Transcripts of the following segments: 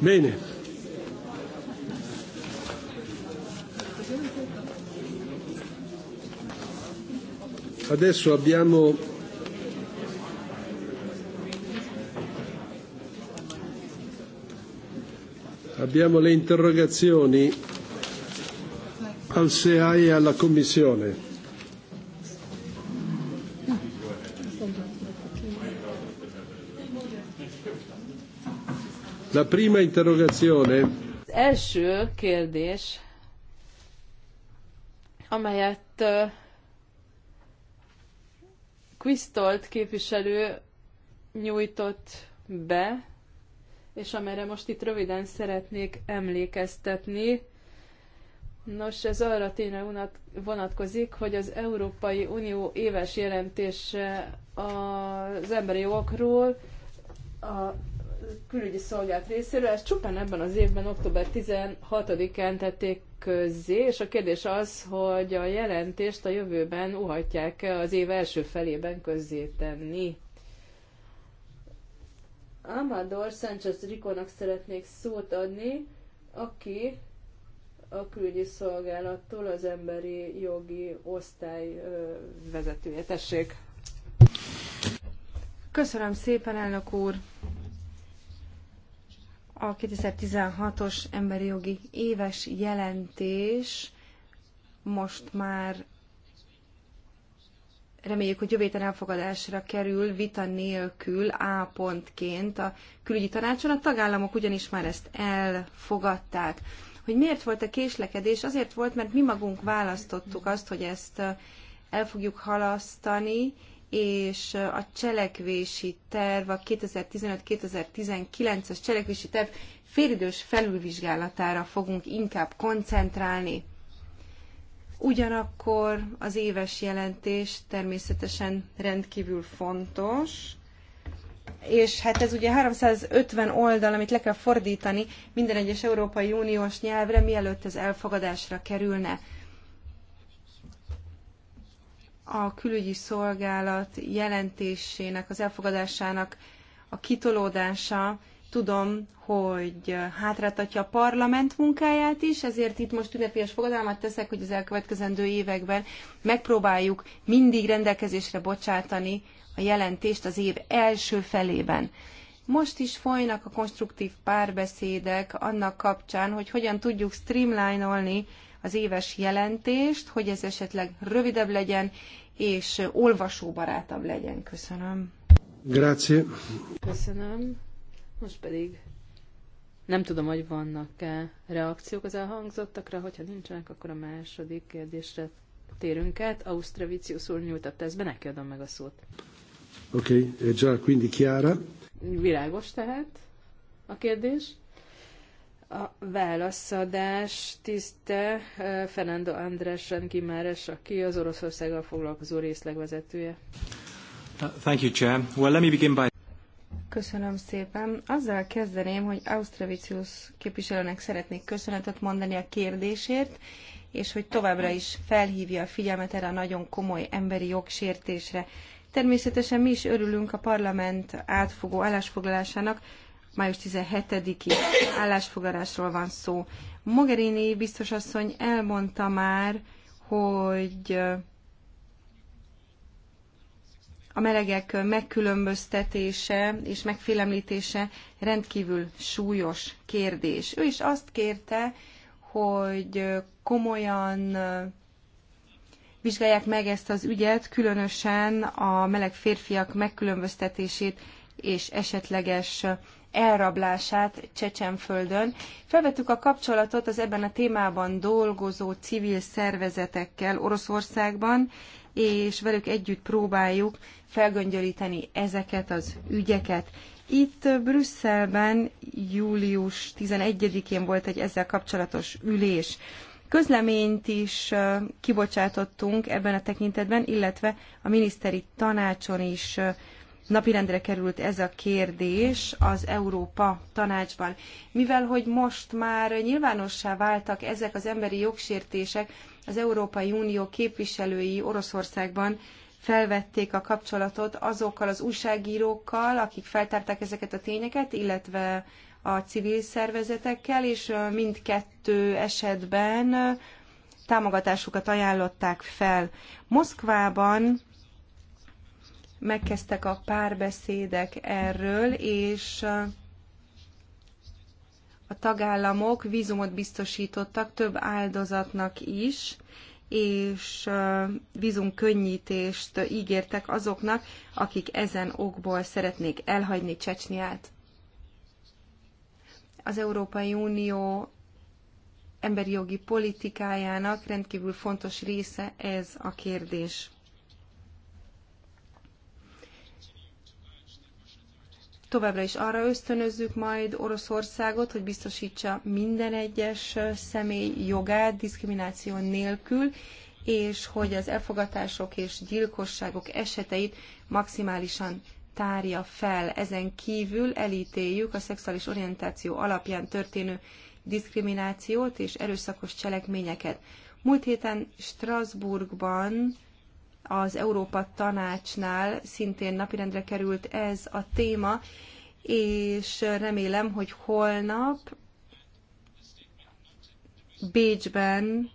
Bene. Adesso abbiamo Abbiamo le interrogazioni al SEAI e alla Commissione. La prima interrogazione. első kérdés, amelyet Quistolt képviselő nyújtott be, és amelyre most itt röviden szeretnék emlékeztetni. Nos, ez arra tényleg vonatkozik, hogy az Európai Unió éves jelentése az emberi jogokról a külügyi szolgált részéről, ezt csupán ebben az évben, október 16-án tették közzé, és a kérdés az, hogy a jelentést a jövőben uhatják-e az év első felében közzétenni. Amador Sánchez Rikonak szeretnék szót adni, aki a külügyi szolgálattól az emberi jogi osztály vezetője. Tessék! Köszönöm szépen, elnök úr! A 2016-os emberi jogi éves jelentés most már reméljük, hogy jövő héten elfogadásra kerül vita nélkül A pontként a külügyi tanácson. A tagállamok ugyanis már ezt elfogadták. Hogy miért volt a késlekedés? Azért volt, mert mi magunk választottuk azt, hogy ezt el fogjuk halasztani, és a cselekvési terv, a 2015-2019-es cselekvési terv félidős felülvizsgálatára fogunk inkább koncentrálni. Ugyanakkor az éves jelentés természetesen rendkívül fontos, és hát ez ugye 350 oldal, amit le kell fordítani minden egyes Európai Uniós nyelvre, mielőtt ez elfogadásra kerülne. A külügyi szolgálat jelentésének, az elfogadásának a kitolódása Tudom, hogy hátráltatja a parlament munkáját is, ezért itt most ünnepélyes fogadalmat teszek, hogy az elkövetkezendő években megpróbáljuk mindig rendelkezésre bocsátani a jelentést az év első felében. Most is folynak a konstruktív párbeszédek annak kapcsán, hogy hogyan tudjuk streamline-olni az éves jelentést, hogy ez esetleg rövidebb legyen, és olvasóbarátabb legyen. Köszönöm. Grazie. Köszönöm. Most pedig nem tudom, hogy vannak-e reakciók az elhangzottakra, hogyha nincsenek, akkor a második kérdésre térünk át. Ausztravicius úr nyújtott be, neki adom meg a szót. Oké, okay, eh, già quindi chiara. Világos tehát a kérdés. A válaszadás tiszte eh, Fernando András Renkimáres, aki az Oroszországgal foglalkozó részlegvezetője. Uh, thank you, Chair. Well, let me begin by... Köszönöm szépen. Azzal kezdeném, hogy Ausztravicius képviselőnek szeretnék köszönetet mondani a kérdésért, és hogy továbbra is felhívja a figyelmet erre a nagyon komoly emberi jogsértésre. Természetesen mi is örülünk a parlament átfogó állásfoglalásának, május 17-i állásfoglalásról van szó. Mogherini biztos asszony elmondta már, hogy a melegek megkülönböztetése és megfélemlítése rendkívül súlyos kérdés. Ő is azt kérte, hogy komolyan vizsgálják meg ezt az ügyet, különösen a meleg férfiak megkülönböztetését és esetleges elrablását Csecsenföldön. Felvettük a kapcsolatot az ebben a témában dolgozó civil szervezetekkel Oroszországban, és velük együtt próbáljuk felgöngyölíteni ezeket az ügyeket. Itt Brüsszelben július 11-én volt egy ezzel kapcsolatos ülés. Közleményt is kibocsátottunk ebben a tekintetben, illetve a miniszteri tanácson is napirendre került ez a kérdés az Európa tanácsban. Mivel, hogy most már nyilvánossá váltak ezek az emberi jogsértések, az Európai Unió képviselői Oroszországban felvették a kapcsolatot azokkal az újságírókkal, akik feltárták ezeket a tényeket, illetve a civil szervezetekkel, és mindkettő esetben támogatásukat ajánlották fel. Moszkvában megkezdtek a párbeszédek erről, és a tagállamok vízumot biztosítottak több áldozatnak is, és vízumkönnyítést ígértek azoknak, akik ezen okból szeretnék elhagyni Csecsniát. Az Európai Unió emberi jogi politikájának rendkívül fontos része ez a kérdés. Továbbra is arra ösztönözzük majd Oroszországot, hogy biztosítsa minden egyes személy jogát diszkrimináció nélkül, és hogy az elfogatások és gyilkosságok eseteit maximálisan tárja fel. Ezen kívül elítéljük a szexuális orientáció alapján történő diszkriminációt és erőszakos cselekményeket. Múlt héten Strasbourgban az Európa Tanácsnál szintén napirendre került ez a téma, és remélem, hogy holnap Bécsben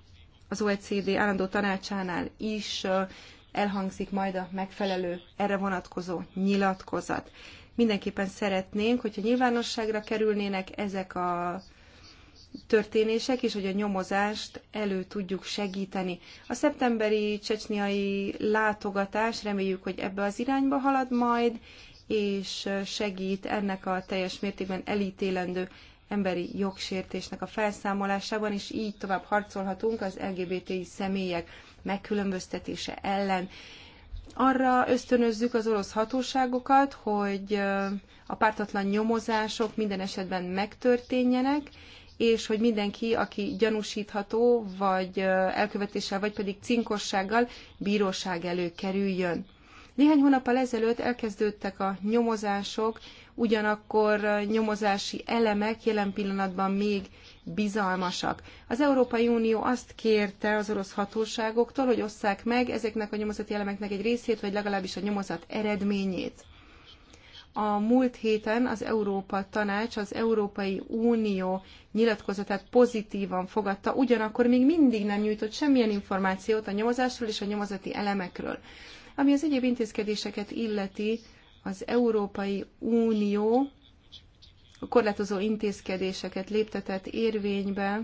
az OECD állandó tanácsánál is elhangzik majd a megfelelő erre vonatkozó nyilatkozat. Mindenképpen szeretnénk, hogyha nyilvánosságra kerülnének ezek a történések, és hogy a nyomozást elő tudjuk segíteni. A szeptemberi csecsniai látogatás reméljük, hogy ebbe az irányba halad majd, és segít ennek a teljes mértékben elítélendő emberi jogsértésnek a felszámolásában, és így tovább harcolhatunk az LGBTI személyek megkülönböztetése ellen. Arra ösztönözzük az orosz hatóságokat, hogy a pártatlan nyomozások minden esetben megtörténjenek, és hogy mindenki, aki gyanúsítható, vagy elkövetéssel, vagy pedig cinkossággal bíróság elő kerüljön. Néhány hónappal ezelőtt elkezdődtek a nyomozások, ugyanakkor nyomozási elemek jelen pillanatban még bizalmasak. Az Európai Unió azt kérte az orosz hatóságoktól, hogy osszák meg ezeknek a nyomozati elemeknek egy részét, vagy legalábbis a nyomozat eredményét. A múlt héten az Európa Tanács az Európai Unió nyilatkozatát pozitívan fogadta, ugyanakkor még mindig nem nyújtott semmilyen információt a nyomozásról és a nyomozati elemekről. Ami az egyéb intézkedéseket illeti, az Európai Unió korlátozó intézkedéseket léptetett érvénybe,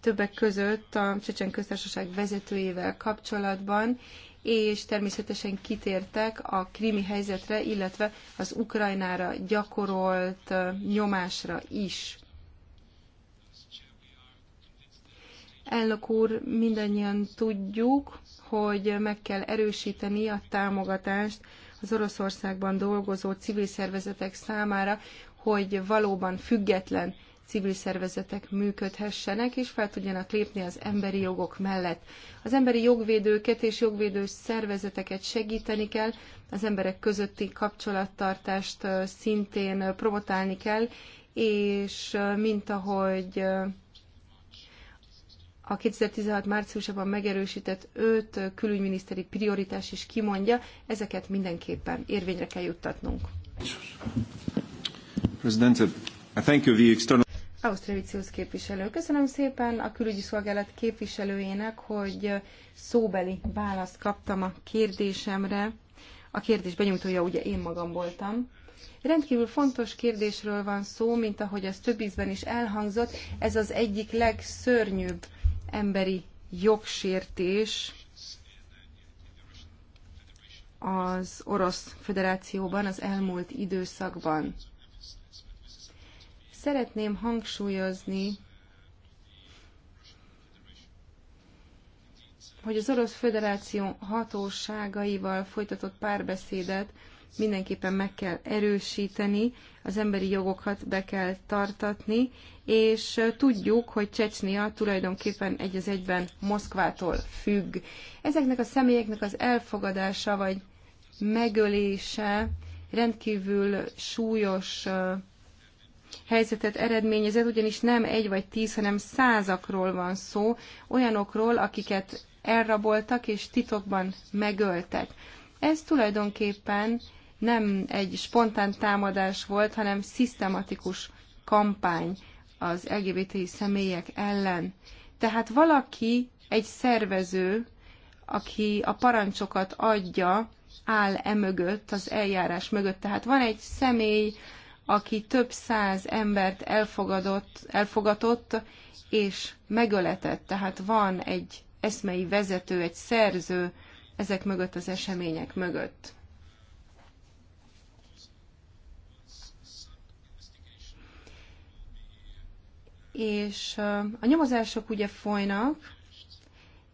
többek között a Csecsen köztársaság vezetőjével kapcsolatban, és természetesen kitértek a krimi helyzetre, illetve az Ukrajnára gyakorolt nyomásra is. Elnök úr, mindannyian tudjuk, hogy meg kell erősíteni a támogatást az Oroszországban dolgozó civil szervezetek számára, hogy valóban független civil szervezetek működhessenek, és fel tudjanak lépni az emberi jogok mellett. Az emberi jogvédőket és jogvédő szervezeteket segíteni kell, az emberek közötti kapcsolattartást szintén promotálni kell, és mint ahogy a 2016 márciusában megerősített öt külügyminiszteri prioritás is kimondja, ezeket mindenképpen érvényre kell juttatnunk. Presidente, I thank you the external... Ausztravicius képviselő. Köszönöm szépen a külügyi szolgálat képviselőjének, hogy szóbeli választ kaptam a kérdésemre. A kérdés benyújtója ugye én magam voltam. Rendkívül fontos kérdésről van szó, mint ahogy ez több ízben is elhangzott. Ez az egyik legszörnyűbb emberi jogsértés az Orosz Föderációban az elmúlt időszakban szeretném hangsúlyozni, hogy az Orosz Föderáció hatóságaival folytatott párbeszédet mindenképpen meg kell erősíteni, az emberi jogokat be kell tartatni, és tudjuk, hogy Csecsnia tulajdonképpen egy az egyben Moszkvától függ. Ezeknek a személyeknek az elfogadása vagy megölése rendkívül súlyos helyzetet eredményezett, ugyanis nem egy vagy tíz, hanem százakról van szó, olyanokról, akiket elraboltak és titokban megöltek. Ez tulajdonképpen nem egy spontán támadás volt, hanem szisztematikus kampány az LGBT személyek ellen. Tehát valaki, egy szervező, aki a parancsokat adja, áll e mögött, az eljárás mögött. Tehát van egy személy, aki több száz embert elfogadott, elfogatott és megöletett. Tehát van egy eszmei vezető, egy szerző ezek mögött, az események mögött. És a nyomozások ugye folynak,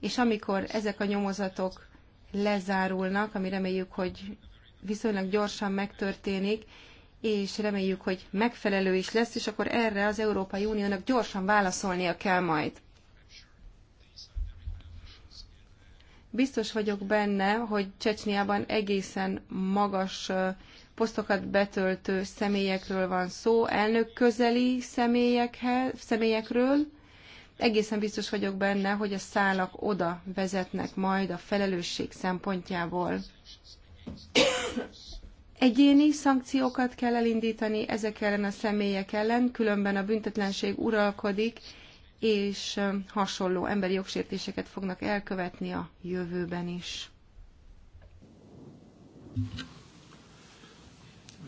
és amikor ezek a nyomozatok lezárulnak, ami reméljük, hogy viszonylag gyorsan megtörténik, és reméljük, hogy megfelelő is lesz, és akkor erre az Európai Uniónak gyorsan válaszolnia kell majd. Biztos vagyok benne, hogy Csecsniában egészen magas posztokat betöltő személyekről van szó, elnök közeli személyekről. Egészen biztos vagyok benne, hogy a szálak oda vezetnek majd a felelősség szempontjából. Egyéni szankciókat kell elindítani ezek ellen a személyek ellen, különben a büntetlenség uralkodik, és hasonló emberi jogsértéseket fognak elkövetni a jövőben is.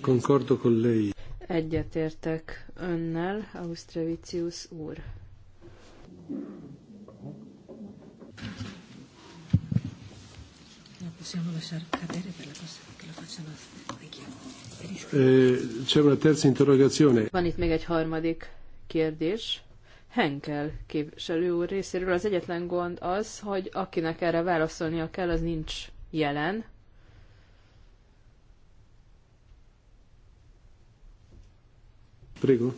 Concordo con lei. Egyetértek önnel, Austrevicius úr. No, possiamo cadere per la cosa. Eh, terza interrogazione. Van itt még egy harmadik kérdés. Henkel képviselő úr részéről az egyetlen gond az, hogy akinek erre válaszolnia kell, az nincs jelen. Prego.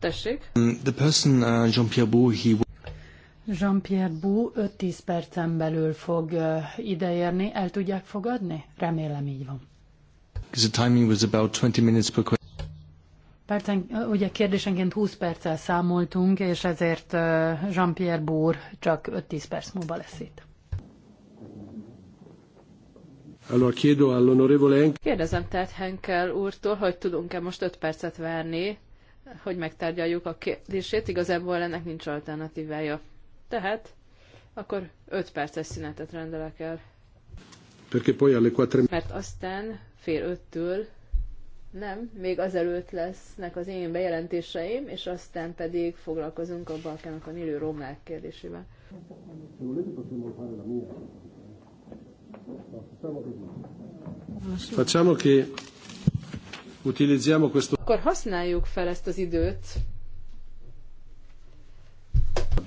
Tessék. The person, uh, Jean-Pierre Bou, he... Jean-Pierre Bou 5-10 percen belül fog ideérni. El tudják fogadni? Remélem így van. The timing was about 20 minutes per question. Percen, ugye kérdésenként 20 perccel számoltunk, és ezért Jean-Pierre Bour csak 5-10 perc múlva lesz itt. Kérdezem tehát Henkel úrtól, hogy tudunk-e most 5 percet várni, hogy megtárgyaljuk a kérdését. Igazából ennek nincs alternatívája. Tehát akkor 5 perces szünetet rendelek el. E Mert aztán fél öttől nem, még azelőtt lesznek az én bejelentéseim, és aztán pedig foglalkozunk a Balkánokon élő romlák kérdésével. Facciamo che utilizziamo questo... Akkor használjuk fel ezt az időt,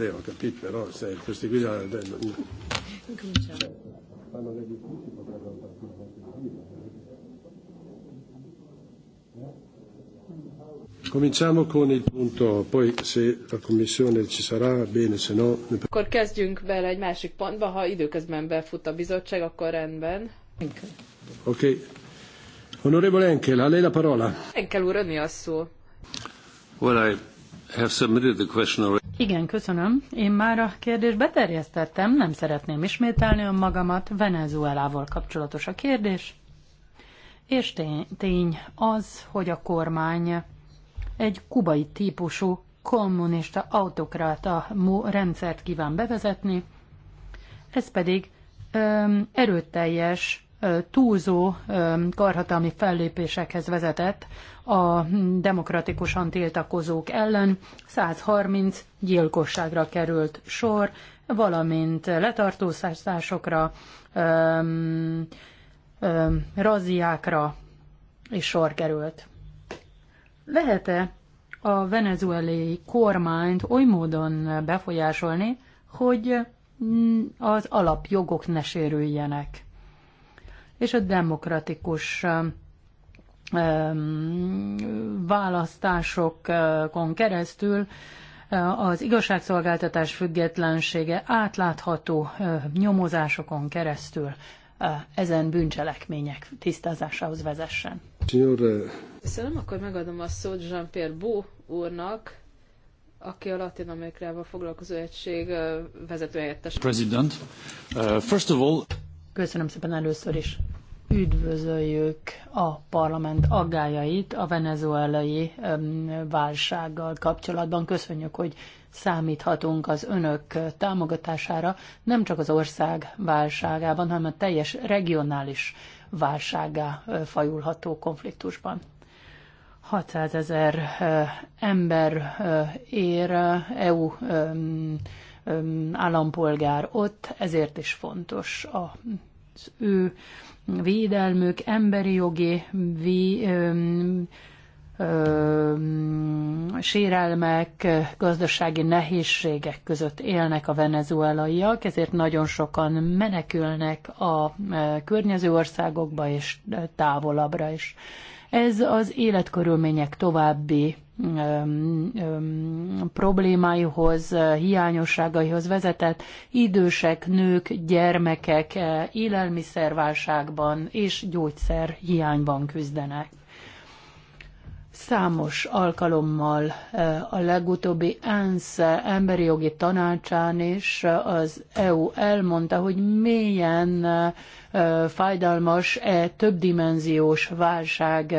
aveva capito, però se questi qui già Cominciamo. Fanno degli uffici eh? Cominciamo con il punto, poi se la commissione ci sarà, bene, se no... Akkor kezdjünk bele egy másik pontba, ha időközben befut a bizottság, akkor rendben. Ok. Onorevole Enkel, a lei la parola. Enkel úr, önni a szó. Well, I igen, köszönöm. Én már a kérdést beterjesztettem, nem szeretném ismételni önmagamat. Venezuelával kapcsolatos a kérdés. És tény, tény az, hogy a kormány egy kubai típusú kommunista autokráta rendszert kíván bevezetni, ez pedig erőteljes túlzó karhatalmi fellépésekhez vezetett a demokratikusan tiltakozók ellen. 130 gyilkosságra került sor, valamint letartóztatásokra, razziákra is sor került. Lehet-e a venezuelai kormányt oly módon befolyásolni, hogy az alapjogok ne sérüljenek? és a demokratikus um, um, választásokon keresztül uh, az igazságszolgáltatás függetlensége átlátható uh, nyomozásokon keresztül uh, ezen bűncselekmények tisztázásához vezessen. Köszönöm, akkor megadom a szót Jean-Pierre Bó úrnak, aki a Latin Amerikával foglalkozó egység vezetőhelyettes. President, uh, first of all... Köszönöm szépen először is. Üdvözöljük a parlament aggájait a venezuelai válsággal kapcsolatban. Köszönjük, hogy számíthatunk az önök támogatására, nem csak az ország válságában, hanem a teljes regionális válságá fajulható konfliktusban. 600 ezer ember ér EU állampolgár ott, ezért is fontos a az ő védelmük, emberi jogi vi ö, ö, sérelmek, gazdasági nehézségek között élnek a venezuelaiak, ezért nagyon sokan menekülnek a környező országokba és távolabbra is. Ez az életkörülmények további öm, öm, problémáihoz, hiányosságaihoz vezetett idősek, nők, gyermekek eh, élelmiszerválságban és gyógyszerhiányban küzdenek. Számos alkalommal e, a legutóbbi ENSZ emberi jogi tanácsán is e, az EU elmondta, hogy milyen e, fájdalmas e többdimenziós válság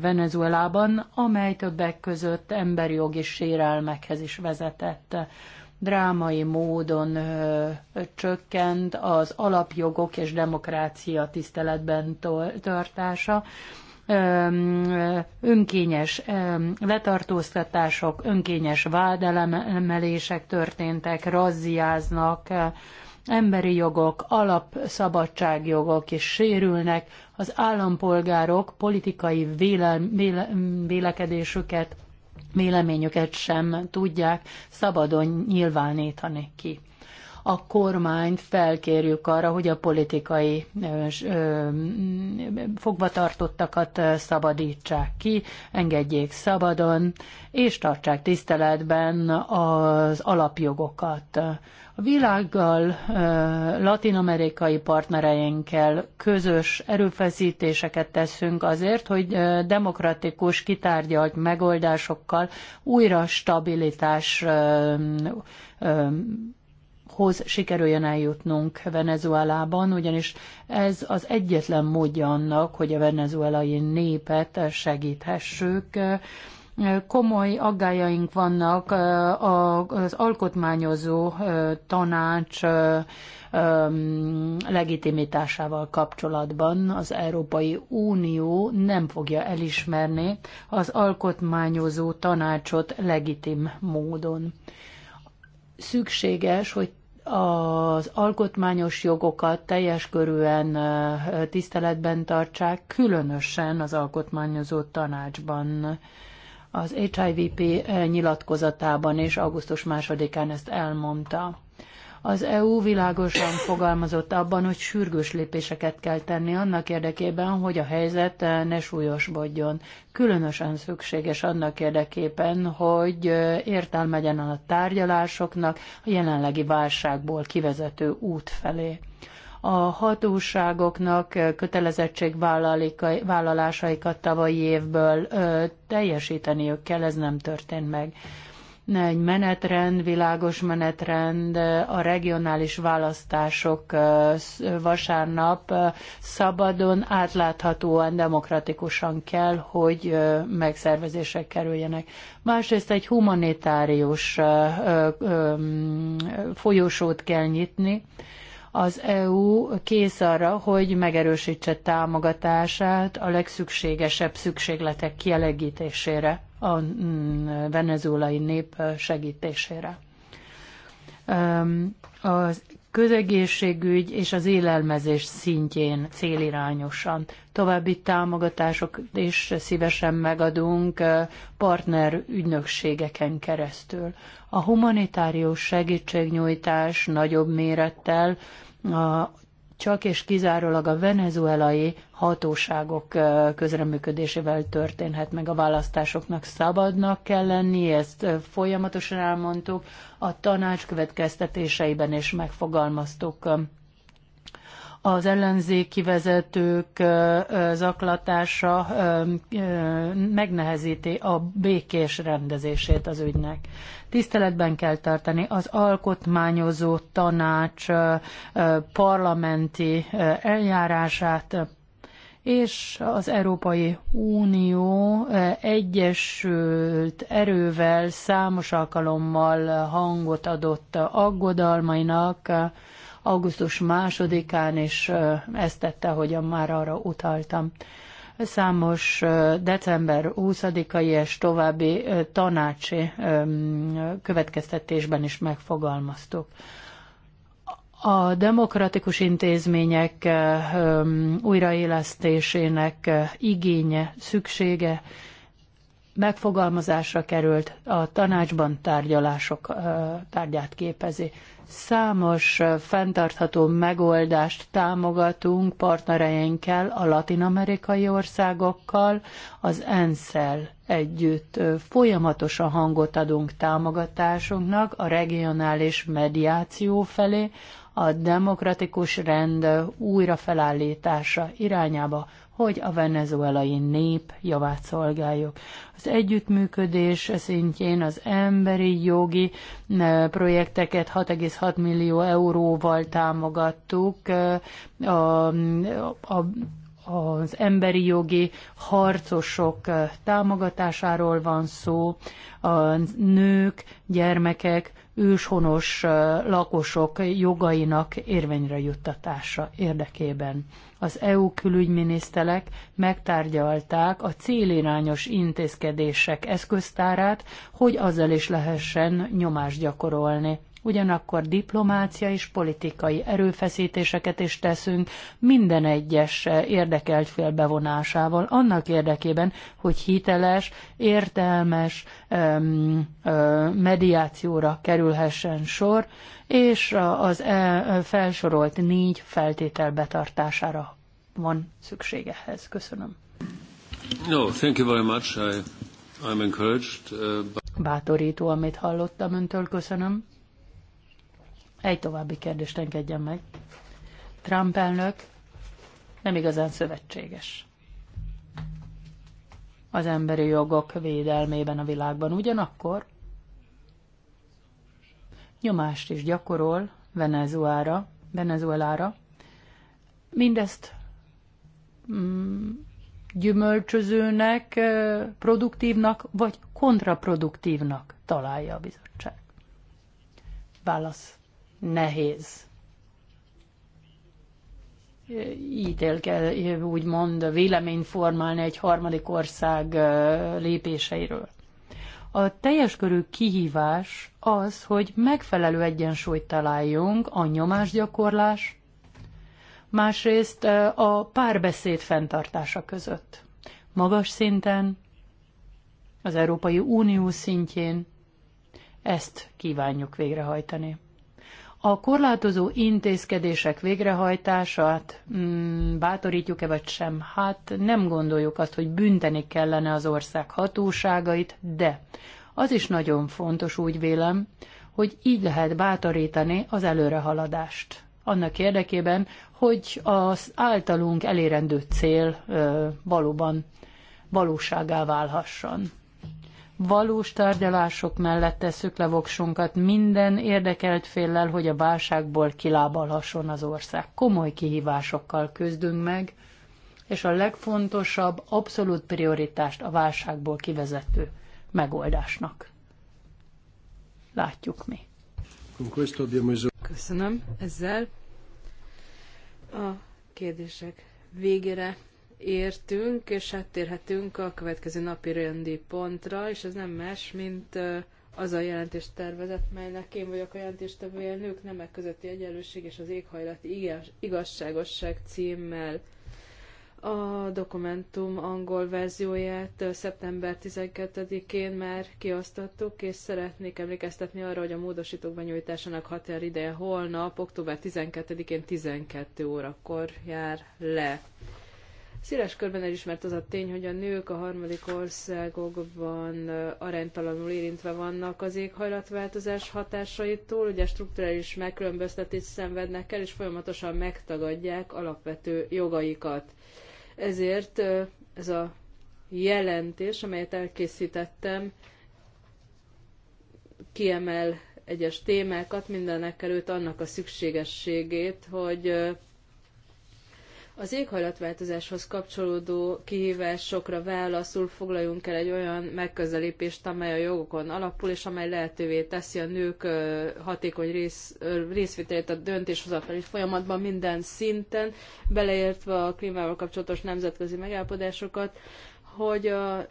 Venezuelában, amely többek között emberi jogi sérelmekhez is vezetett drámai módon ö, csökkent az alapjogok és demokrácia tiszteletben tartása, önkényes letartóztatások, önkényes vádelemelések történtek, razziáznak, emberi jogok, alapszabadságjogok is sérülnek, az állampolgárok politikai véle, véle, vélekedésüket, véleményüket sem tudják szabadon nyilvánítani ki a kormányt felkérjük arra, hogy a politikai fogvatartottakat szabadítsák ki, engedjék szabadon, és tartsák tiszteletben az alapjogokat. A világgal, latinamerikai partnereinkkel közös erőfeszítéseket teszünk azért, hogy demokratikus, kitárgyalt megoldásokkal újra stabilitás hoz sikerüljön eljutnunk Venezuelában, ugyanis ez az egyetlen módja annak, hogy a venezuelai népet segíthessük. Komoly aggájaink vannak az alkotmányozó tanács legitimitásával kapcsolatban. Az Európai Unió nem fogja elismerni az alkotmányozó tanácsot legitim módon szükséges, hogy az alkotmányos jogokat teljes körűen tiszteletben tartsák, különösen az alkotmányozó tanácsban. Az HIVP nyilatkozatában és augusztus másodikán ezt elmondta. Az EU világosan fogalmazott abban, hogy sürgős lépéseket kell tenni annak érdekében, hogy a helyzet ne súlyosbodjon. Különösen szükséges annak érdekében, hogy értelmegyen a tárgyalásoknak a jelenlegi válságból kivezető út felé a hatóságoknak kötelezettségvállalásaikat tavalyi évből ö, teljesíteniük kell, ez nem történt meg egy menetrend, világos menetrend, a regionális választások vasárnap szabadon, átláthatóan, demokratikusan kell, hogy megszervezések kerüljenek. Másrészt egy humanitárius folyosót kell nyitni, az EU kész arra, hogy megerősítse támogatását a legszükségesebb szükségletek kielegítésére, a mm, venezuelai nép segítésére. Az közegészségügy és az élelmezés szintjén célirányosan. További támogatások és szívesen megadunk eh, partner ügynökségeken keresztül. A humanitárius segítségnyújtás nagyobb mérettel a csak és kizárólag a venezuelai hatóságok közreműködésével történhet meg a választásoknak. Szabadnak kell lenni, ezt folyamatosan elmondtuk, a tanács következtetéseiben is megfogalmaztuk az ellenzéki vezetők zaklatása megnehezíti a békés rendezését az ügynek. Tiszteletben kell tartani az alkotmányozó tanács parlamenti eljárását, és az Európai Unió egyesült erővel számos alkalommal hangot adott aggodalmainak, augusztus másodikán, és ezt tette, ahogyan már arra utaltam számos december 20-ai és további tanácsi következtetésben is megfogalmaztuk. A demokratikus intézmények újraélesztésének igénye, szüksége megfogalmazásra került, a tanácsban tárgyalások tárgyát képezi. Számos fenntartható megoldást támogatunk partnereinkkel, a latinamerikai országokkal, az ensz együtt folyamatosan hangot adunk támogatásunknak a regionális mediáció felé, a demokratikus rend újrafelállítása irányába, hogy a venezuelai nép javát szolgáljuk. Az együttműködés szintjén az emberi jogi eh, projekteket 6,6 millió euróval támogattuk. Eh, a, a, az emberi jogi harcosok eh, támogatásáról van szó, a nők, gyermekek, őshonos lakosok jogainak érvényre juttatása érdekében. Az EU külügyminiszterek megtárgyalták a célirányos intézkedések eszköztárát, hogy azzal is lehessen nyomást gyakorolni Ugyanakkor diplomácia és politikai erőfeszítéseket is teszünk minden egyes érdekelt fél bevonásával, annak érdekében, hogy hiteles, értelmes um, uh, mediációra kerülhessen sor, és az e, felsorolt négy feltétel betartására van szükségehez. Köszönöm. No, thank you very much. I, I'm encouraged. Uh, but... Bátorító, amit hallottam öntől, köszönöm egy további kérdést engedjen meg. Trump elnök nem igazán szövetséges az emberi jogok védelmében a világban. Ugyanakkor nyomást is gyakorol Venezuela-ra, Venezuelára. Mindezt mm, gyümölcsözőnek, produktívnak vagy kontraproduktívnak találja a bizottság. Válasz nehéz kell, úgymond vélemény formálni egy harmadik ország lépéseiről. A teljes körű kihívás az, hogy megfelelő egyensúlyt találjunk a nyomásgyakorlás, másrészt a párbeszéd fenntartása között. Magas szinten, az Európai Unió szintjén ezt kívánjuk végrehajtani a korlátozó intézkedések végrehajtását mm, bátorítjuk-e vagy sem? Hát nem gondoljuk azt, hogy bünteni kellene az ország hatóságait, de az is nagyon fontos, úgy vélem, hogy így lehet bátorítani az előrehaladást. Annak érdekében, hogy az általunk elérendő cél ö, valóban valóságá válhasson valós tárgyalások mellett tesszük le voksunkat minden érdekelt féllel, hogy a válságból kilábalhasson az ország. Komoly kihívásokkal küzdünk meg, és a legfontosabb abszolút prioritást a válságból kivezető megoldásnak. Látjuk mi. Köszönöm ezzel. A kérdések végére értünk, és áttérhetünk a következő napi rendi pontra, és ez nem más, mint az a jelentéstervezet, melynek én vagyok a jelentéstevője, nők nemek közötti egyenlőség és az éghajlat igazságosság címmel. A dokumentum angol verzióját szeptember 12-én már kiosztottuk, és szeretnék emlékeztetni arra, hogy a módosítók benyújtásának határideje holnap, október 12-én 12 órakor jár le. Széles körben elismert az a tény, hogy a nők a harmadik országokban aránytalanul érintve vannak az éghajlatváltozás hatásaitól, ugye strukturális megkülönböztetést szenvednek el, és folyamatosan megtagadják alapvető jogaikat. Ezért ez a jelentés, amelyet elkészítettem, kiemel egyes témákat, mindenek előtt annak a szükségességét, hogy az éghajlatváltozáshoz kapcsolódó kihívásokra válaszul foglaljunk el egy olyan megközelítést, amely a jogokon alapul, és amely lehetővé teszi a nők hatékony rész, részvételét a döntéshozatali folyamatban minden szinten, beleértve a klímával kapcsolatos nemzetközi megállapodásokat, hogy a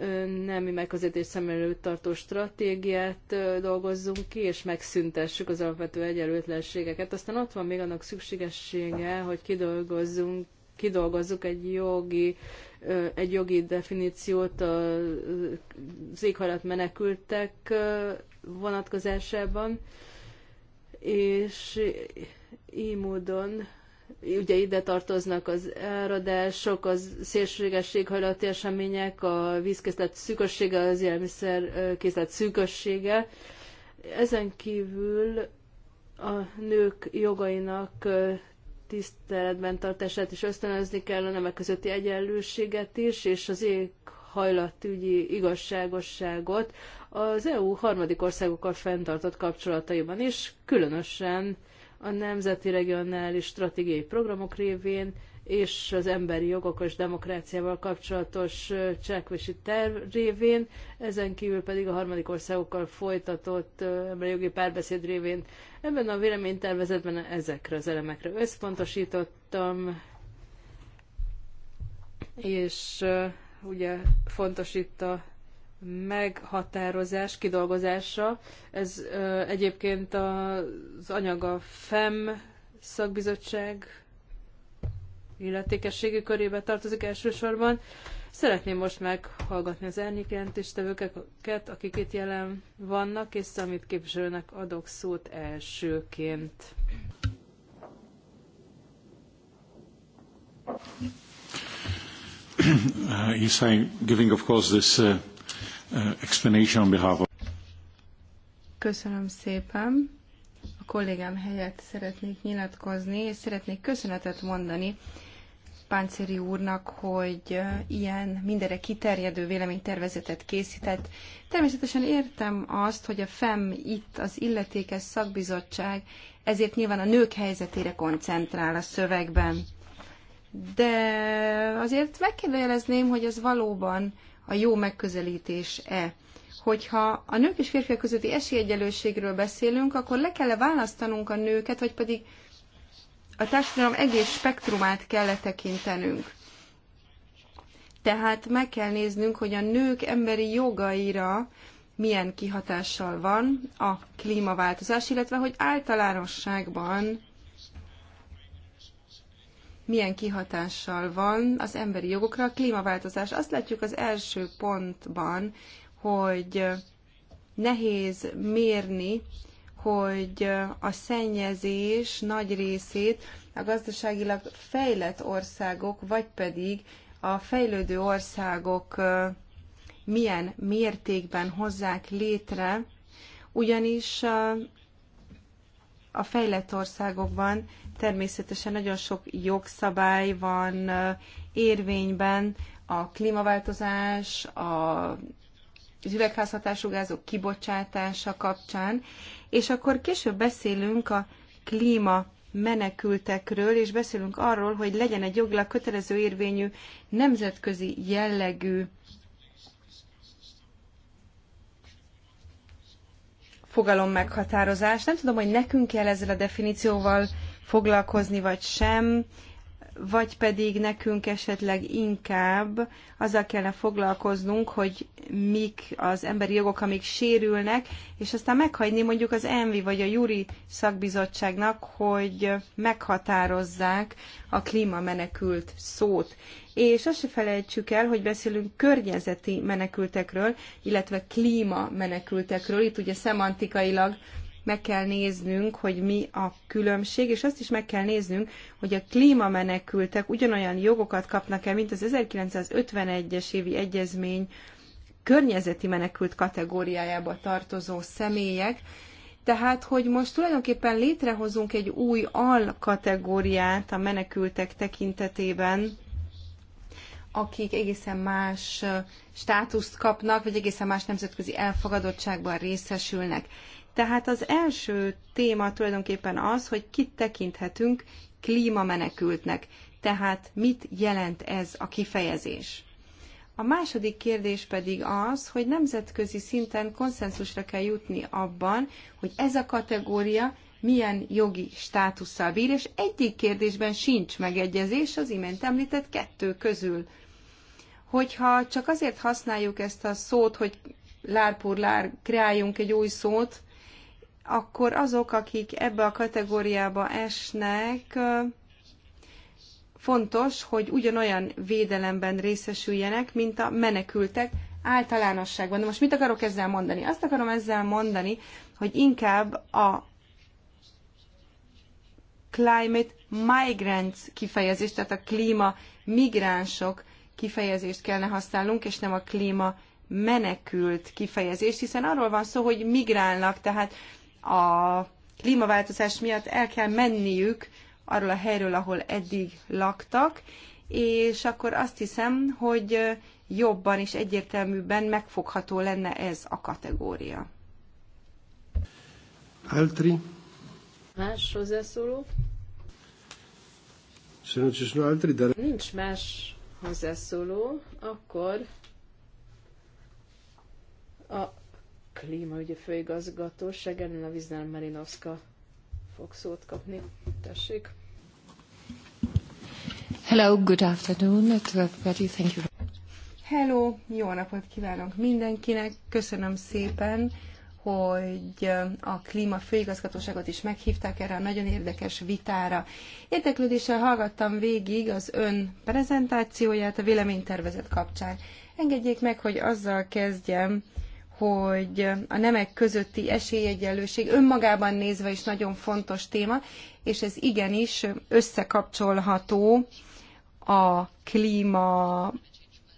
nemi megközelítés szem előtt tartó stratégiát dolgozzunk ki, és megszüntessük az alapvető egyenlőtlenségeket. Aztán ott van még annak szükségessége, hogy kidolgozzunk kidolgozzuk egy jogi, egy jogi definíciót az éghajlat menekültek vonatkozásában, és így módon ugye ide tartoznak az áradások, az szélsőséges éghajlati események, a vízkészlet szűkössége, az élelmiszer készlet szűkössége. Ezen kívül a nők jogainak tiszteletben tartását is ösztönözni kell, a nemek közötti egyenlőséget is, és az éghajlatügyi igazságosságot az EU harmadik országokkal fenntartott kapcsolataiban is, különösen a nemzeti regionális stratégiai programok révén, és az emberi jogokkal és demokráciával kapcsolatos cselekvési terv révén, ezen kívül pedig a harmadik országokkal folytatott emberi jogi párbeszéd révén. Ebben a véleménytervezetben ezekre az elemekre összpontosítottam, és ugye fontos itt a meghatározás, kidolgozása. Ez egyébként az anyaga FEM szakbizottság illetékességi körébe tartozik elsősorban. Szeretném most meghallgatni az elnyékjelentéstevőket, akik itt jelen vannak, és amit képviselőnek adok szót elsőként. Uh, yes, I'm giving, of course, this uh, uh, explanation on behalf of... Köszönöm szépen. A kollégám helyett szeretnék nyilatkozni, és szeretnék köszönetet mondani Páncéri úrnak, hogy ilyen mindenre kiterjedő véleménytervezetet készített. Természetesen értem azt, hogy a FEM itt az illetékes szakbizottság, ezért nyilván a nők helyzetére koncentrál a szövegben. De azért megkérdőjelezném, hogy ez valóban a jó megközelítés-e hogyha a nők és férfiak közötti esélyegyelőségről beszélünk, akkor le kell -e választanunk a nőket, vagy pedig a társadalom egész spektrumát kell letekintenünk. Tehát meg kell néznünk, hogy a nők emberi jogaira milyen kihatással van a klímaváltozás, illetve hogy általánosságban milyen kihatással van az emberi jogokra a klímaváltozás. Azt látjuk az első pontban, hogy nehéz mérni hogy a szennyezés nagy részét a gazdaságilag fejlett országok, vagy pedig a fejlődő országok milyen mértékben hozzák létre, ugyanis a fejlett országokban természetesen nagyon sok jogszabály van érvényben, a klímaváltozás, a üvegházhatású gázok kibocsátása kapcsán, és akkor később beszélünk a klíma menekültekről, és beszélünk arról, hogy legyen egy jogilag kötelező érvényű nemzetközi jellegű fogalom meghatározás. Nem tudom, hogy nekünk kell ezzel a definícióval foglalkozni, vagy sem vagy pedig nekünk esetleg inkább azzal kellene foglalkoznunk, hogy mik az emberi jogok, amik sérülnek, és aztán meghagyni mondjuk az ENVI vagy a Juri szakbizottságnak, hogy meghatározzák a klímamenekült szót. És azt se felejtsük el, hogy beszélünk környezeti menekültekről, illetve klímamenekültekről. Itt ugye szemantikailag meg kell néznünk, hogy mi a különbség, és azt is meg kell néznünk, hogy a klímamenekültek ugyanolyan jogokat kapnak-e, mint az 1951-es évi egyezmény környezeti menekült kategóriájába tartozó személyek, tehát, hogy most tulajdonképpen létrehozunk egy új alkategóriát a menekültek tekintetében, akik egészen más státuszt kapnak, vagy egészen más nemzetközi elfogadottságban részesülnek. Tehát az első téma tulajdonképpen az, hogy kit tekinthetünk klímamenekültnek. Tehát mit jelent ez a kifejezés? A második kérdés pedig az, hogy nemzetközi szinten konszenzusra kell jutni abban, hogy ez a kategória milyen jogi státusszal bír, és egyik kérdésben sincs megegyezés az imént említett kettő közül. Hogyha csak azért használjuk ezt a szót, hogy lárpúr lár, kreáljunk egy új szót, akkor azok, akik ebbe a kategóriába esnek, fontos, hogy ugyanolyan védelemben részesüljenek, mint a menekültek általánosságban. De most mit akarok ezzel mondani? Azt akarom ezzel mondani, hogy inkább a climate migrants kifejezést, tehát a klíma migránsok kifejezést kellene használnunk, és nem a klíma menekült kifejezést, hiszen arról van szó, hogy migrálnak, tehát a klímaváltozás miatt el kell menniük arról a helyről, ahol eddig laktak, és akkor azt hiszem, hogy jobban és egyértelműbben megfogható lenne ez a kategória. Altri? Más hozzászóló? Se altri, Nincs más hozzászóló, akkor a klímaügyi főigazgatóság, Elena Viznál Merinovska fog szót kapni. Tessék. Hello, good afternoon to everybody. Thank you. Hello, jó napot kívánok mindenkinek. Köszönöm szépen, hogy uh, a Klíma Főigazgatóságot is meghívták erre a nagyon érdekes vitára. Érdeklődéssel hallgattam végig az ön prezentációját a véleménytervezet kapcsán. Engedjék meg, hogy azzal kezdjem, hogy a nemek közötti esélyegyenlőség önmagában nézve is nagyon fontos téma, és ez igenis összekapcsolható a klíma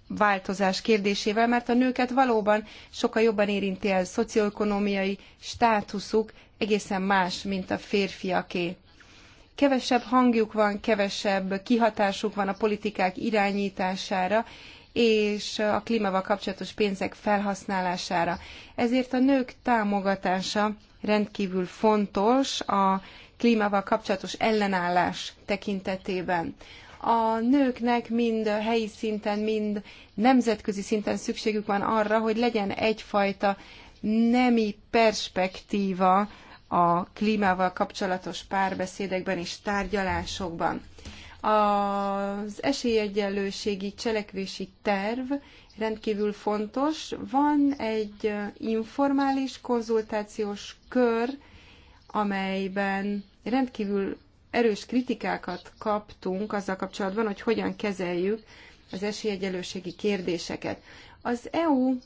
változás kérdésével, mert a nőket valóban sokkal jobban érinti el szocioekonomiai státuszuk, egészen más, mint a férfiaké. Kevesebb hangjuk van, kevesebb kihatásuk van a politikák irányítására, és a klímával kapcsolatos pénzek felhasználására. Ezért a nők támogatása rendkívül fontos a klímával kapcsolatos ellenállás tekintetében. A nőknek mind helyi szinten, mind nemzetközi szinten szükségük van arra, hogy legyen egyfajta nemi perspektíva a klímával kapcsolatos párbeszédekben és tárgyalásokban. Az esélyegyenlőségi cselekvési terv rendkívül fontos. Van egy informális konzultációs kör, amelyben rendkívül erős kritikákat kaptunk azzal kapcsolatban, hogy hogyan kezeljük az esélyegyelőségi kérdéseket. Az EU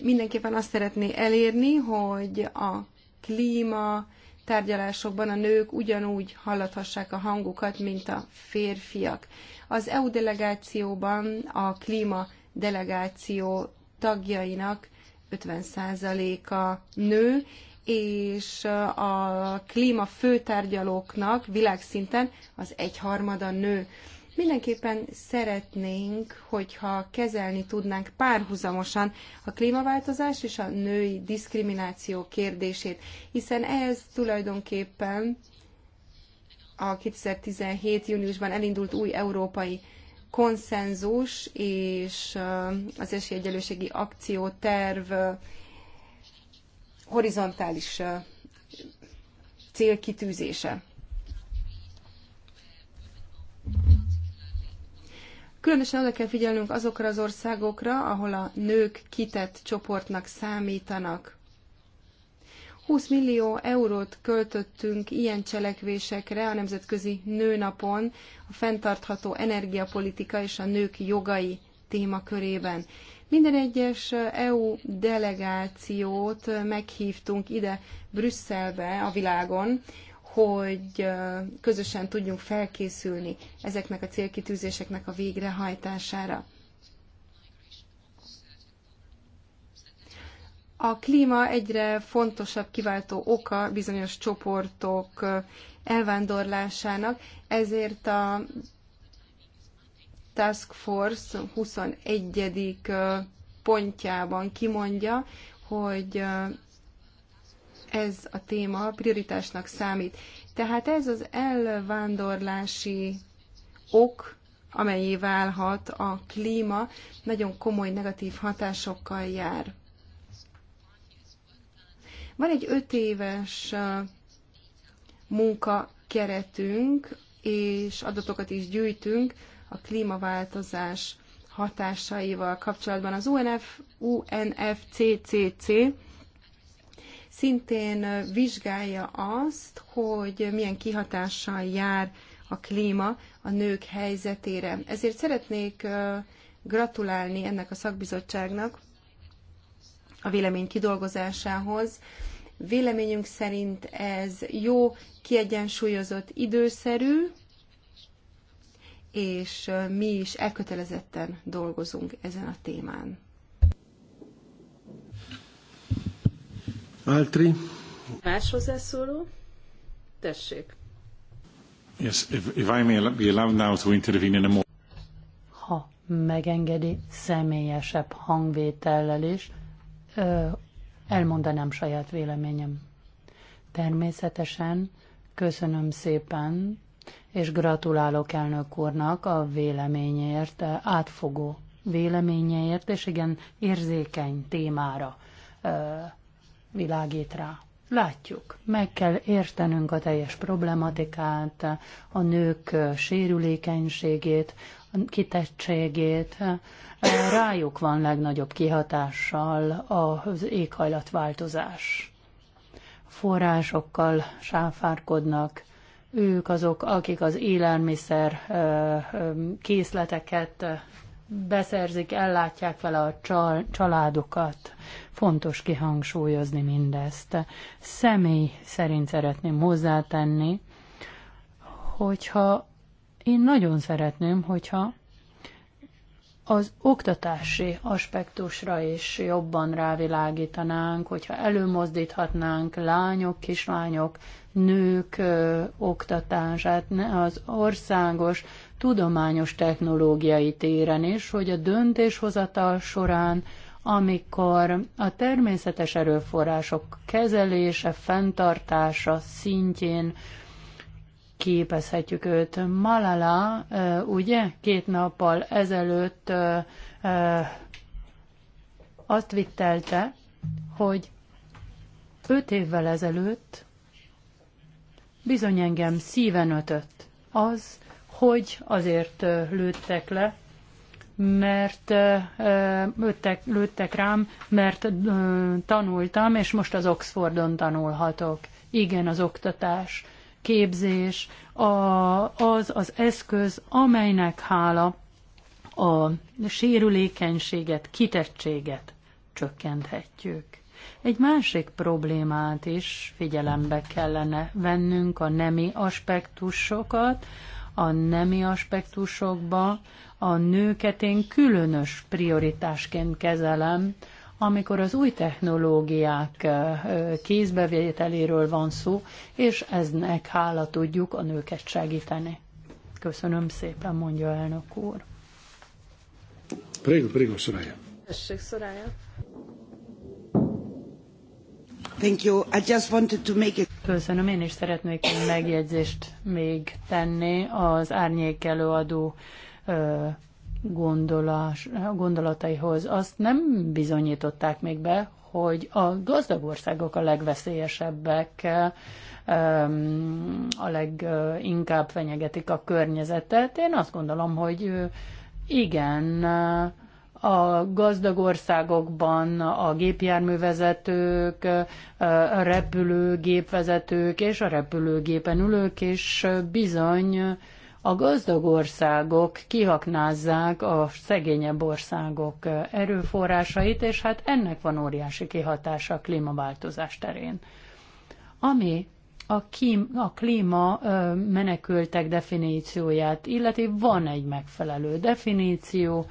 mindenképpen azt szeretné elérni, hogy a klíma tárgyalásokban a nők ugyanúgy hallathassák a hangukat, mint a férfiak. Az EU delegációban a klíma delegáció tagjainak 50%-a nő, és a klíma főtárgyalóknak világszinten az egyharmada nő. Mindenképpen szeretnénk, hogyha kezelni tudnánk párhuzamosan a klímaváltozás és a női diszkrimináció kérdését, hiszen ez tulajdonképpen a 2017. júniusban elindult új európai konszenzus és az esélyegyelőségi akcióterv horizontális célkitűzése. Különösen oda kell figyelnünk azokra az országokra, ahol a nők kitett csoportnak számítanak. 20 millió eurót költöttünk ilyen cselekvésekre a Nemzetközi Nőnapon a fenntartható energiapolitika és a nők jogai témakörében. Minden egyes EU delegációt meghívtunk ide Brüsszelbe a világon, hogy közösen tudjunk felkészülni ezeknek a célkitűzéseknek a végrehajtására. A klíma egyre fontosabb kiváltó oka bizonyos csoportok elvándorlásának, ezért a Task Force 21. pontjában kimondja, hogy ez a téma prioritásnak számít. Tehát ez az elvándorlási ok, amelyé válhat a klíma, nagyon komoly negatív hatásokkal jár. Van egy öt éves munkakeretünk, és adatokat is gyűjtünk a klímaváltozás hatásaival kapcsolatban. Az UNF, UNFCCC szintén vizsgálja azt, hogy milyen kihatással jár a klíma a nők helyzetére. Ezért szeretnék gratulálni ennek a szakbizottságnak a vélemény kidolgozásához. Véleményünk szerint ez jó, kiegyensúlyozott, időszerű, és mi is elkötelezetten dolgozunk ezen a témán. Altri? Más hozzászóló? Tessék. Yes, if, if I may be allowed now to intervene in a more... Ha megengedi személyesebb hangvétellel is, ö, elmondanám saját véleményem. Természetesen köszönöm szépen, és gratulálok elnök úrnak a véleményért, átfogó véleményeért, és igen, érzékeny témára világít rá. Látjuk, meg kell értenünk a teljes problematikát, a nők sérülékenységét, a kitettségét. Rájuk van legnagyobb kihatással az éghajlatváltozás. Forrásokkal sáfárkodnak, ők azok, akik az élelmiszer készleteket beszerzik, ellátják vele a csal- családokat. Fontos kihangsúlyozni mindezt. Személy szerint szeretném hozzátenni, hogyha én nagyon szeretném, hogyha az oktatási aspektusra is jobban rávilágítanánk, hogyha előmozdíthatnánk lányok, kislányok, nők ö, oktatását, az országos tudományos technológiai téren is, hogy a döntéshozatal során, amikor a természetes erőforrások kezelése, fenntartása szintjén képezhetjük őt. Malala, ugye, két nappal ezelőtt azt vittelte, hogy öt évvel ezelőtt bizony engem szíven ötött az, hogy azért lőttek le, mert lőttek, lőttek rám, mert tanultam, és most az Oxfordon tanulhatok. Igen, az oktatás, képzés, a, az az eszköz, amelynek hála a sérülékenységet, kitettséget csökkenthetjük. Egy másik problémát is figyelembe kellene vennünk a nemi aspektusokat, a nemi aspektusokba a nőket én különös prioritásként kezelem, amikor az új technológiák kézbevételéről van szó, és eznek hála tudjuk a nőket segíteni. Köszönöm szépen, mondja elnök úr. Prégo, prégo, Soraya. Tessék, Soraya. Thank you. I just wanted to make it... Köszönöm, én is szeretnék egy megjegyzést még tenni az árnyék előadó gondolás, gondolataihoz. Azt nem bizonyították még be, hogy a gazdag országok a legveszélyesebbek, a leginkább fenyegetik a környezetet. Én azt gondolom, hogy igen, a gazdag országokban a gépjárművezetők, a repülőgépvezetők és a repülőgépen ülők és bizony a gazdag országok kihaknázzák a szegényebb országok erőforrásait, és hát ennek van óriási kihatása a klímaváltozás terén. Ami a, kím, a klíma menekültek definícióját illeti, van egy megfelelő definíció,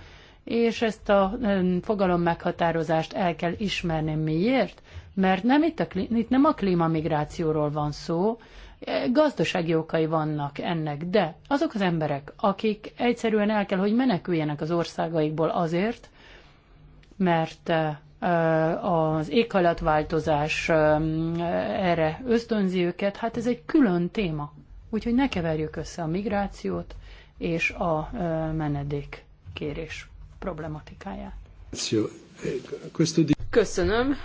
és ezt a fogalom meghatározást el kell ismerni. Miért? Mert nem itt, a, itt nem a klímamigrációról van szó, e, gazdasági okai vannak ennek, de azok az emberek, akik egyszerűen el kell, hogy meneküljenek az országaikból azért, mert az éghajlatváltozás erre ösztönzi őket, hát ez egy külön téma. Úgyhogy ne keverjük össze a migrációt és a menedékkérés problematikáját. Eh, Köszönöm.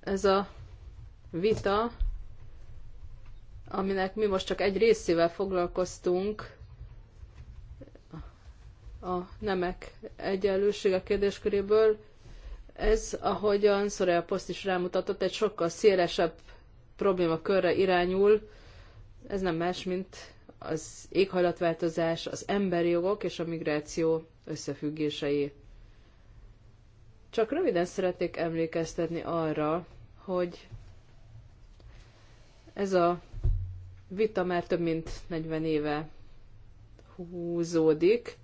Ez a vita, aminek mi most csak egy részével foglalkoztunk, a nemek egyenlősége kérdésköréből, ez, ahogyan Soraya Poszt is rámutatott, egy sokkal szélesebb probléma körre irányul. Ez nem más, mint az éghajlatváltozás, az emberi jogok és a migráció összefüggései. Csak röviden szeretnék emlékeztetni arra, hogy ez a vita már több mint 40 éve húzódik,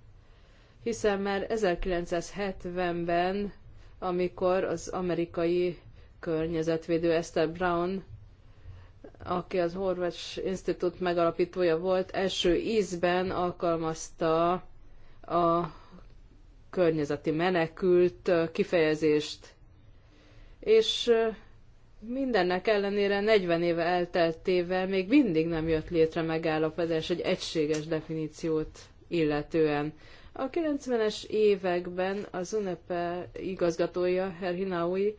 hiszen már 1970-ben, amikor az amerikai környezetvédő Esther Brown aki az Horvács Institút megalapítója volt, első ízben alkalmazta a környezeti menekült kifejezést. És mindennek ellenére 40 éve elteltével még mindig nem jött létre megállapodás egy egységes definíciót illetően. A 90-es években az UNEP igazgatója, Herr Hinaui,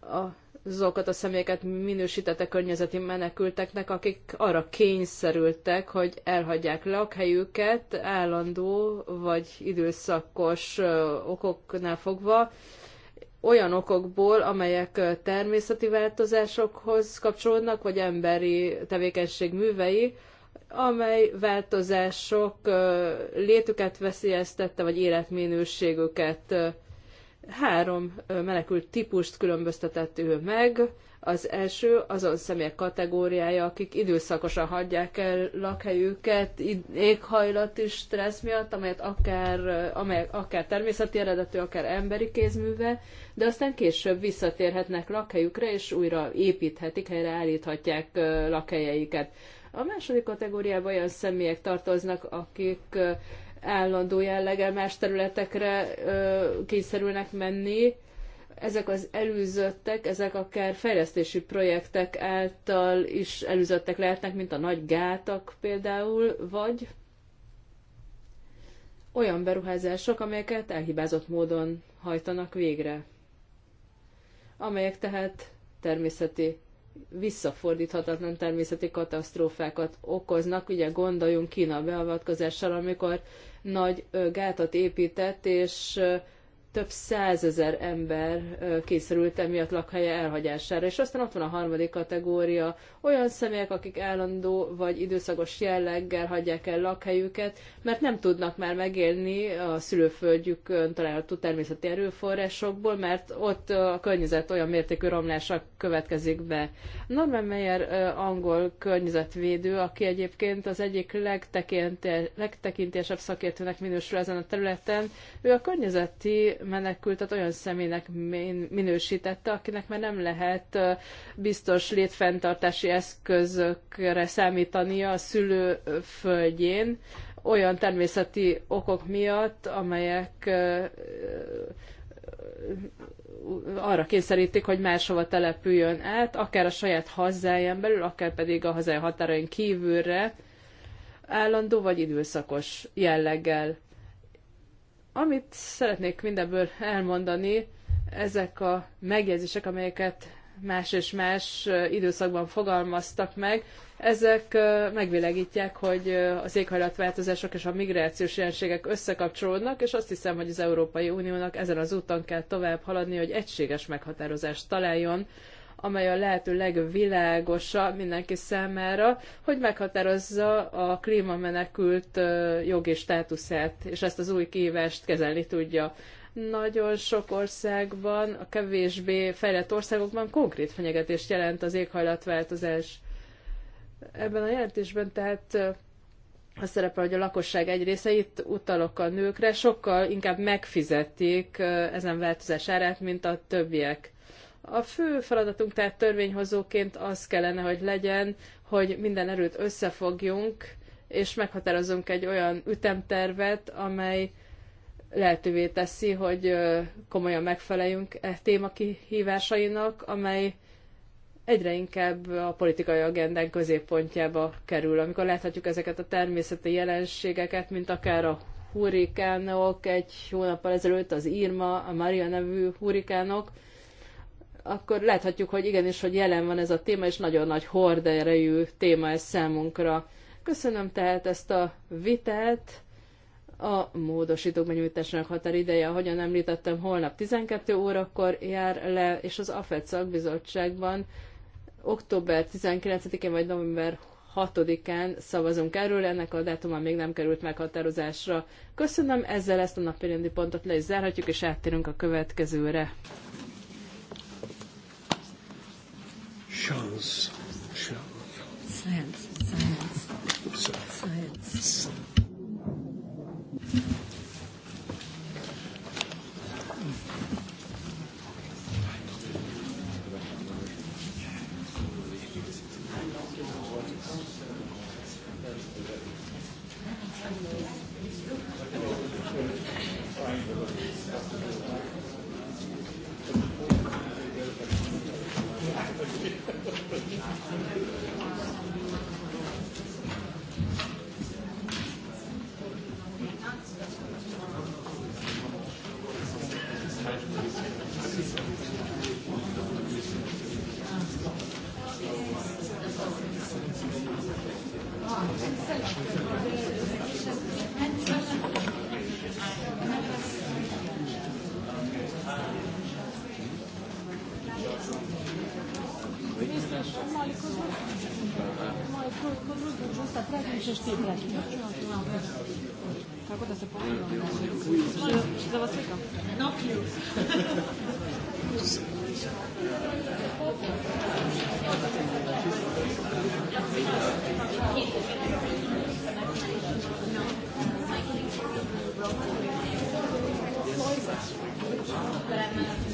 a azokat a személyeket minősítette környezeti menekülteknek, akik arra kényszerültek, hogy elhagyják lakhelyüket állandó vagy időszakos okoknál fogva, olyan okokból, amelyek természeti változásokhoz kapcsolódnak, vagy emberi tevékenység művei, amely változások létüket veszélyeztette, vagy életminőségüket Három menekült típust különböztetett ő meg. Az első azon személyek kategóriája, akik időszakosan hagyják el lakhelyüket éghajlati stressz miatt, amelyet akár, amely, akár természeti eredetű, akár emberi kézműve, de aztán később visszatérhetnek lakhelyükre, és újra építhetik, helyre állíthatják lakhelyeiket. A második kategóriába olyan személyek tartoznak, akik állandó jellege más területekre kényszerülnek menni. Ezek az előzöttek, ezek akár fejlesztési projektek által is előzöttek lehetnek, mint a nagy gátak például, vagy olyan beruházások, amelyeket elhibázott módon hajtanak végre, amelyek tehát természeti visszafordíthatatlan természeti katasztrófákat okoznak. Ugye gondoljunk Kína beavatkozással, amikor nagy gátat épített, és több százezer ember kényszerült emiatt lakhelye elhagyására. És aztán ott van a harmadik kategória, olyan személyek, akik állandó vagy időszakos jelleggel hagyják el lakhelyüket, mert nem tudnak már megélni a szülőföldjükön található természeti erőforrásokból, mert ott a környezet olyan mértékű romlása következik be. Norman Meyer angol környezetvédő, aki egyébként az egyik legtekintélyesebb szakértőnek minősül ezen a területen, ő a környezeti menekültet olyan személynek minősítette, akinek már nem lehet biztos létfenntartási eszközökre számítania a szülő földjén, olyan természeti okok miatt, amelyek arra kényszerítik, hogy máshova települjön át, akár a saját hazáján belül, akár pedig a hazai határain kívülre, állandó vagy időszakos jelleggel. Amit szeretnék mindebből elmondani, ezek a megjegyzések, amelyeket más és más időszakban fogalmaztak meg, ezek megvilegítják, hogy az éghajlatváltozások és a migrációs jelenségek összekapcsolódnak, és azt hiszem, hogy az Európai Uniónak ezen az úton kell tovább haladni, hogy egységes meghatározást találjon amely a lehető legvilágosabb mindenki számára, hogy meghatározza a klímamenekült jogi státuszát, és ezt az új kívást kezelni tudja. Nagyon sok országban, a kevésbé fejlett országokban konkrét fenyegetést jelent az éghajlatváltozás. Ebben a jelentésben tehát az szerepel, hogy a lakosság egy része, itt utalok a nőkre, sokkal inkább megfizették ezen változás árát, mint a többiek. A fő feladatunk tehát törvényhozóként az kellene, hogy legyen, hogy minden erőt összefogjunk, és meghatározunk egy olyan ütemtervet, amely lehetővé teszi, hogy komolyan megfeleljünk e téma kihívásainak, amely egyre inkább a politikai agendán középpontjába kerül. Amikor láthatjuk ezeket a természeti jelenségeket, mint akár a hurrikánok, egy hónappal ezelőtt az Irma, a Maria nevű hurrikánok, akkor láthatjuk, hogy igenis, hogy jelen van ez a téma, és nagyon nagy horderejű téma ez számunkra. Köszönöm tehát ezt a vitát. A módosítók benyújtásának határideje, ahogyan említettem, holnap 12 órakor jár le, és az AFED szakbizottságban október 19-én vagy november 6-án szavazunk erről, ennek a dátuma még nem került meghatározásra. Köszönöm, ezzel ezt a napi pontot le is zárhatjuk, és áttérünk a következőre. Chance. Science. Science. Science. But I'm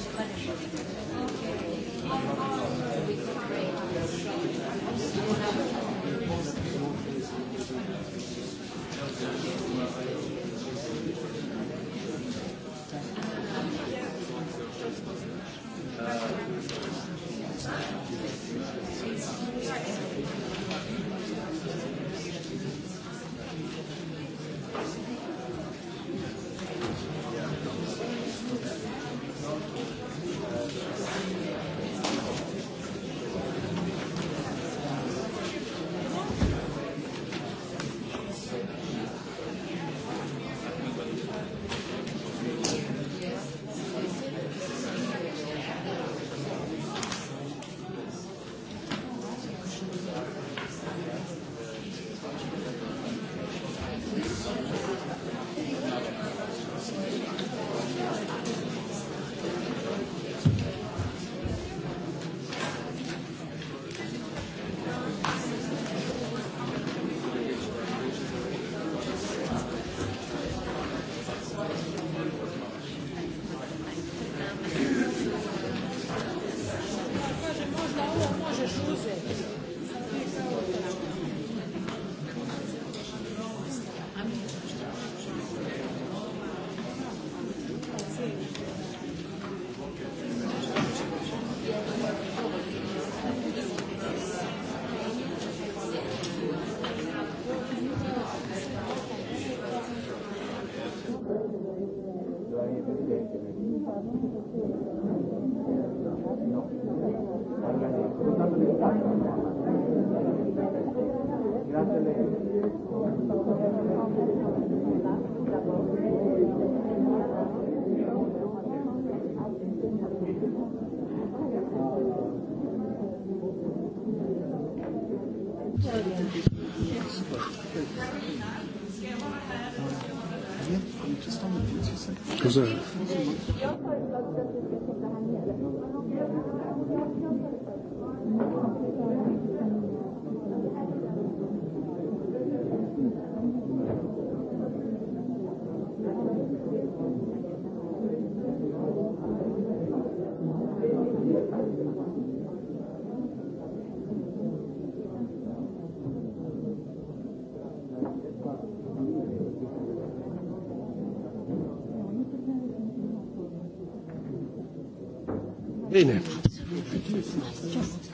Bene,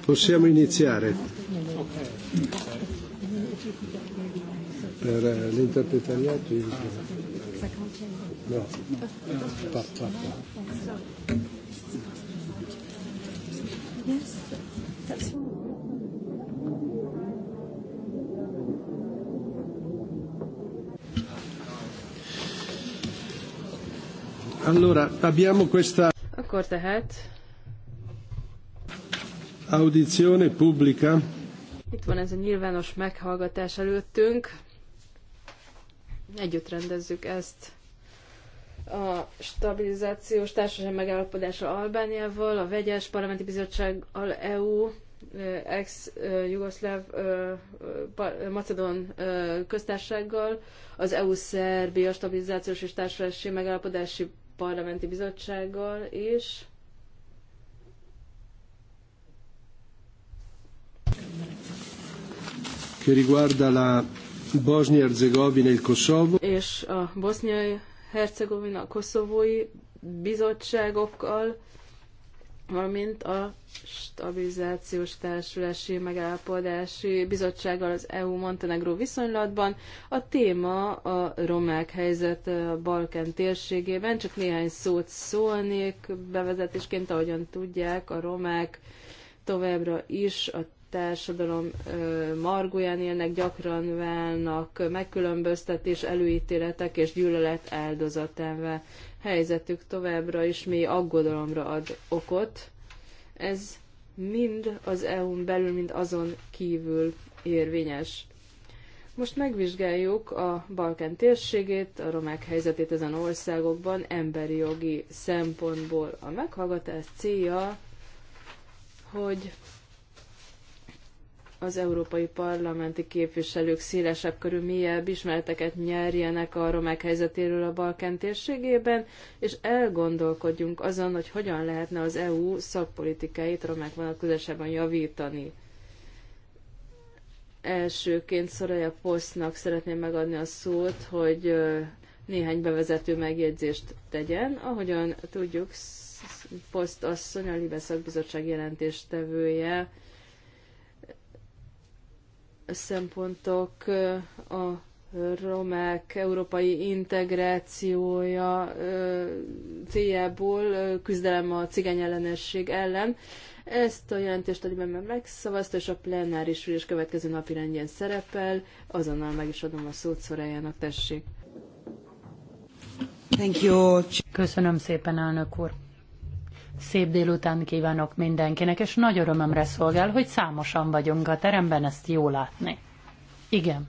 possiamo iniziare. Per eh, l'interpretariato io... No, pa, pa, pa. Allora, abbiamo questa... Akkor tehát Audizione pubblica. Itt van ez a nyilvános meghallgatás előttünk. Együtt rendezzük ezt a stabilizációs társaság megállapodása Albániával, a vegyes parlamenti bizottság al EU, ex-jugoszláv macedon köztársasággal, az EU-Szerbia stabilizációs és társulási megállapodási parlamenti bizottsággal is, che riguarda la Bosnia e il Kosovo. És a bosnia hercegovina koszovói bizottságokkal, valamint a stabilizációs társulási megállapodási bizottsággal az EU Montenegró viszonylatban. A téma a romák helyzet a Balkán térségében. Csak néhány szót szólnék bevezetésként, ahogyan tudják, a romák továbbra is a társadalom margóján élnek, gyakran válnak megkülönböztetés, előítéletek és gyűlölet áldozatává. Helyzetük továbbra is mély aggodalomra ad okot. Ez mind az EU-n belül, mind azon kívül érvényes. Most megvizsgáljuk a Balkán térségét, a romák helyzetét ezen országokban emberi jogi szempontból. A meghallgatás célja, hogy az európai parlamenti képviselők szélesebb körű mélyebb ismereteket nyerjenek a romák helyzetéről a Balkán térségében, és elgondolkodjunk azon, hogy hogyan lehetne az EU szakpolitikáit romák vonatkozásában javítani. Elsőként Szoraja Posznak szeretném megadni a szót, hogy néhány bevezető megjegyzést tegyen. Ahogyan tudjuk, Poszt asszony a Libe szakbizottság jelentéstevője, szempontok a romák európai integrációja céljából küzdelem a cigány ellenesség ellen. Ezt a jelentést egyben megszavazta, és a plenáris ülés következő napi rendjén szerepel. Azonnal meg is adom a szót szorájának, tessék. Thank you. Köszönöm szépen, elnök úr. Szép délután kívánok mindenkinek, és nagy örömömre szolgál, hogy számosan vagyunk a teremben, ezt jó látni. Igen.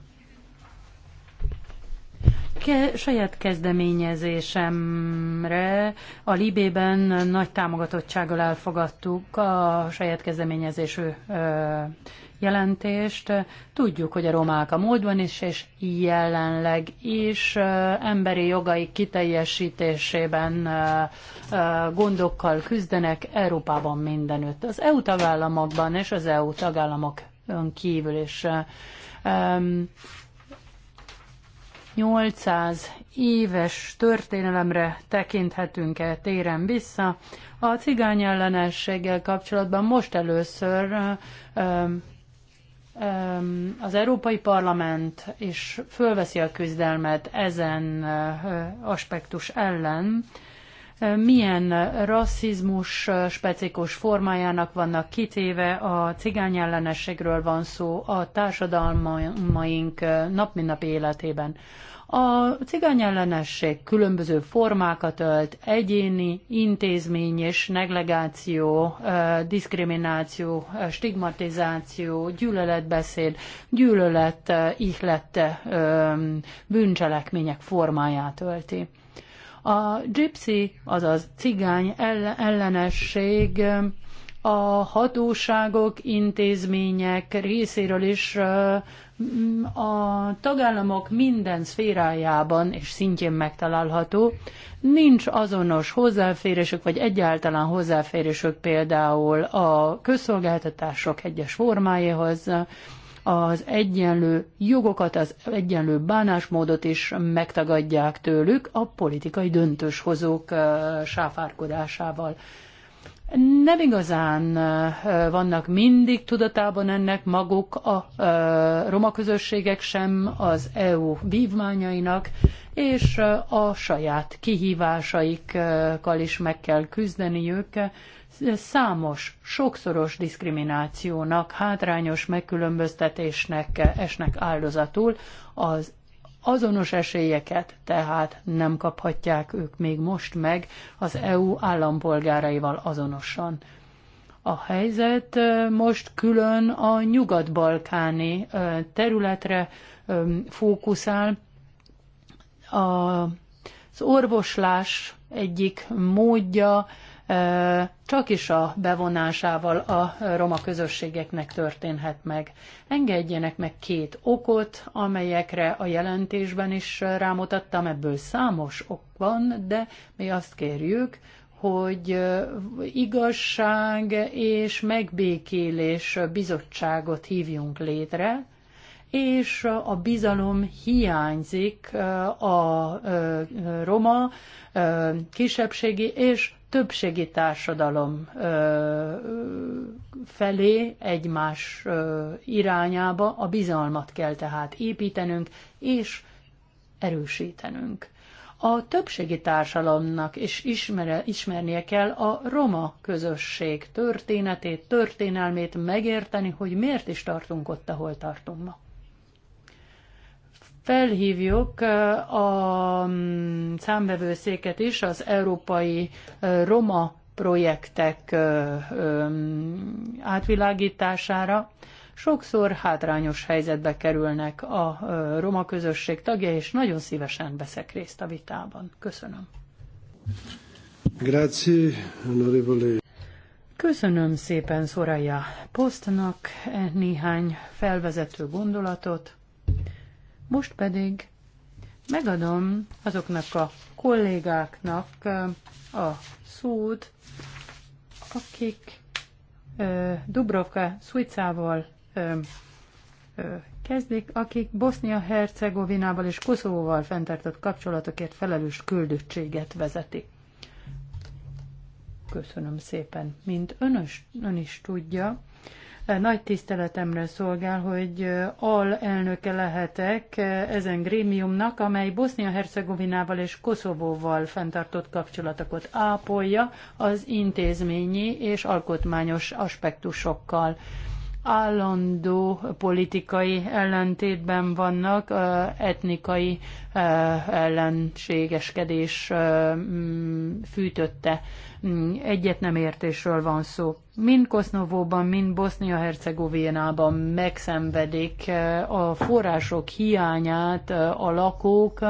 Ke- saját kezdeményezésemre a Libében nagy támogatottsággal elfogadtuk a saját kezdeményezésű ö, jelentést. Tudjuk, hogy a romák a módban is, és jelenleg is emberi jogai kiteljesítésében gondokkal küzdenek Európában mindenütt. Az EU tagállamokban és az EU tagállamok kívül is. 800 éves történelemre tekinthetünk el téren vissza. A cigány ellenességgel kapcsolatban most először az Európai Parlament is fölveszi a küzdelmet ezen aspektus ellen, milyen rasszizmus specikus formájának vannak kitéve, a cigány ellenességről van szó a társadalmaink nap mint nap életében. A cigányellenesség különböző formákat ölt, egyéni, intézmény és neglegáció, diszkrimináció, stigmatizáció, gyűlöletbeszéd, gyűlölet, ihlet bűncselekmények formáját ölti. A gypsy, azaz cigány ellenesség a hatóságok, intézmények részéről is Mm, a tagállamok minden szférájában és szintjén megtalálható, nincs azonos hozzáférésük, vagy egyáltalán hozzáférésük például a közszolgáltatások egyes formáihoz, az egyenlő jogokat, az egyenlő bánásmódot is megtagadják tőlük a politikai döntéshozók sáfárkodásával nem igazán vannak mindig tudatában ennek maguk a roma közösségek sem az EU vívmányainak, és a saját kihívásaikkal is meg kell küzdeni ők számos, sokszoros diszkriminációnak, hátrányos megkülönböztetésnek esnek áldozatul az Azonos esélyeket tehát nem kaphatják ők még most meg az EU állampolgáraival azonosan. A helyzet most külön a nyugat-balkáni területre fókuszál. Az orvoslás egyik módja csak is a bevonásával a roma közösségeknek történhet meg. Engedjenek meg két okot, amelyekre a jelentésben is rámutattam, ebből számos ok van, de mi azt kérjük, hogy igazság és megbékélés bizottságot hívjunk létre, és a bizalom hiányzik a roma kisebbségi és többségi társadalom felé, egymás irányába a bizalmat kell tehát építenünk és erősítenünk. A többségi társadalomnak is ismere, ismernie kell a roma közösség történetét, történelmét, megérteni, hogy miért is tartunk ott, ahol tartunk ma. Felhívjuk a mm, számvevőszéket is az európai roma projektek átvilágítására. Sokszor hátrányos helyzetbe kerülnek a roma közösség tagja, és nagyon szívesen veszek részt a vitában. Köszönöm. Grazie, onorevole. Köszönöm szépen Szoraja Posztnak néhány felvezető gondolatot. Most pedig megadom azoknak a kollégáknak a szót, akik Dubrovka Szujcával kezdik, akik Bosznia-Hercegovinával és Koszovóval fenntartott kapcsolatokért felelős küldöttséget vezeti. Köszönöm szépen. Mint önös, ön is tudja, nagy tiszteletemre szolgál, hogy elnöke lehetek ezen grémiumnak, amely Bosznia-Hercegovinával és Koszovóval fenntartott kapcsolatokat ápolja az intézményi és alkotmányos aspektusokkal állandó politikai ellentétben vannak, etnikai ellenségeskedés mm, fűtötte. Mm, egyet nem értésről van szó. Mind Kosznovóban, mind Bosznia-Hercegovinában megszenvedik a források hiányát a lakók,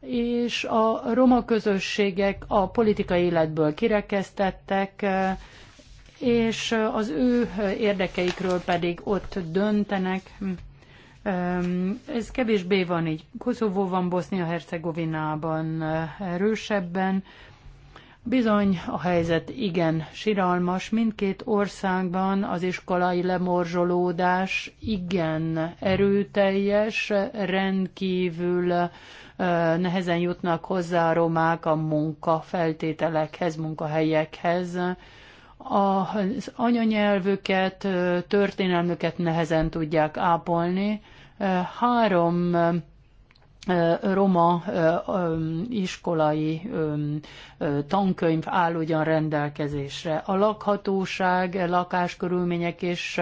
és a roma közösségek a politikai életből kirekesztettek, és az ő érdekeikről pedig ott döntenek. Ez kevésbé van így. van Bosznia-Hercegovinában eh, erősebben. Bizony, a helyzet igen siralmas. Mindkét országban az iskolai lemorzsolódás igen erőteljes, rendkívül eh, nehezen jutnak hozzá a romák a munkafeltételekhez, munkahelyekhez az anyanyelvüket, történelmüket nehezen tudják ápolni. Három roma iskolai tankönyv áll ugyan rendelkezésre. A lakhatóság, lakáskörülmények és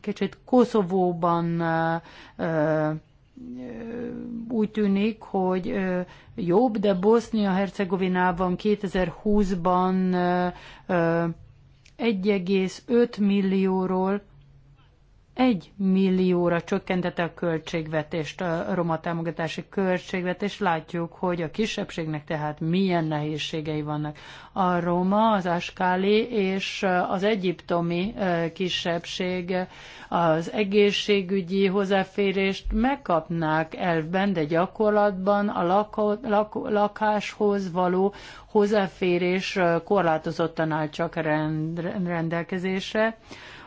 kicsit Koszovóban úgy tűnik, hogy jobb, de Bosznia-Hercegovinában 2020-ban 1,5 millióról egy millióra csökkentette a költségvetést, a roma támogatási költségvetést. Látjuk, hogy a kisebbségnek tehát milyen nehézségei vannak. A roma, az askáli és az egyiptomi kisebbség az egészségügyi hozzáférést megkapnák elvben, de gyakorlatban a lako, lako, lakáshoz való hozzáférés korlátozottan áll csak rendelkezésre.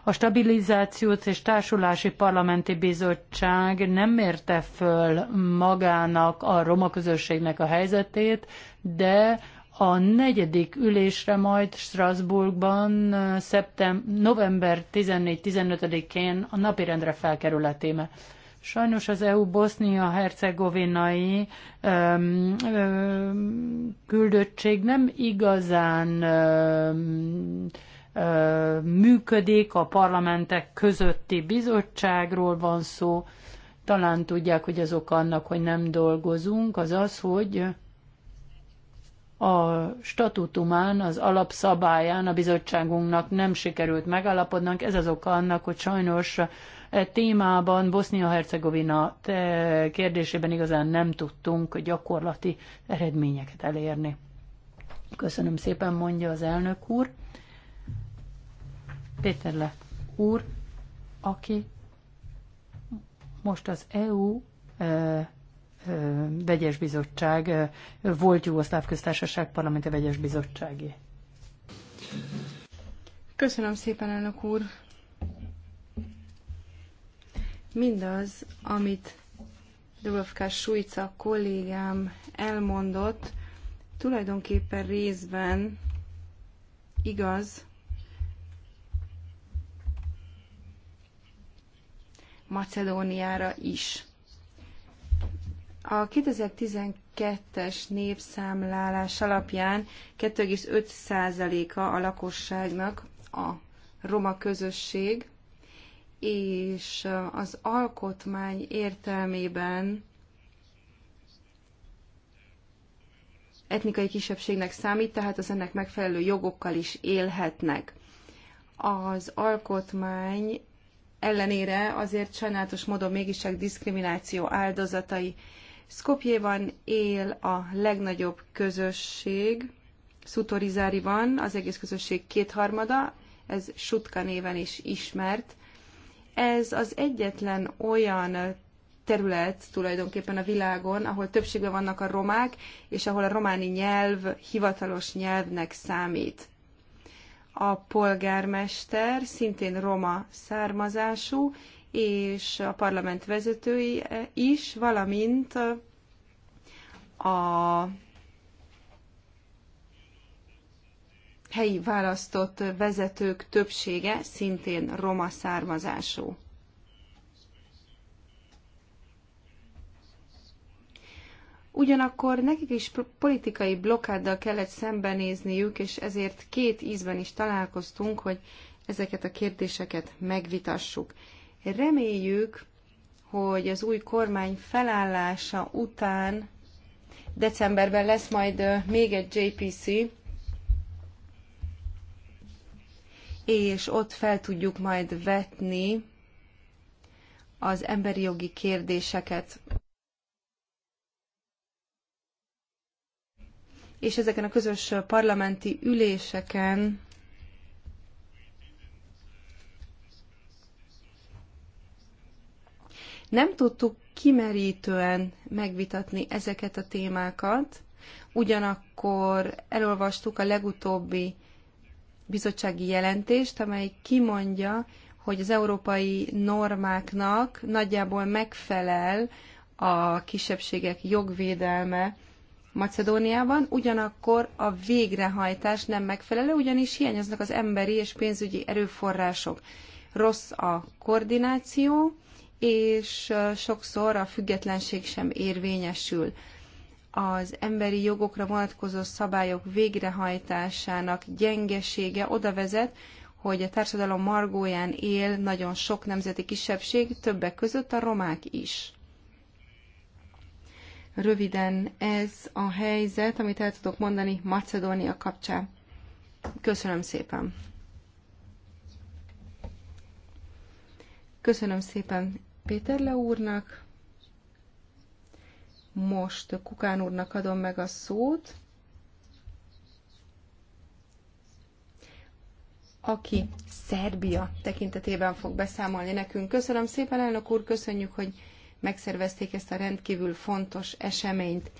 A stabilizációt és társulási parlamenti bizottság nem mérte föl magának a roma közösségnek a helyzetét, de a negyedik ülésre majd Strasbourgban szeptem, november 14-15-én a napirendre felkerül a téma. Sajnos az EU bosznia-hercegovinai küldöttség nem igazán öm, működik, a parlamentek közötti bizottságról van szó, talán tudják, hogy az oka annak, hogy nem dolgozunk, az az, hogy a statutumán, az alapszabályán a bizottságunknak nem sikerült megállapodnunk. Ez az oka annak, hogy sajnos e témában, Bosznia-Hercegovina kérdésében igazán nem tudtunk gyakorlati eredményeket elérni. Köszönöm szépen, mondja az elnök úr. Péter Le úr, aki most az EU vegyes bizottság, volt Jugoszláv köztársaság parlamenti vegyes bizottsági. Köszönöm szépen, elnök úr! Mindaz, amit Dubrovka Sujca kollégám elmondott, tulajdonképpen részben igaz, Macedóniára is. A 2012-es népszámlálás alapján 2,5%-a a lakosságnak a roma közösség, és az alkotmány értelmében etnikai kisebbségnek számít, tehát az ennek megfelelő jogokkal is élhetnek. Az alkotmány ellenére azért sajnálatos módon mégiscsak diszkrimináció áldozatai. Szkopjéban él a legnagyobb közösség, szutorizári van, az egész közösség kétharmada, ez Sutka néven is ismert. Ez az egyetlen olyan terület tulajdonképpen a világon, ahol többségben vannak a romák, és ahol a románi nyelv hivatalos nyelvnek számít a polgármester szintén roma származású, és a parlament vezetői is, valamint a helyi választott vezetők többsége szintén roma származású. Ugyanakkor nekik is politikai blokkáddal kellett szembenézniük, és ezért két ízben is találkoztunk, hogy ezeket a kérdéseket megvitassuk. Reméljük, hogy az új kormány felállása után decemberben lesz majd még egy JPC, és ott fel tudjuk majd vetni az emberi jogi kérdéseket. és ezeken a közös parlamenti üléseken nem tudtuk kimerítően megvitatni ezeket a témákat, ugyanakkor elolvastuk a legutóbbi bizottsági jelentést, amely kimondja, hogy az európai normáknak nagyjából megfelel a kisebbségek jogvédelme Macedóniában, ugyanakkor a végrehajtás nem megfelelő, ugyanis hiányoznak az emberi és pénzügyi erőforrások. Rossz a koordináció, és sokszor a függetlenség sem érvényesül. Az emberi jogokra vonatkozó szabályok végrehajtásának gyengesége oda vezet, hogy a társadalom margóján él nagyon sok nemzeti kisebbség, többek között a romák is. Röviden ez a helyzet, amit el tudok mondani Macedónia kapcsán. Köszönöm szépen! Köszönöm szépen Péter Le úrnak. Most Kukán úrnak adom meg a szót. aki Szerbia tekintetében fog beszámolni nekünk. Köszönöm szépen, elnök úr, köszönjük, hogy megszervezték ezt a rendkívül fontos eseményt.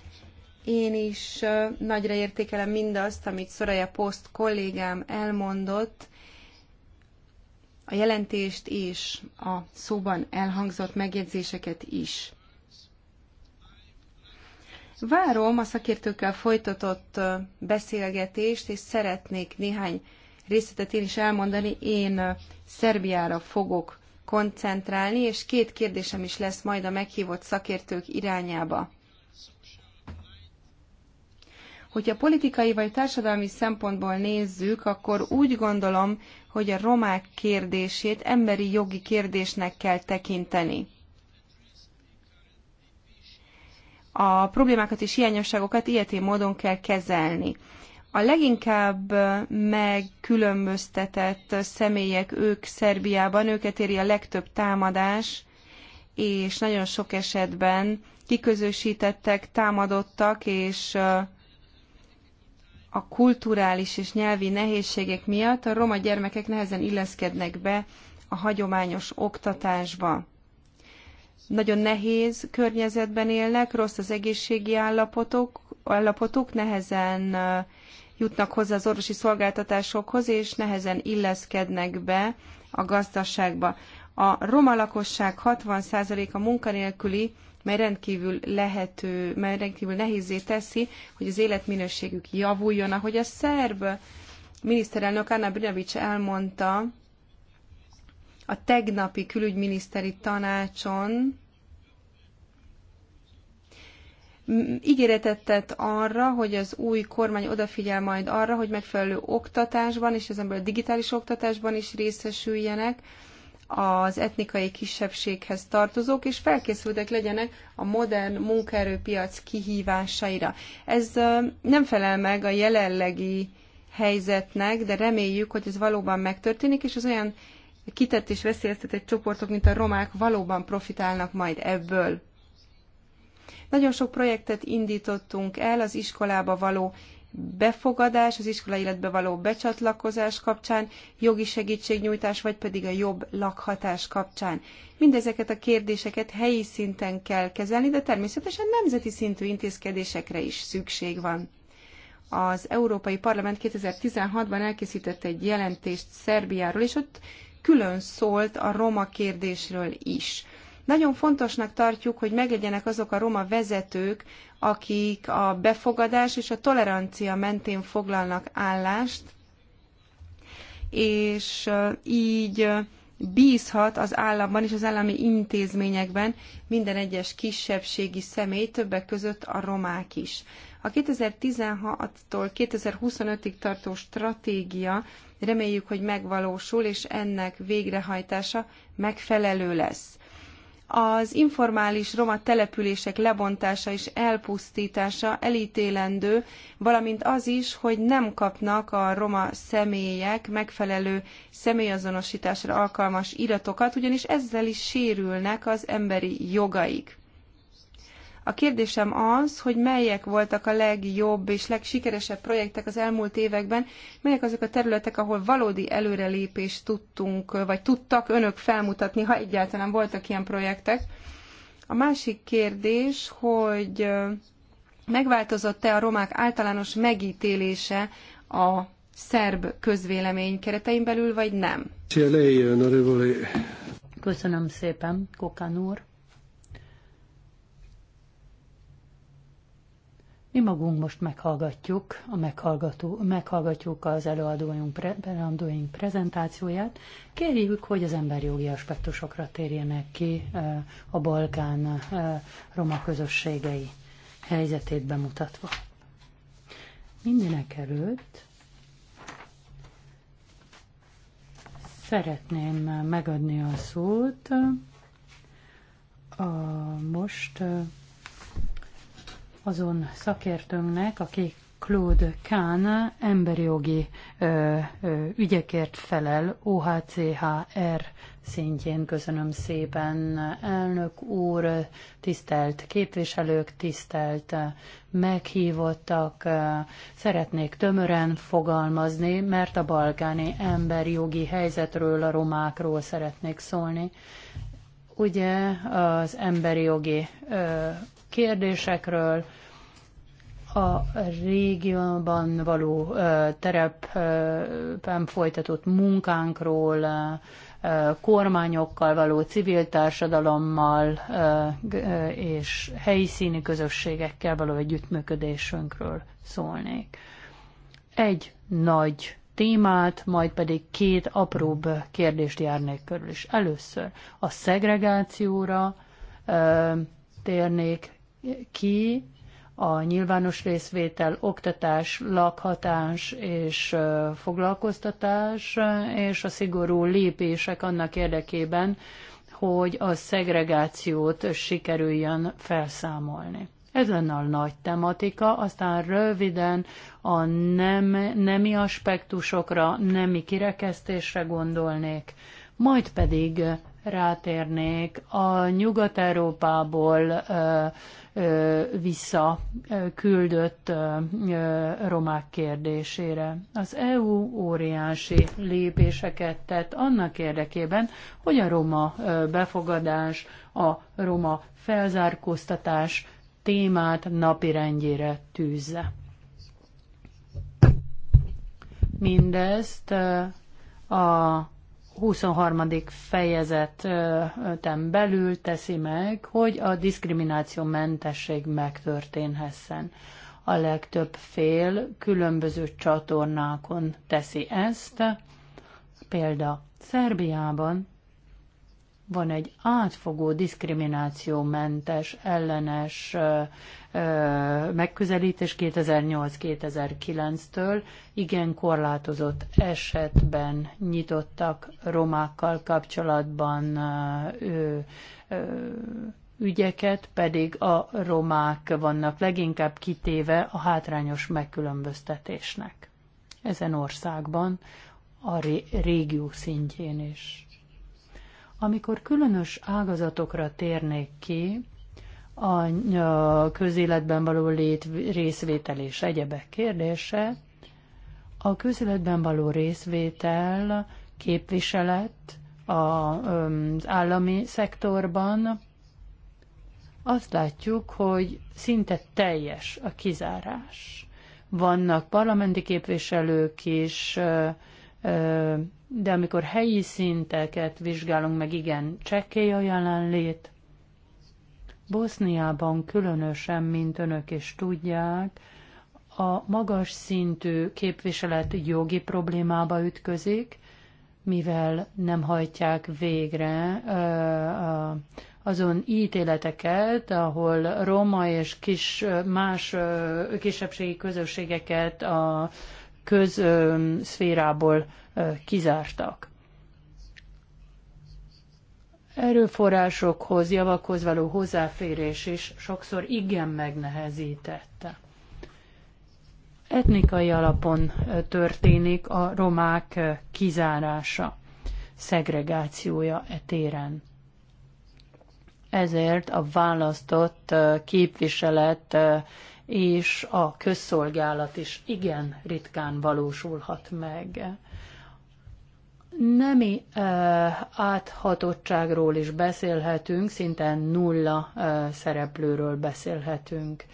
Én is nagyra értékelem mindazt, amit Szoraja Post kollégám elmondott, a jelentést és a szóban elhangzott megjegyzéseket is. Várom a szakértőkkel folytatott beszélgetést, és szeretnék néhány részletet én is elmondani. Én Szerbiára fogok koncentrálni, és két kérdésem is lesz majd a meghívott szakértők irányába. Hogyha politikai vagy társadalmi szempontból nézzük, akkor úgy gondolom, hogy a romák kérdését emberi jogi kérdésnek kell tekinteni. A problémákat és hiányosságokat ilyetén módon kell kezelni. A leginkább megkülönböztetett személyek, ők Szerbiában, őket éri a legtöbb támadás, és nagyon sok esetben kiközösítettek, támadottak, és a kulturális és nyelvi nehézségek miatt a roma gyermekek nehezen illeszkednek be a hagyományos oktatásba. Nagyon nehéz környezetben élnek, rossz az egészségi állapotok, állapotuk, nehezen jutnak hozzá az orvosi szolgáltatásokhoz, és nehezen illeszkednek be a gazdaságba. A roma lakosság 60%-a munkanélküli, mely rendkívül lehető, mely rendkívül nehézé teszi, hogy az életminőségük javuljon. Ahogy a szerb miniszterelnök Anna Brinovics elmondta, a tegnapi külügyminiszteri tanácson ígéretet tett arra, hogy az új kormány odafigyel majd arra, hogy megfelelő oktatásban és ezenből a digitális oktatásban is részesüljenek az etnikai kisebbséghez tartozók, és felkészültek legyenek a modern munkaerőpiac kihívásaira. Ez nem felel meg a jelenlegi helyzetnek, de reméljük, hogy ez valóban megtörténik, és az olyan kitett és veszélyeztetett csoportok, mint a romák valóban profitálnak majd ebből. Nagyon sok projektet indítottunk el az iskolába való befogadás, az iskola életbe való becsatlakozás kapcsán, jogi segítségnyújtás, vagy pedig a jobb lakhatás kapcsán. Mindezeket a kérdéseket helyi szinten kell kezelni, de természetesen nemzeti szintű intézkedésekre is szükség van. Az Európai Parlament 2016-ban elkészített egy jelentést Szerbiáról, és ott külön szólt a roma kérdésről is. Nagyon fontosnak tartjuk, hogy meglegyenek azok a roma vezetők, akik a befogadás és a tolerancia mentén foglalnak állást, és így bízhat az államban és az állami intézményekben minden egyes kisebbségi személy, többek között a romák is. A 2016-tól 2025-ig tartó stratégia reméljük, hogy megvalósul, és ennek végrehajtása megfelelő lesz. Az informális roma települések lebontása és elpusztítása elítélendő, valamint az is, hogy nem kapnak a roma személyek megfelelő személyazonosításra alkalmas iratokat, ugyanis ezzel is sérülnek az emberi jogaik. A kérdésem az, hogy melyek voltak a legjobb és legsikeresebb projektek az elmúlt években, melyek azok a területek, ahol valódi előrelépést tudtunk, vagy tudtak önök felmutatni, ha egyáltalán voltak ilyen projektek. A másik kérdés, hogy megváltozott-e a romák általános megítélése a szerb közvélemény keretein belül, vagy nem? Köszönöm szépen, Kokan úr. Mi magunk most meghallgatjuk, a meghallgató, meghallgatjuk az előadóink, pre, előadóink prezentációját. Kérjük, hogy az emberjogi aspektusokra térjenek ki eh, a Balkán eh, roma közösségei helyzetét bemutatva. Mindenek előtt szeretném megadni a szót eh, a most azon szakértőnknek, aki Claude Kahn emberi jogi ö, ö, ügyekért felel OHCHR szintjén. Köszönöm szépen, elnök úr, tisztelt képviselők, tisztelt meghívottak. Szeretnék tömören fogalmazni, mert a balkáni emberi jogi helyzetről, a romákról szeretnék szólni ugye az emberi jogi ö, kérdésekről, a régióban való terepen folytatott munkánkról, kormányokkal való civil társadalommal és helyszíni közösségekkel való együttműködésünkről szólnék. Egy nagy témát, majd pedig két apróbb kérdést járnék körül is. Először a szegregációra térnék ki a nyilvános részvétel, oktatás, lakhatás és foglalkoztatás, és a szigorú lépések annak érdekében, hogy a szegregációt sikerüljön felszámolni. Ez lenne a nagy tematika, aztán röviden a nem, nemi aspektusokra, nemi kirekesztésre gondolnék, majd pedig rátérnék a Nyugat-Európából vissza küldött romák kérdésére. Az EU óriási lépéseket tett annak érdekében, hogy a roma befogadás, a roma felzárkóztatás témát napirendjére tűzze. Mindezt a 23. fejezeten belül teszi meg, hogy a diszkrimináció mentesség megtörténhessen. A legtöbb fél különböző csatornákon teszi ezt. Példa Szerbiában van egy átfogó diszkriminációmentes ellenes megközelítés 2008-2009-től igen korlátozott esetben nyitottak romákkal kapcsolatban ügyeket, pedig a romák vannak leginkább kitéve a hátrányos megkülönböztetésnek. Ezen országban a régió szintjén is. Amikor különös ágazatokra térnék ki, a közéletben való lét, részvétel és egyebek kérdése. A közéletben való részvétel, képviselet az állami szektorban, azt látjuk, hogy szinte teljes a kizárás. Vannak parlamenti képviselők is, de amikor helyi szinteket vizsgálunk, meg igen, csekély a jelenlét, Boszniában különösen, mint önök is tudják, a magas szintű képviselet jogi problémába ütközik, mivel nem hajtják végre azon ítéleteket, ahol roma és kis, más kisebbségi közösségeket a közszférából kizártak erőforrásokhoz, javakhoz való hozzáférés is sokszor igen megnehezítette. Etnikai alapon történik a romák kizárása, szegregációja e téren. Ezért a választott képviselet és a közszolgálat is igen ritkán valósulhat meg nemi ö, áthatottságról is beszélhetünk, szinte nulla ö, szereplőről beszélhetünk.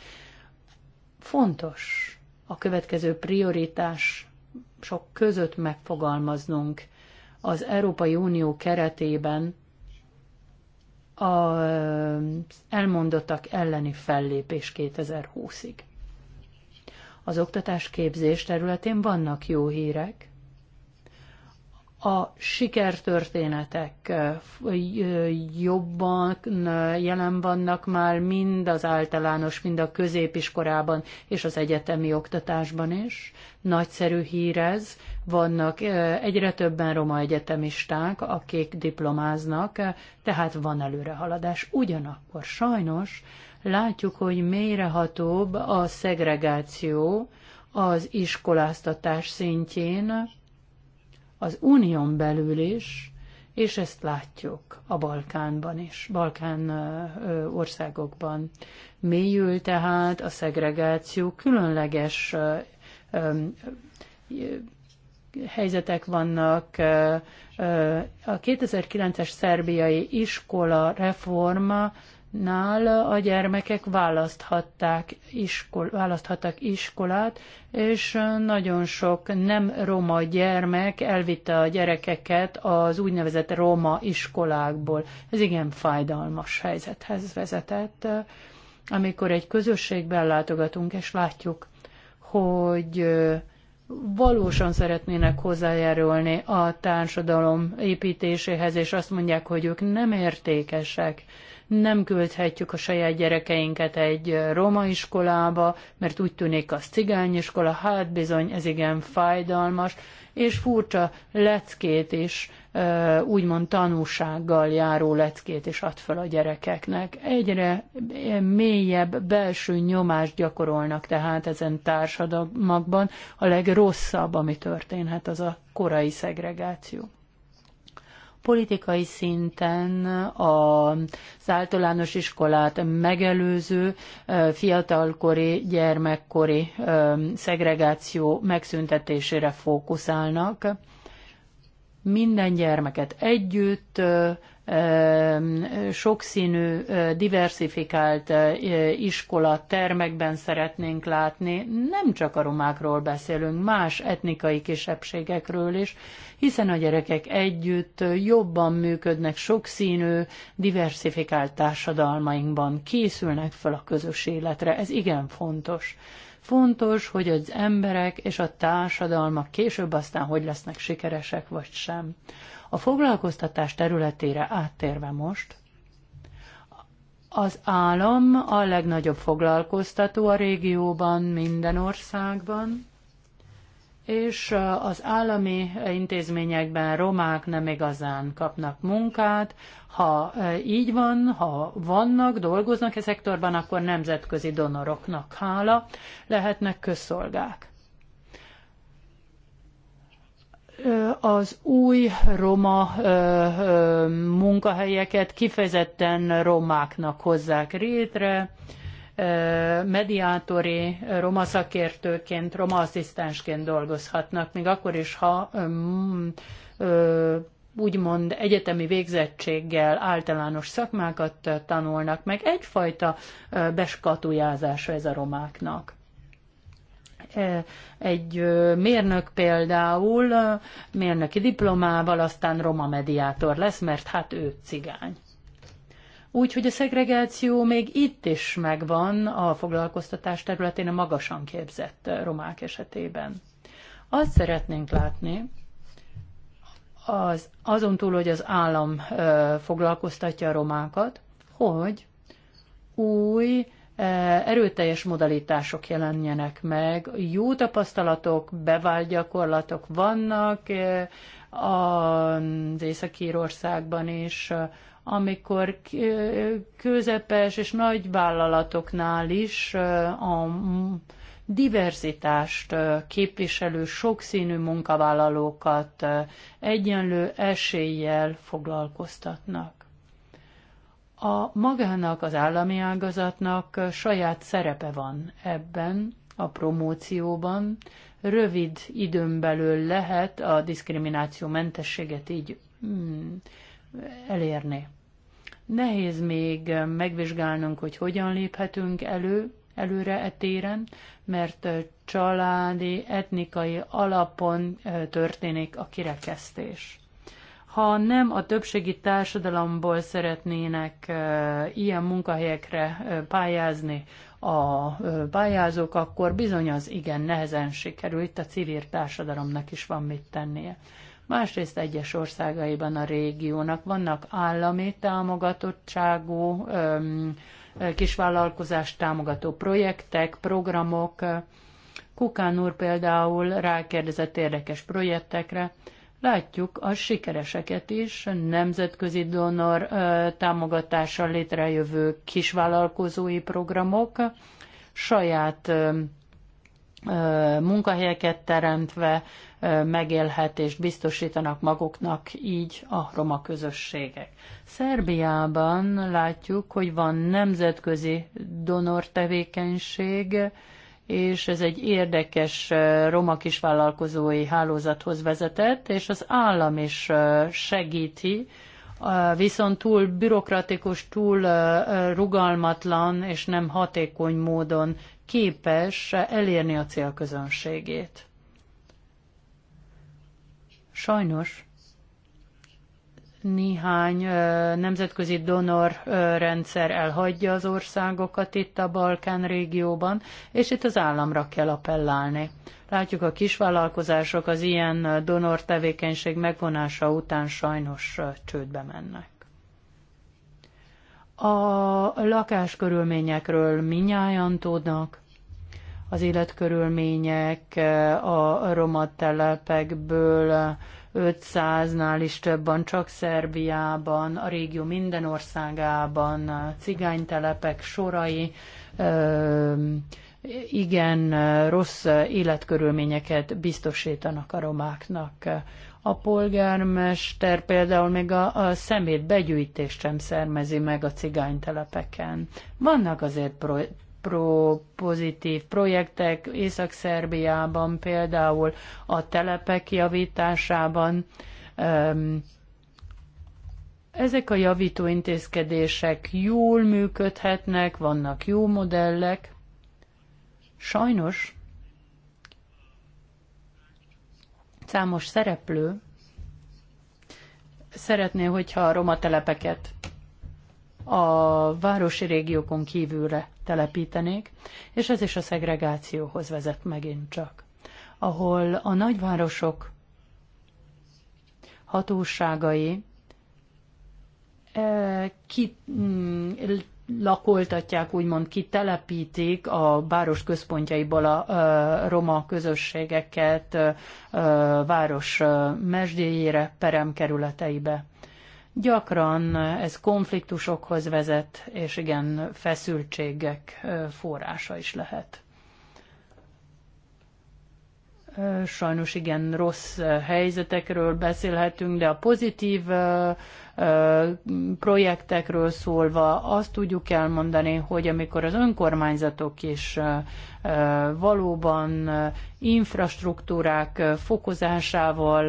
Fontos a következő prioritás sok között megfogalmaznunk az Európai Unió keretében az elmondottak elleni fellépés 2020-ig. Az oktatás képzés területén vannak jó hírek, a sikertörténetek jobban jelen vannak már mind az általános, mind a középiskolában és az egyetemi oktatásban is. Nagyszerű hírez, ez. Vannak egyre többen roma egyetemisták, akik diplomáznak, tehát van előrehaladás. Ugyanakkor sajnos látjuk, hogy mélyrehatóbb a szegregáció az iskoláztatás szintjén, az unión belül is, és ezt látjuk a Balkánban is, Balkán országokban. Mélyül tehát a szegregáció, különleges helyzetek vannak. A 2009-es szerbiai iskola reforma nál a gyermekek választhatták iskol, választhattak iskolát, és nagyon sok nem roma gyermek elvitte a gyerekeket az úgynevezett roma iskolákból. Ez igen fájdalmas helyzethez vezetett, amikor egy közösségben látogatunk, és látjuk, hogy valósan szeretnének hozzájárulni a társadalom építéséhez, és azt mondják, hogy ők nem értékesek, nem küldhetjük a saját gyerekeinket egy roma iskolába, mert úgy tűnik az iskola hát bizony ez igen fájdalmas, és furcsa leckét is, úgymond tanúsággal járó leckét is ad fel a gyerekeknek. Egyre mélyebb belső nyomást gyakorolnak tehát ezen társadalmakban. A legrosszabb, ami történhet, az a korai szegregáció politikai szinten az általános iskolát megelőző fiatalkori, gyermekkori szegregáció megszüntetésére fókuszálnak. Minden gyermeket együtt sokszínű, diversifikált iskola termekben szeretnénk látni. Nem csak a romákról beszélünk, más etnikai kisebbségekről is, hiszen a gyerekek együtt jobban működnek sokszínű, diversifikált társadalmainkban, készülnek fel a közös életre. Ez igen fontos. Fontos, hogy az emberek és a társadalmak később aztán hogy lesznek sikeresek vagy sem. A foglalkoztatás területére áttérve most, az állam a legnagyobb foglalkoztató a régióban, minden országban és az állami intézményekben romák nem igazán kapnak munkát. Ha így van, ha vannak, dolgoznak e szektorban, akkor nemzetközi donoroknak hála lehetnek közszolgák. Az új roma munkahelyeket kifejezetten romáknak hozzák rétre, mediátori roma szakértőként, roma asszisztensként dolgozhatnak, még akkor is, ha úgymond egyetemi végzettséggel általános szakmákat tanulnak meg. Egyfajta beskatujázása ez a romáknak egy mérnök például mérnöki diplomával, aztán roma mediátor lesz, mert hát ő cigány. Úgyhogy a szegregáció még itt is megvan a foglalkoztatás területén a magasan képzett romák esetében. Azt szeretnénk látni, az, azon túl, hogy az állam ö, foglalkoztatja a romákat, hogy új erőteljes modalitások jelenjenek meg, jó tapasztalatok, bevált gyakorlatok vannak az Észak-Írországban is, amikor közepes és nagy vállalatoknál is a diverzitást képviselő sokszínű munkavállalókat egyenlő eséllyel foglalkoztatnak. A magának, az állami ágazatnak saját szerepe van ebben a promócióban. Rövid időn belül lehet a diszkrimináció mentességet így mm, elérni. Nehéz még eh, megvizsgálnunk, hogy hogyan léphetünk elő, előre e téren, mert eh, családi, etnikai alapon eh, történik a kirekesztés. Ha nem a többségi társadalomból szeretnének ilyen munkahelyekre pályázni a pályázók, akkor bizony az igen nehezen sikerül. Itt a civil társadalomnak is van mit tennie. Másrészt egyes országaiban a régiónak vannak állami támogatottságú kisvállalkozást támogató projektek, programok. Kukán úr például rákérdezett érdekes projektekre, Látjuk a sikereseket is, nemzetközi donor támogatással létrejövő kisvállalkozói programok, saját munkahelyeket teremtve megélhetést biztosítanak maguknak így a roma közösségek. Szerbiában látjuk, hogy van nemzetközi donor tevékenység, és ez egy érdekes roma kisvállalkozói hálózathoz vezetett, és az állam is segíti, viszont túl bürokratikus, túl rugalmatlan és nem hatékony módon képes elérni a célközönségét. Sajnos néhány nemzetközi donor rendszer elhagyja az országokat itt a Balkán régióban, és itt az államra kell appellálni. Látjuk a kisvállalkozások az ilyen donor tevékenység megvonása után sajnos csődbe mennek. A lakáskörülményekről minnyáján tudnak, az életkörülmények eh, a roma telepekből 500-nál eh, is többen csak Szerbiában, a régió minden országában, eh, cigánytelepek sorai, igen rossz életkörülményeket biztosítanak a romáknak. A polgármester például még a, a szemét begyűjtést sem szermezi meg a cigánytelepeken. Vannak azért pro, pro, pozitív projektek Észak-Szerbiában, például a telepek javításában. Um, ezek a javító intézkedések jól működhetnek, vannak jó modellek. Sajnos Számos szereplő szeretné, hogyha a roma telepeket a városi régiókon kívülre telepítenék, és ez is a szegregációhoz vezet megint csak, ahol a nagyvárosok hatóságai eh, ki mm, lakoltatják, úgymond kitelepítik a város központjaiból a roma közösségeket város mesdjéjére, peremkerületeibe. Gyakran ez konfliktusokhoz vezet, és igen, feszültségek forrása is lehet. Sajnos igen, rossz helyzetekről beszélhetünk, de a pozitív projektekről szólva azt tudjuk elmondani, hogy amikor az önkormányzatok is valóban infrastruktúrák fokozásával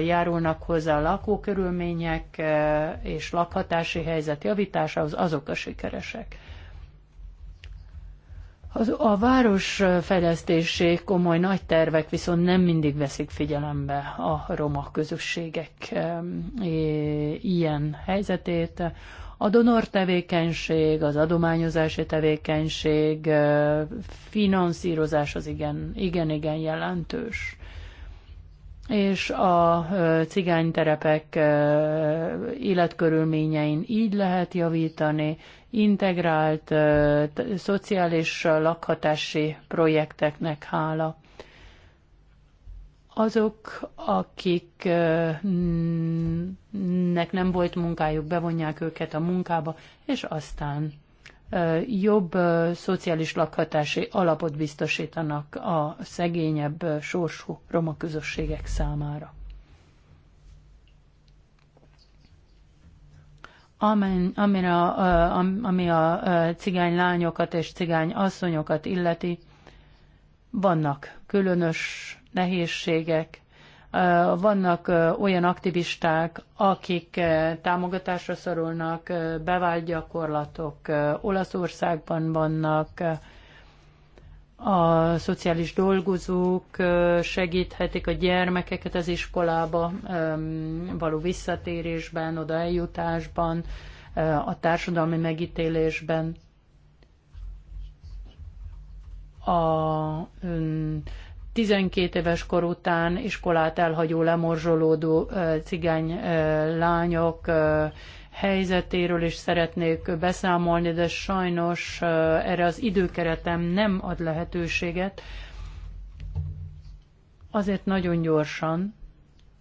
járulnak hozzá a lakókörülmények és lakhatási helyzet javításához, azok a sikeresek. A városfejlesztésé komoly nagy tervek viszont nem mindig veszik figyelembe a roma közösségek ilyen helyzetét. A donor tevékenység, az adományozási tevékenység, finanszírozás az igen, igen, igen jelentős és a cigányterepek életkörülményein így lehet javítani, integrált szociális lakhatási projekteknek hála. Azok, akiknek nem volt munkájuk, bevonják őket a munkába, és aztán jobb szociális lakhatási alapot biztosítanak a szegényebb sorsú roma közösségek számára. Amen, a, ami a cigány lányokat és cigány asszonyokat illeti, vannak különös nehézségek, vannak olyan aktivisták, akik támogatásra szorulnak, bevált gyakorlatok Olaszországban vannak, a szociális dolgozók segíthetik a gyermekeket az iskolába való visszatérésben, oda eljutásban, a társadalmi megítélésben, a 12 éves kor után iskolát elhagyó, lemorzsolódó cigány lányok helyzetéről is szeretnék beszámolni, de sajnos erre az időkeretem nem ad lehetőséget. Azért nagyon gyorsan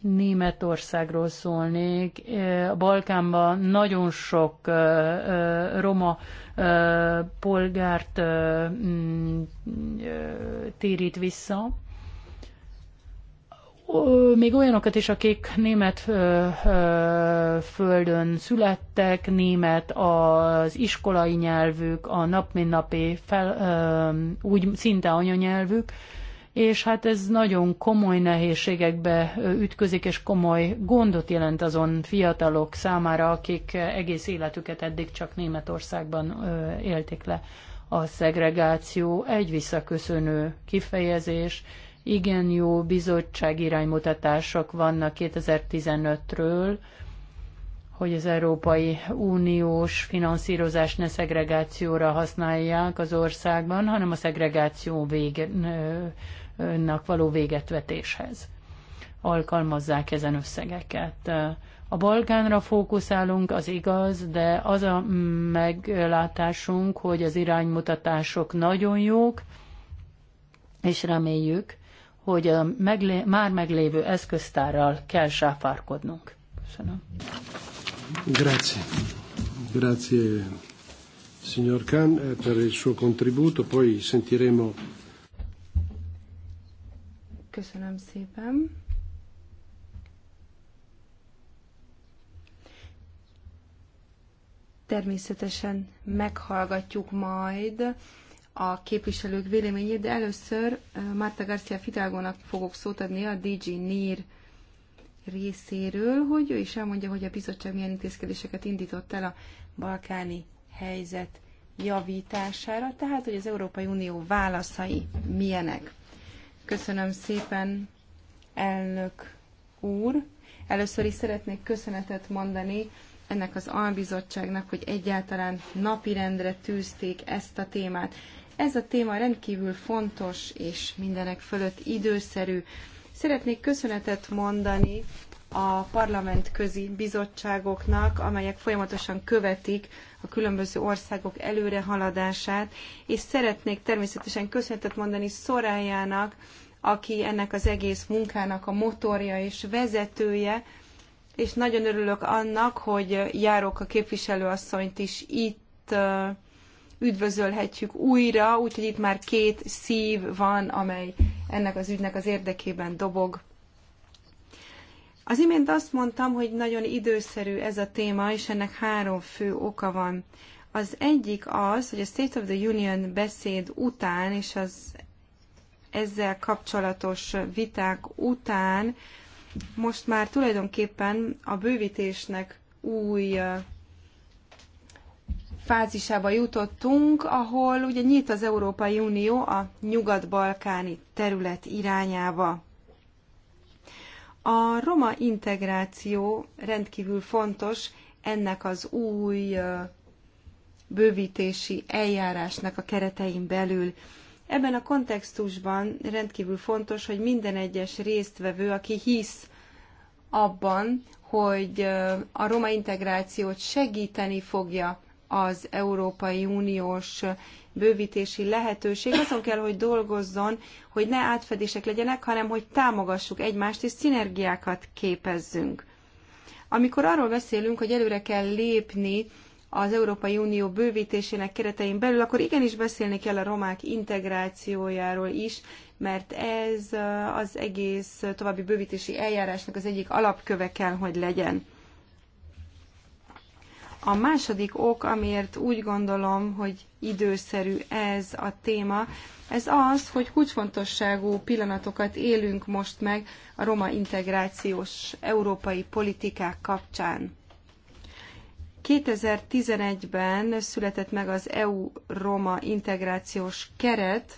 Németországról szólnék. A Balkánban nagyon sok roma polgárt mm, térít vissza. Még olyanokat is, akik német földön születtek, német az iskolai nyelvük, a nap mint napi fel, úgy szinte anyanyelvük, és hát ez nagyon komoly nehézségekbe ütközik, és komoly gondot jelent azon fiatalok számára, akik egész életüket eddig csak Németországban élték le. A szegregáció egy visszaköszönő kifejezés, igen jó bizottság iránymutatások vannak 2015-ről, hogy az Európai Uniós finanszírozást ne szegregációra használják az országban, hanem a szegregáció végének való végetvetéshez alkalmazzák ezen összegeket. A Balkánra fókuszálunk, az igaz, de az a meglátásunk, hogy az iránymutatások nagyon jók, és reméljük, hogy a meglé- már meglévő eszköztárral kell sáfárkodnunk. Köszönöm. Grazie. Grazie, signor Khan, eh, per il suo contributo. Poi sentiremo... Köszönöm szépen. Természetesen meghallgatjuk majd a képviselők véleményét, de először eh, Marta Garcia Fidalgónak fogok szót adni a DG NIR részéről, hogy ő is elmondja, hogy a bizottság milyen intézkedéseket indított el a balkáni helyzet javítására, tehát hogy az Európai Unió válaszai milyenek. Köszönöm szépen, elnök úr. Először is szeretnék köszönetet mondani ennek az albizottságnak, hogy egyáltalán napirendre tűzték ezt a témát. Ez a téma rendkívül fontos és mindenek fölött időszerű. Szeretnék köszönetet mondani a parlamentközi bizottságoknak, amelyek folyamatosan követik a különböző országok előrehaladását, és szeretnék természetesen köszönetet mondani Szorájának, aki ennek az egész munkának a motorja és vezetője, és nagyon örülök annak, hogy járok a képviselőasszonyt is itt üdvözölhetjük újra, úgyhogy itt már két szív van, amely ennek az ügynek az érdekében dobog. Az imént azt mondtam, hogy nagyon időszerű ez a téma, és ennek három fő oka van. Az egyik az, hogy a State of the Union beszéd után, és az ezzel kapcsolatos viták után most már tulajdonképpen a bővítésnek új fázisába jutottunk, ahol ugye nyit az Európai Unió a nyugat-balkáni terület irányába. A roma integráció rendkívül fontos ennek az új bővítési eljárásnak a keretein belül. Ebben a kontextusban rendkívül fontos, hogy minden egyes résztvevő, aki hisz abban, hogy a roma integrációt segíteni fogja az Európai Uniós bővítési lehetőség azon kell, hogy dolgozzon, hogy ne átfedések legyenek, hanem hogy támogassuk egymást és szinergiákat képezzünk. Amikor arról beszélünk, hogy előre kell lépni az Európai Unió bővítésének keretein belül, akkor igenis beszélni kell a romák integrációjáról is, mert ez az egész további bővítési eljárásnak az egyik alapköve kell, hogy legyen. A második ok, amiért úgy gondolom, hogy időszerű ez a téma, ez az, hogy kulcsfontosságú pillanatokat élünk most meg a roma integrációs európai politikák kapcsán. 2011-ben született meg az EU-Roma integrációs keret,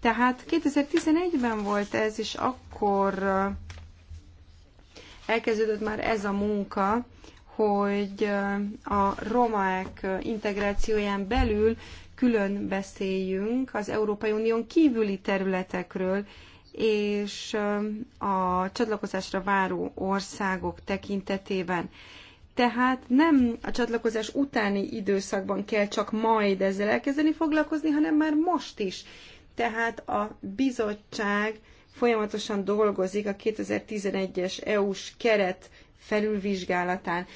tehát 2011-ben volt ez, és akkor elkezdődött már ez a munka, hogy a romák integrációján belül külön beszéljünk az Európai Unión kívüli területekről, és a csatlakozásra váró országok tekintetében. Tehát nem a csatlakozás utáni időszakban kell csak majd ezzel elkezdeni foglalkozni, hanem már most is. Tehát a bizottság folyamatosan dolgozik a 2011-es EU-s keret felülvizsgálatán.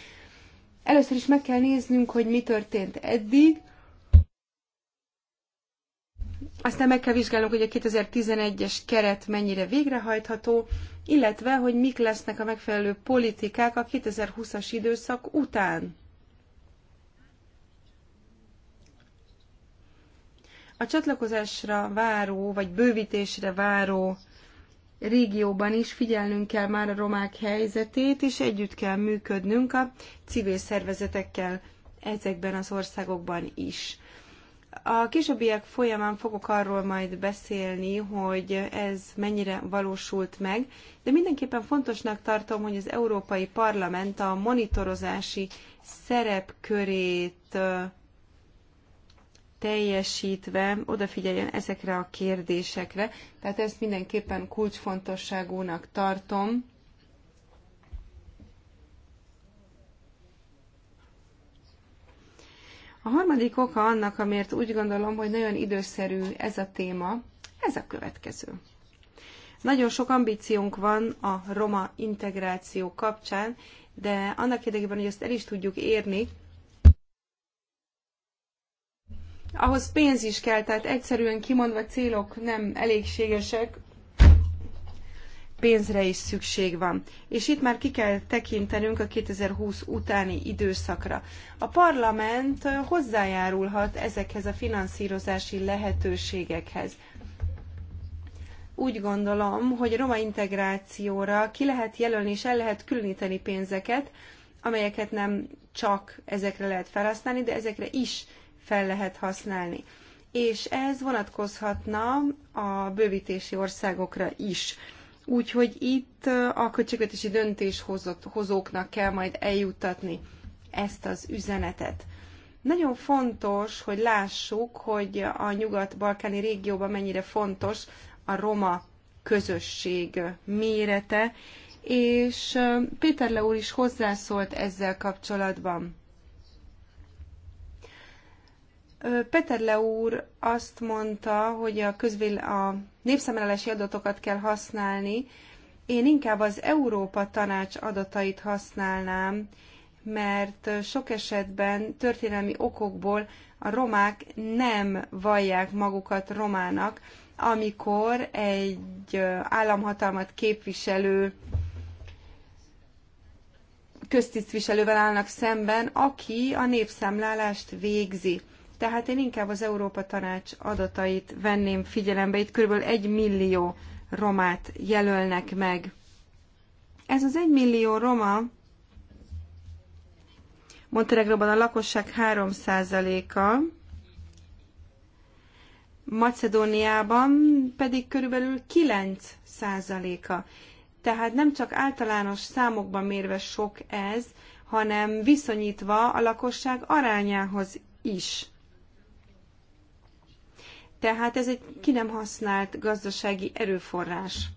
Először is meg kell néznünk, hogy mi történt eddig, aztán meg kell vizsgálnunk, hogy a 2011-es keret mennyire végrehajtható, illetve, hogy mik lesznek a megfelelő politikák a 2020-as időszak után. A csatlakozásra váró, vagy bővítésre váró régióban is figyelnünk kell már a romák helyzetét, és együtt kell működnünk a civil szervezetekkel ezekben az országokban is. A későbbiek folyamán fogok arról majd beszélni, hogy ez mennyire valósult meg, de mindenképpen fontosnak tartom, hogy az Európai Parlament a monitorozási szerepkörét teljesítve odafigyeljen ezekre a kérdésekre. Tehát ezt mindenképpen kulcsfontosságúnak tartom. A harmadik oka annak, amiért úgy gondolom, hogy nagyon időszerű ez a téma, ez a következő. Nagyon sok ambíciónk van a roma integráció kapcsán, de annak érdekében, hogy ezt el is tudjuk érni, ahhoz pénz is kell, tehát egyszerűen kimondva célok nem elégségesek, pénzre is szükség van. És itt már ki kell tekintenünk a 2020 utáni időszakra. A parlament hozzájárulhat ezekhez a finanszírozási lehetőségekhez. Úgy gondolom, hogy roma integrációra ki lehet jelölni és el lehet különíteni pénzeket, amelyeket nem csak ezekre lehet felhasználni, de ezekre is fel lehet használni. És ez vonatkozhatna a bővítési országokra is. Úgyhogy itt a költségvetési döntéshozóknak kell majd eljuttatni ezt az üzenetet. Nagyon fontos, hogy lássuk, hogy a nyugat-balkáni régióban mennyire fontos a roma közösség mérete, és Péter Le úr is hozzászólt ezzel kapcsolatban. Peterle úr azt mondta, hogy a, közvél, a népszámlálási adatokat kell használni. Én inkább az Európa Tanács adatait használnám, mert sok esetben történelmi okokból a romák nem vallják magukat romának, amikor egy államhatalmat képviselő köztisztviselővel állnak szemben, aki a népszámlálást végzi. Tehát én inkább az Európa Tanács adatait venném figyelembe. Itt kb. 1 millió romát jelölnek meg. Ez az 1 millió roma Montenegroban a lakosság 3%-a, Macedóniában pedig körülbelül 9%-a. Tehát nem csak általános számokban mérve sok ez, hanem viszonyítva a lakosság arányához is. Tehát ez egy ki nem használt gazdasági erőforrás.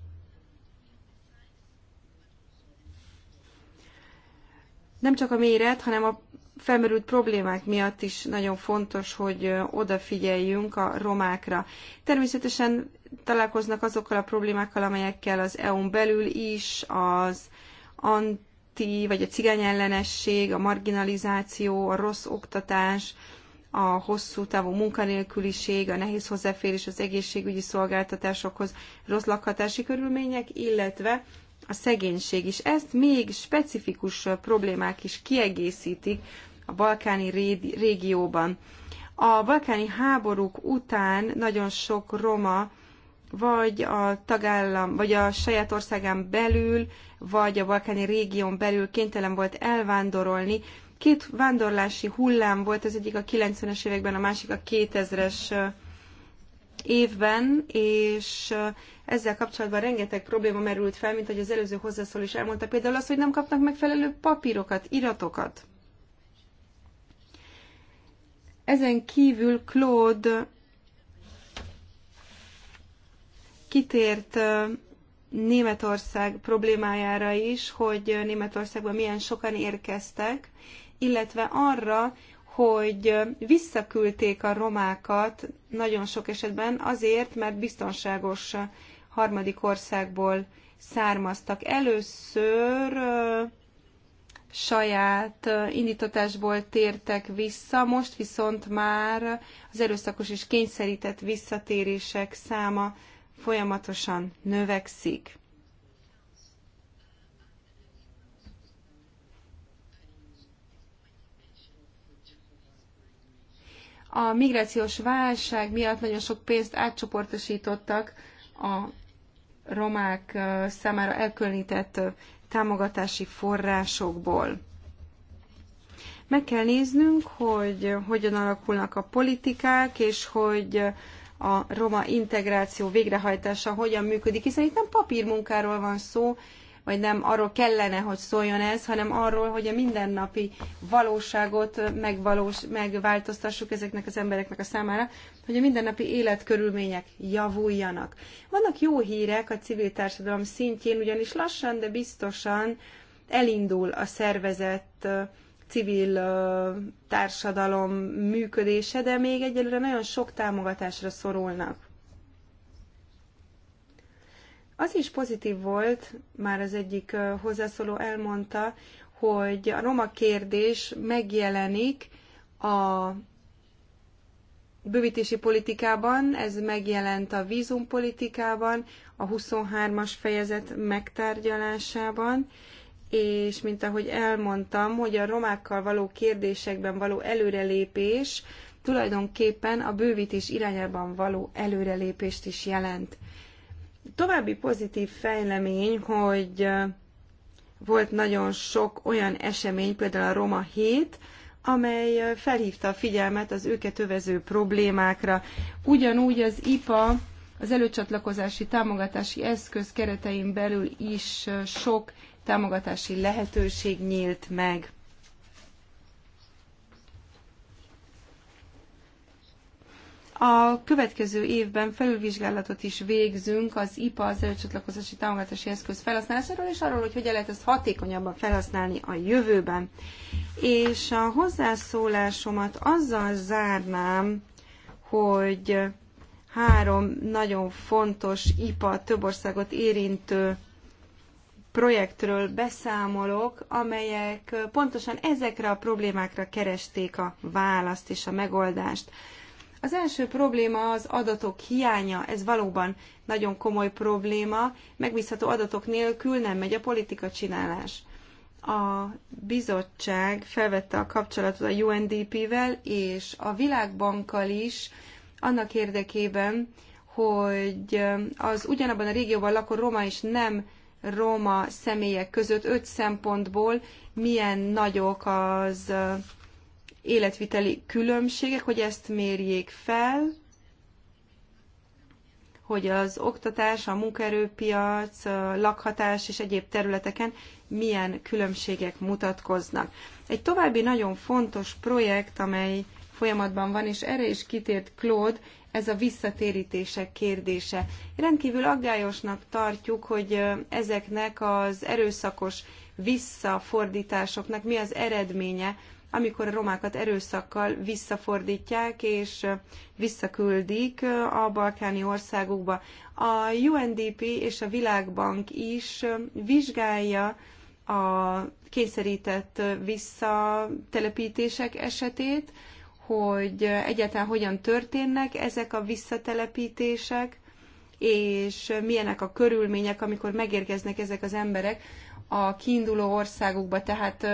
Nem csak a méret, hanem a felmerült problémák miatt is nagyon fontos, hogy odafigyeljünk a romákra. Természetesen találkoznak azokkal a problémákkal, amelyekkel az EU-n belül is az anti vagy a cigány ellenesség, a marginalizáció, a rossz oktatás, a hosszú távú munkanélküliség, a nehéz hozzáférés az egészségügyi szolgáltatásokhoz, rossz lakhatási körülmények, illetve a szegénység is. Ezt még specifikus problémák is kiegészítik a balkáni régióban. A balkáni háborúk után nagyon sok roma vagy a tagállam, vagy a saját országán belül, vagy a balkáni régión belül kénytelen volt elvándorolni, Két vándorlási hullám volt, az egyik a 90-es években, a másik a 2000-es évben, és ezzel kapcsolatban rengeteg probléma merült fel, mint hogy az előző hozzászól is elmondta, például az, hogy nem kapnak megfelelő papírokat, iratokat. Ezen kívül Claude kitért Németország problémájára is, hogy Németországban milyen sokan érkeztek, illetve arra, hogy visszaküldték a romákat nagyon sok esetben azért, mert biztonságos harmadik országból származtak. Először saját indítatásból tértek vissza, most viszont már az erőszakos és kényszerített visszatérések száma folyamatosan növekszik. A migrációs válság miatt nagyon sok pénzt átcsoportosítottak a romák számára elkülönített támogatási forrásokból. Meg kell néznünk, hogy hogyan alakulnak a politikák, és hogy a roma integráció végrehajtása hogyan működik, hiszen itt nem papírmunkáról van szó, vagy nem arról kellene, hogy szóljon ez, hanem arról, hogy a mindennapi valóságot megvalós, megváltoztassuk ezeknek az embereknek a számára, hogy a mindennapi életkörülmények javuljanak. Vannak jó hírek a civil társadalom szintjén, ugyanis lassan, de biztosan elindul a szervezett civil társadalom működése, de még egyelőre nagyon sok támogatásra szorulnak. Az is pozitív volt, már az egyik hozzászóló elmondta, hogy a roma kérdés megjelenik a bővítési politikában, ez megjelent a vízumpolitikában, a 23-as fejezet megtárgyalásában, és mint ahogy elmondtam, hogy a romákkal való kérdésekben való előrelépés tulajdonképpen a bővítés irányában való előrelépést is jelent. További pozitív fejlemény, hogy volt nagyon sok olyan esemény, például a Roma 7, amely felhívta a figyelmet az őket övező problémákra. Ugyanúgy az IPA, az előcsatlakozási támogatási eszköz keretein belül is sok támogatási lehetőség nyílt meg. A következő évben felülvizsgálatot is végzünk az IPA, az előcsatlakozási támogatási eszköz felhasználásáról, és arról, hogy hogyan lehet ezt hatékonyabban felhasználni a jövőben. És a hozzászólásomat azzal zárnám, hogy három nagyon fontos IPA több országot érintő projektről beszámolok, amelyek pontosan ezekre a problémákra keresték a választ és a megoldást. Az első probléma az adatok hiánya, ez valóban nagyon komoly probléma, megbízható adatok nélkül nem megy a politika csinálás. A bizottság felvette a kapcsolatot a UNDP-vel és a Világbankkal is annak érdekében, hogy az ugyanabban a régióban lakó roma és nem roma személyek között öt szempontból milyen nagyok az életviteli különbségek, hogy ezt mérjék fel, hogy az oktatás, a munkaerőpiac, a lakhatás és egyéb területeken milyen különbségek mutatkoznak. Egy további nagyon fontos projekt, amely folyamatban van, és erre is kitért Claude, ez a visszatérítések kérdése. Rendkívül aggályosnak tartjuk, hogy ezeknek az erőszakos visszafordításoknak mi az eredménye amikor a romákat erőszakkal visszafordítják és visszaküldik a balkáni országokba. A UNDP és a Világbank is vizsgálja a kényszerített visszatelepítések esetét, hogy egyáltalán hogyan történnek ezek a visszatelepítések, és milyenek a körülmények, amikor megérkeznek ezek az emberek a kiinduló országukba, tehát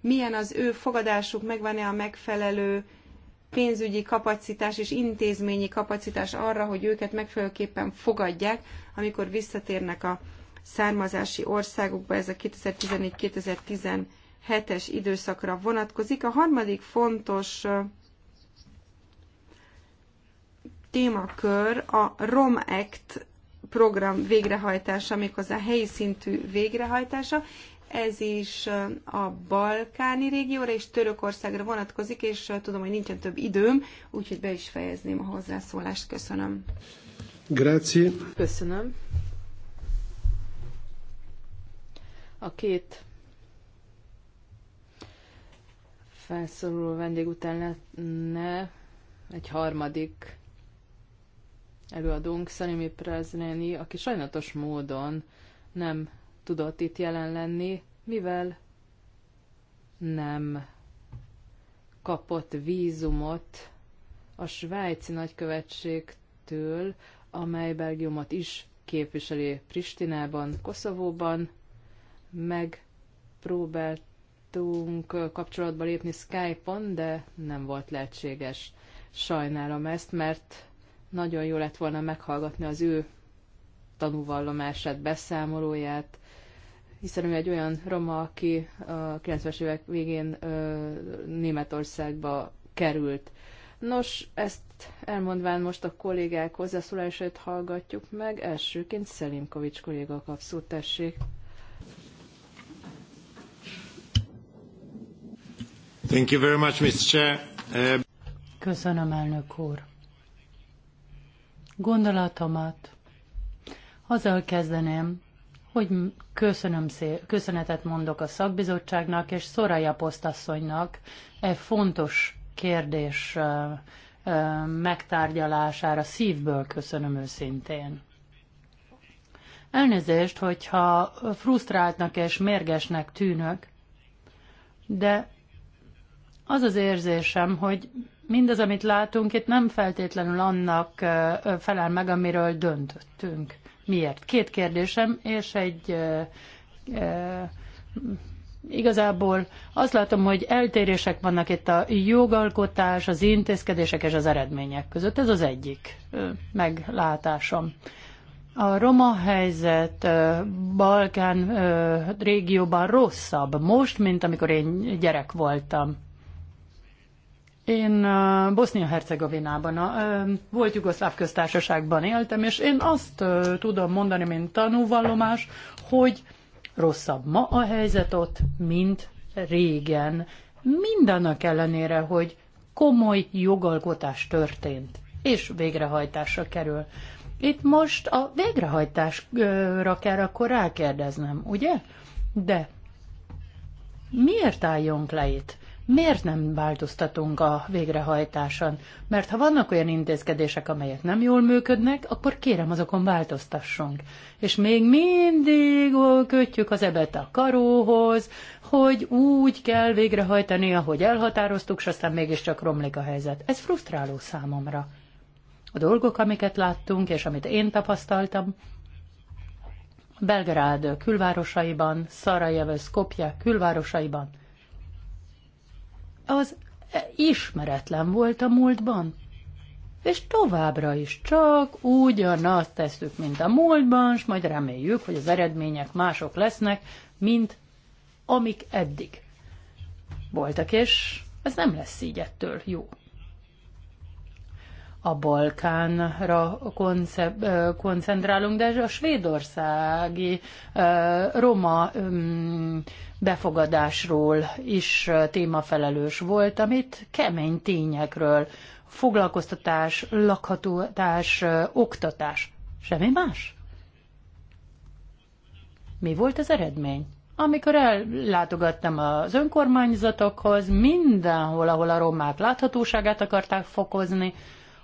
milyen az ő fogadásuk, megvan-e a megfelelő pénzügyi kapacitás és intézményi kapacitás arra, hogy őket megfelelőképpen fogadják, amikor visszatérnek a származási országukba, ez a 2014-2017-es időszakra vonatkozik. A harmadik fontos témakör a ROM Act program végrehajtása, méghozzá helyi szintű végrehajtása. Ez is a balkáni régióra és Törökországra vonatkozik, és tudom, hogy nincsen több időm, úgyhogy be is fejezném a hozzászólást. Köszönöm. Grazie. Köszönöm. A két felszoruló vendég után lenne egy harmadik előadónk, Szenimi Prezneni, aki sajnálatos módon nem tudott itt jelen lenni, mivel nem kapott vízumot a svájci nagykövetségtől, amely Belgiumot is képviseli Pristinában, Koszovóban, megpróbáltunk kapcsolatba lépni Skype-on, de nem volt lehetséges. Sajnálom ezt, mert nagyon jó lett volna meghallgatni az ő tanúvallomását, beszámolóját, hiszen ő egy olyan roma, aki a 90-es évek végén Németországba került. Nos, ezt elmondván most a kollégák hozzászólásait hallgatjuk meg. Elsőként Szelimkovics kolléga kap szót, tessék. Thank you very much, Mr. Chair. Uh, Köszönöm, elnök úr gondolatomat. Azzal kezdeném, hogy köszönöm szé- köszönetet mondok a szakbizottságnak és Szoraja posztasszonynak e fontos kérdés megtárgyalására szívből köszönöm őszintén. Elnézést, hogyha frusztráltnak és mérgesnek tűnök, de az az érzésem, hogy mindaz, amit látunk, itt nem feltétlenül annak felel meg, amiről döntöttünk. Miért? Két kérdésem, és egy igazából azt látom, hogy eltérések vannak itt a jogalkotás, az intézkedések és az eredmények között. Ez az egyik meglátásom. A roma helyzet Balkán régióban rosszabb most, mint amikor én gyerek voltam én Bosznia-Hercegovinában, volt Jugoszláv köztársaságban éltem, és én azt tudom mondani, mint tanúvallomás, hogy rosszabb ma a helyzet ott, mint régen. Mindannak ellenére, hogy komoly jogalkotás történt, és végrehajtásra kerül. Itt most a végrehajtásra kell akkor rákérdeznem, ugye? De miért álljunk le itt? miért nem változtatunk a végrehajtáson? Mert ha vannak olyan intézkedések, amelyek nem jól működnek, akkor kérem azokon változtassunk. És még mindig kötjük az ebet a karóhoz, hogy úgy kell végrehajtani, ahogy elhatároztuk, és aztán mégiscsak romlik a helyzet. Ez frusztráló számomra. A dolgok, amiket láttunk, és amit én tapasztaltam, Belgrád külvárosaiban, Szarajevő, Skopje külvárosaiban, az ismeretlen volt a múltban. És továbbra is csak ugyanazt tesszük, mint a múltban, és majd reméljük, hogy az eredmények mások lesznek, mint amik eddig voltak, és ez nem lesz így ettől jó. A Balkánra koncentrálunk, de a svédországi roma befogadásról is témafelelős volt, amit kemény tényekről, foglalkoztatás, lakhatás, oktatás, semmi más. Mi volt az eredmény? amikor ellátogattam az önkormányzatokhoz, mindenhol, ahol a romák láthatóságát akarták fokozni,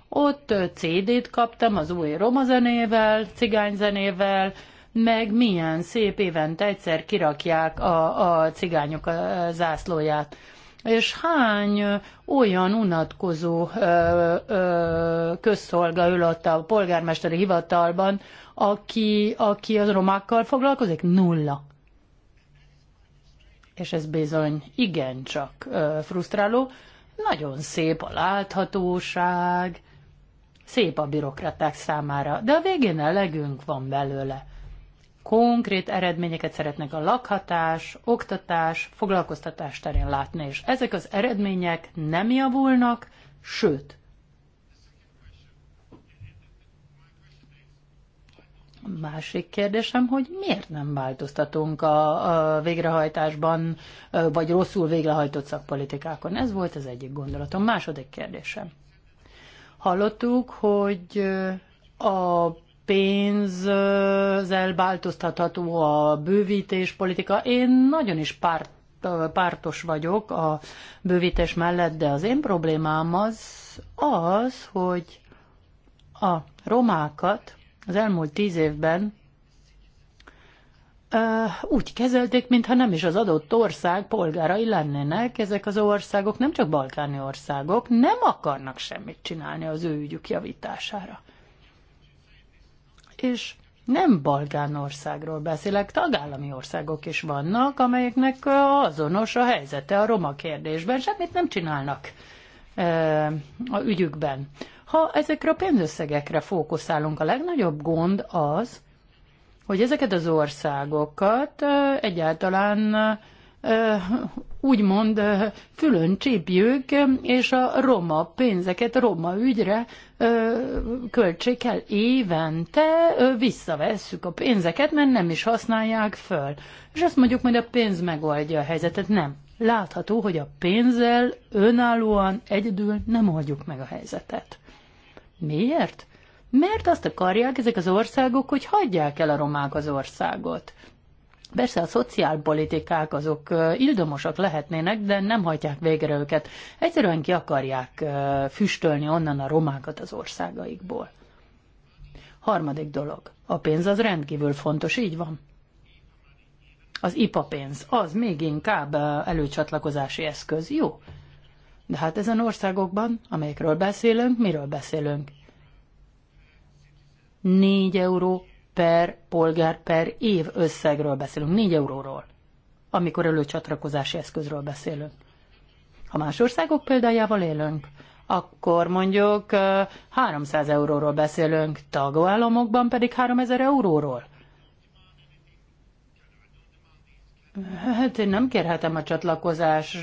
ott CD-t kaptam az új roma zenével, cigányzenével, meg milyen szép évente egyszer kirakják a, a cigányok a zászlóját. És hány olyan unatkozó ö, ö, közszolga ül ott a polgármesteri hivatalban, aki, aki az romákkal foglalkozik? Nulla. És ez bizony igencsak ö, frusztráló. Nagyon szép a láthatóság, szép a bürokraták számára, de a végén elegünk van belőle konkrét eredményeket szeretnek a lakhatás, oktatás, foglalkoztatás terén látni, és ezek az eredmények nem javulnak, sőt. Másik kérdésem, hogy miért nem változtatunk a, a végrehajtásban, vagy rosszul végrehajtott szakpolitikákon? Ez volt az egyik gondolatom. Második kérdésem. Hallottuk, hogy a pénzzel változtatható a bővítés politika. Én nagyon is párt, pártos vagyok a bővítés mellett, de az én problémám az, az, hogy a romákat az elmúlt tíz évben úgy kezelték, mintha nem is az adott ország polgárai lennének. Ezek az országok nem csak balkáni országok, nem akarnak semmit csinálni az ő ügyük javítására. És nem Balkán országról beszélek, tagállami országok is vannak, amelyeknek azonos a helyzete a roma kérdésben, semmit nem csinálnak e, a ügyükben. Ha ezekre a pénzösszegekre fókuszálunk, a legnagyobb gond az, hogy ezeket az országokat e, egyáltalán úgymond fülön csípjük, és a roma pénzeket roma ügyre költség kell évente, visszavesszük a pénzeket, mert nem is használják föl. És azt mondjuk, hogy a pénz megoldja a helyzetet. Nem. Látható, hogy a pénzzel önállóan egyedül nem oldjuk meg a helyzetet. Miért? Mert azt akarják ezek az országok, hogy hagyják el a romák az országot. Persze a szociálpolitikák azok ildomosak lehetnének, de nem hagyják végre őket. Egyszerűen ki akarják füstölni onnan a romákat az országaikból. Harmadik dolog. A pénz az rendkívül fontos, így van. Az IPA pénz, az még inkább előcsatlakozási eszköz, jó? De hát ezen országokban, amelyekről beszélünk, miről beszélünk? 4 euró per polgár per év összegről beszélünk, 4 euróról, amikor előcsatlakozási eszközről beszélünk. Ha más országok példájával élünk, akkor mondjuk 300 euróról beszélünk, tagállamokban pedig 3000 euróról. Hát én nem kérhetem a csatlakozás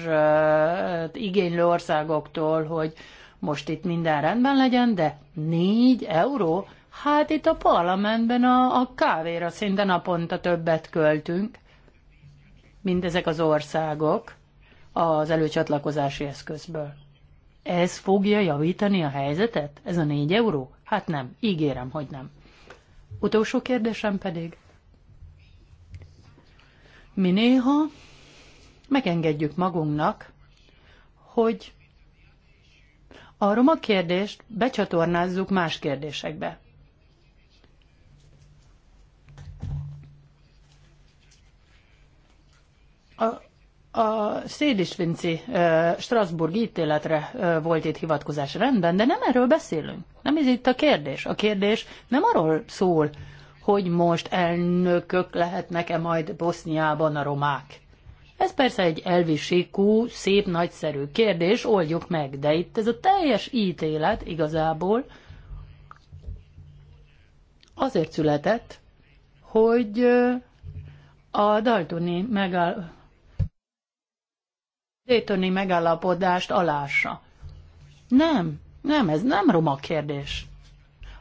igénylő országoktól, hogy most itt minden rendben legyen, de 4 euró, Hát itt a parlamentben a, a kávéra szinte naponta többet költünk, mint ezek az országok az előcsatlakozási eszközből. Ez fogja javítani a helyzetet? Ez a négy euró? Hát nem, ígérem, hogy nem. Utolsó kérdésem pedig. Mi néha megengedjük magunknak, hogy a roma kérdést becsatornázzuk más kérdésekbe. a, a Szédisvinci Strasbourg ítéletre volt itt hivatkozás rendben, de nem erről beszélünk. Nem ez itt a kérdés. A kérdés nem arról szól, hogy most elnökök lehetnek-e majd Boszniában a romák. Ez persze egy elvisíkú, szép, nagyszerű kérdés, oldjuk meg, de itt ez a teljes ítélet igazából azért született, hogy a Daltoni megáll Daytoni megállapodást alássa. Nem, nem, ez nem roma kérdés.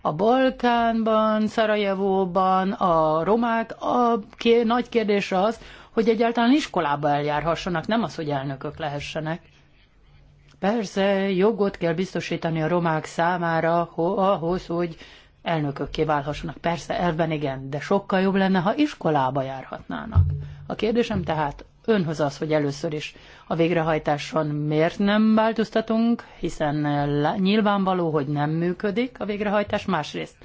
A Balkánban, Szarajevóban a romák a kér, nagy kérdés az, hogy egyáltalán iskolába eljárhassanak, nem az, hogy elnökök lehessenek. Persze, jogot kell biztosítani a romák számára ahhoz, hogy elnökökké válhassanak. Persze, elben igen, de sokkal jobb lenne, ha iskolába járhatnának. A kérdésem tehát önhöz az, hogy először is a végrehajtáson miért nem változtatunk, hiszen nyilvánvaló, hogy nem működik a végrehajtás, másrészt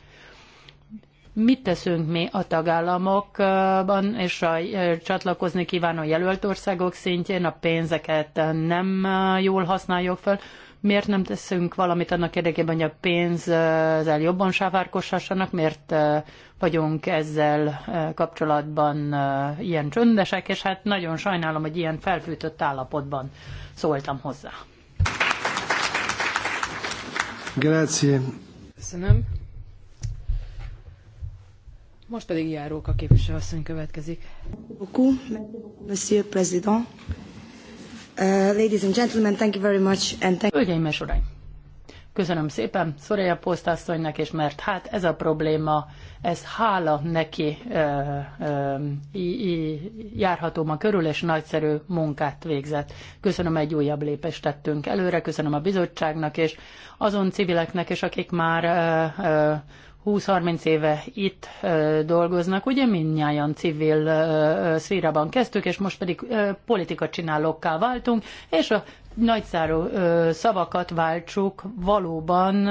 mit teszünk mi a tagállamokban és a csatlakozni kívánó jelölt országok szintjén, a pénzeket nem jól használjuk fel, miért nem teszünk valamit annak érdekében, hogy a pénzzel jobban sávárkoshassanak, miért vagyunk ezzel kapcsolatban ilyen csöndesek, és hát nagyon sajnálom, hogy ilyen felfűtött állapotban szóltam hozzá. Grazie. Köszönöm. Most pedig járók a képviselőasszony következik. Beaucoup, monsieur président. Uh, ladies and gentlemen, thank you very much. And thank Hölgyeim és uraim! Köszönöm szépen Szoraya posztasszonynak, és mert hát ez a probléma, ez hála neki e, e, í, járható ma körül, és nagyszerű munkát végzett. Köszönöm, egy újabb lépést tettünk előre, köszönöm a bizottságnak, és azon civileknek, és akik már e, e, 20-30 éve itt dolgoznak, ugye mindnyájan civil szférában kezdtük, és most pedig politika csinálókká váltunk, és a nagyszáró szavakat váltsuk valóban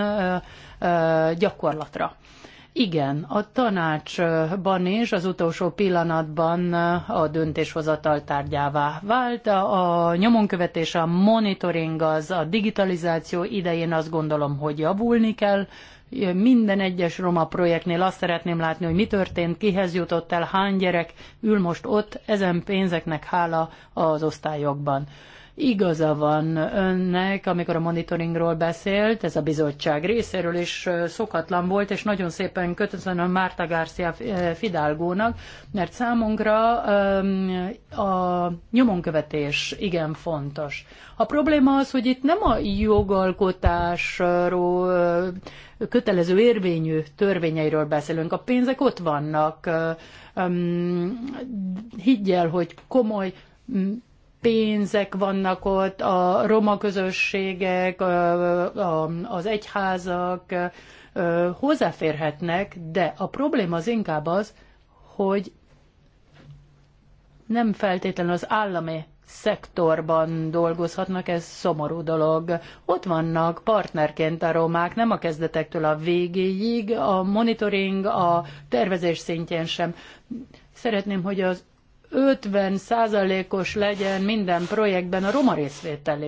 gyakorlatra. Igen, a tanácsban is az utolsó pillanatban a döntéshozatal tárgyává vált. A nyomonkövetés, a monitoring az a digitalizáció idején azt gondolom, hogy javulni kell, minden egyes roma projektnél azt szeretném látni, hogy mi történt, kihez jutott el, hány gyerek ül most ott, ezen pénzeknek hála az osztályokban. Igaza van önnek, amikor a monitoringról beszélt, ez a bizottság részéről is szokatlan volt, és nagyon szépen köszönöm Márta García Fidalgónak, mert számunkra a nyomonkövetés igen fontos. A probléma az, hogy itt nem a jogalkotásról, kötelező érvényű törvényeiről beszélünk. A pénzek ott vannak. Higgyel, hogy komoly pénzek vannak ott, a roma közösségek, az egyházak hozzáférhetnek, de a probléma az inkább az, hogy nem feltétlenül az állami szektorban dolgozhatnak, ez szomorú dolog. Ott vannak partnerként a romák, nem a kezdetektől a végéig, a monitoring, a tervezés szintjén sem. Szeretném, hogy az 50 százalékos legyen minden projektben a roma részvétel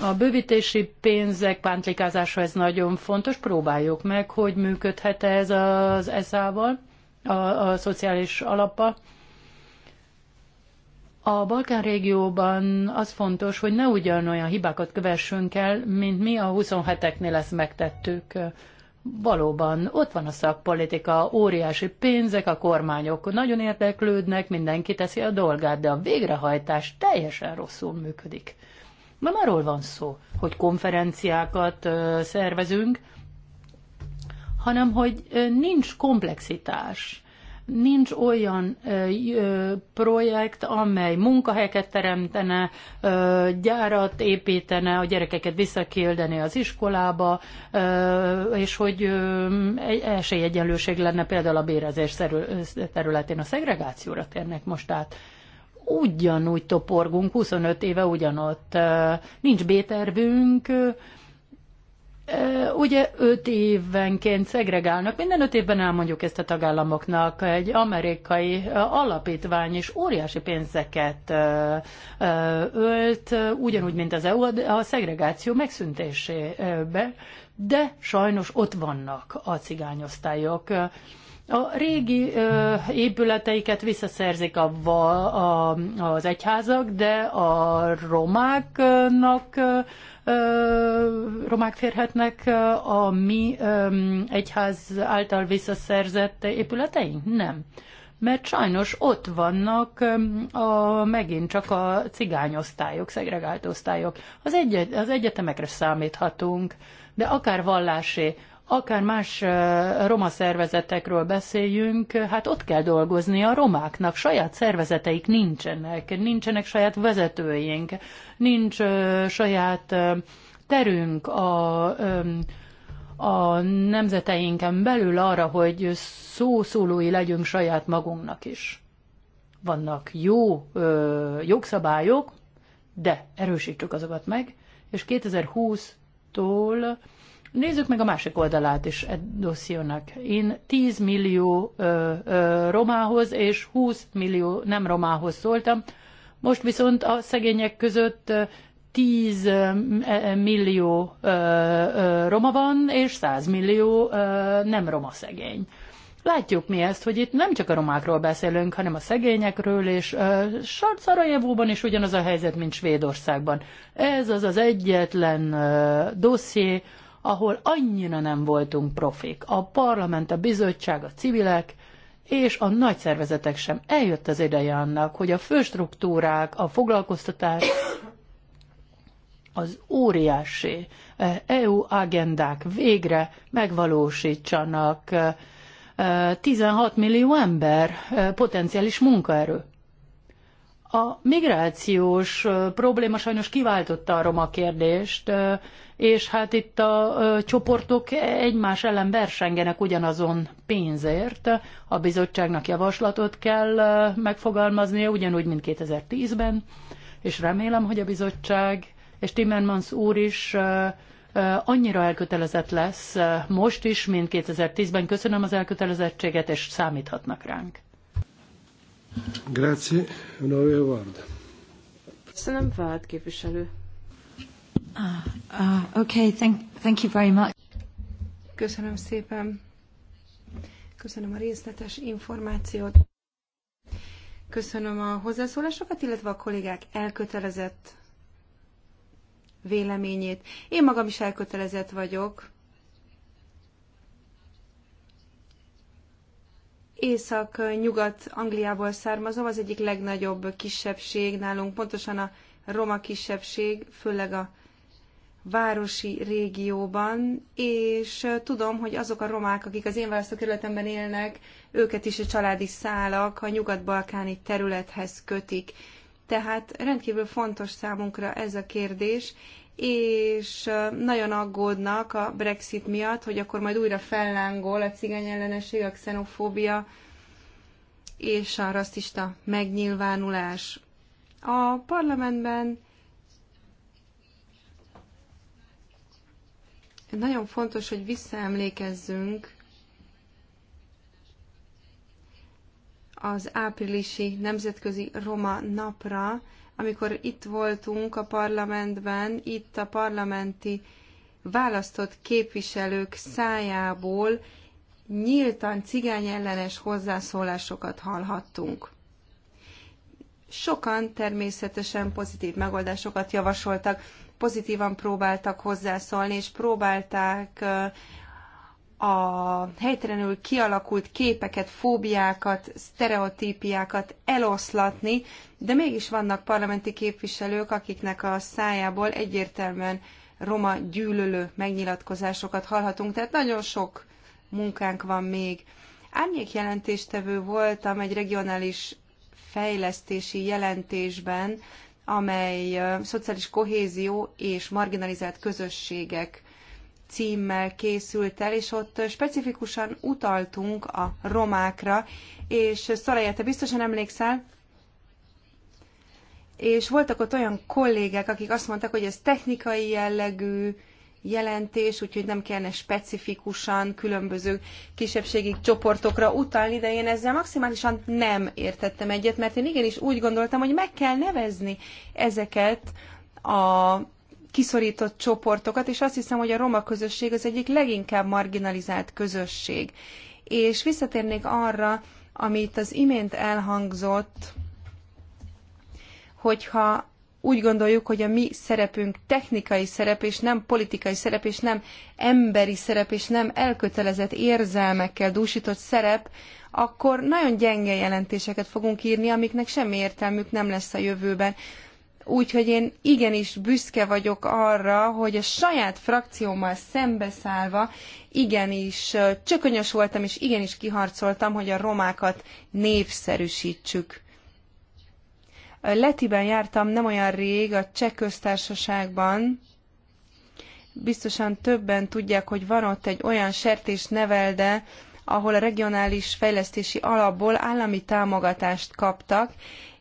A bővítési pénzek pántlikázása ez nagyon fontos. Próbáljuk meg, hogy működhet-e ez az eszá val a, a szociális alappal. A Balkán régióban az fontos, hogy ne ugyanolyan hibákat kövessünk el, mint mi a 27-eknél ezt megtettük valóban ott van a szakpolitika, óriási pénzek, a kormányok nagyon érdeklődnek, mindenki teszi a dolgát, de a végrehajtás teljesen rosszul működik. Nem arról van szó, hogy konferenciákat szervezünk, hanem hogy nincs komplexitás Nincs olyan projekt, amely munkahelyeket teremtene, gyárat építene, a gyerekeket visszakildeni az iskolába, és hogy esélyegyenlőség lenne például a bérezés területén. A szegregációra térnek most át ugyanúgy toporgunk, 25 éve ugyanott. Nincs B-tervünk, ugye öt évenként szegregálnak, minden öt évben elmondjuk ezt a tagállamoknak. Egy amerikai alapítvány is óriási pénzeket ölt, ugyanúgy, mint az EU, a szegregáció megszüntésébe, de sajnos ott vannak a cigányosztályok. A régi ö, épületeiket visszaszerzik a, a, az egyházak, de a romáknak ö, romák férhetnek a mi ö, egyház által visszaszerzett épületeink? Nem. Mert sajnos ott vannak a, megint csak a cigányosztályok, szegregált osztályok. Az, egy, az egyetemekre számíthatunk, de akár vallási akár más roma szervezetekről beszéljünk, hát ott kell dolgozni a romáknak. Saját szervezeteik nincsenek, nincsenek saját vezetőink, nincs saját terünk a, a nemzeteinken belül arra, hogy szószólói legyünk saját magunknak is. Vannak jó ö, jogszabályok, de erősítsük azokat meg, és 2020-tól Nézzük meg a másik oldalát is egy dossziónak. Én 10 millió ö, ö, romához és 20 millió nem romához szóltam, most viszont a szegények között 10 millió ö, ö, roma van, és 100 millió ö, nem roma szegény. Látjuk mi ezt, hogy itt nem csak a romákról beszélünk, hanem a szegényekről, és uh, Szarajevóban is ugyanaz a helyzet, mint Svédországban. Ez az az egyetlen uh, dosszié, ahol annyira nem voltunk profik. A parlament, a bizottság, a civilek, és a nagy szervezetek sem. Eljött az ideje annak, hogy a főstruktúrák a foglalkoztatás, az óriási EU eh, e agendák végre megvalósítsanak 16 eh, millió ember eh, potenciális munkaerő. A migrációs probléma sajnos kiváltotta a roma kérdést, és hát itt a csoportok egymás ellen versengenek ugyanazon pénzért. A bizottságnak javaslatot kell megfogalmaznia, ugyanúgy, mint 2010-ben, és remélem, hogy a bizottság és Timmermans úr is annyira elkötelezett lesz most is, mint 2010-ben. Köszönöm az elkötelezettséget, és számíthatnak ránk. Grazie, Köszönöm, Vált képviselő. Ah, ah, okay, thank, thank you very much. Köszönöm szépen. Köszönöm a részletes információt. Köszönöm a hozzászólásokat, illetve a kollégák elkötelezett véleményét. Én magam is elkötelezett vagyok. Észak-nyugat-Angliából származom, az egyik legnagyobb kisebbség nálunk, pontosan a roma kisebbség, főleg a városi régióban, és tudom, hogy azok a romák, akik az én választókerületemben élnek, őket is a családi szálak a nyugat-balkáni területhez kötik. Tehát rendkívül fontos számunkra ez a kérdés, és nagyon aggódnak a Brexit miatt, hogy akkor majd újra fellángol a cigány ellenesség, a xenofóbia és a rasszista megnyilvánulás. A parlamentben Nagyon fontos, hogy visszaemlékezzünk az áprilisi nemzetközi roma napra, amikor itt voltunk a parlamentben, itt a parlamenti választott képviselők szájából nyíltan cigány ellenes hozzászólásokat hallhattunk. Sokan természetesen pozitív megoldásokat javasoltak pozitívan próbáltak hozzászólni, és próbálták a helytelenül kialakult képeket, fóbiákat, sztereotípiákat eloszlatni, de mégis vannak parlamenti képviselők, akiknek a szájából egyértelműen roma gyűlölő megnyilatkozásokat hallhatunk, tehát nagyon sok munkánk van még. Árnyék jelentéstevő voltam egy regionális fejlesztési jelentésben, amely szociális kohézió és marginalizált közösségek címmel készült el, és ott specifikusan utaltunk a romákra, és Szaraja, te biztosan emlékszel, és voltak ott olyan kollégák, akik azt mondták, hogy ez technikai jellegű, jelentés, úgyhogy nem kellene specifikusan különböző kisebbségi csoportokra utalni, de én ezzel maximálisan nem értettem egyet, mert én igenis úgy gondoltam, hogy meg kell nevezni ezeket a kiszorított csoportokat, és azt hiszem, hogy a roma közösség az egyik leginkább marginalizált közösség. És visszatérnék arra, amit az imént elhangzott, hogyha úgy gondoljuk, hogy a mi szerepünk technikai szerep, és nem politikai szerep, és nem emberi szerep, és nem elkötelezett érzelmekkel dúsított szerep, akkor nagyon gyenge jelentéseket fogunk írni, amiknek semmi értelmük nem lesz a jövőben. Úgyhogy én igenis büszke vagyok arra, hogy a saját frakciómmal szembeszállva igenis csökönyös voltam, és igenis kiharcoltam, hogy a romákat népszerűsítsük. Letiben jártam nem olyan rég, a Cseh köztársaságban, biztosan többen tudják, hogy van ott egy olyan sertésnevelde, ahol a regionális fejlesztési alapból állami támogatást kaptak,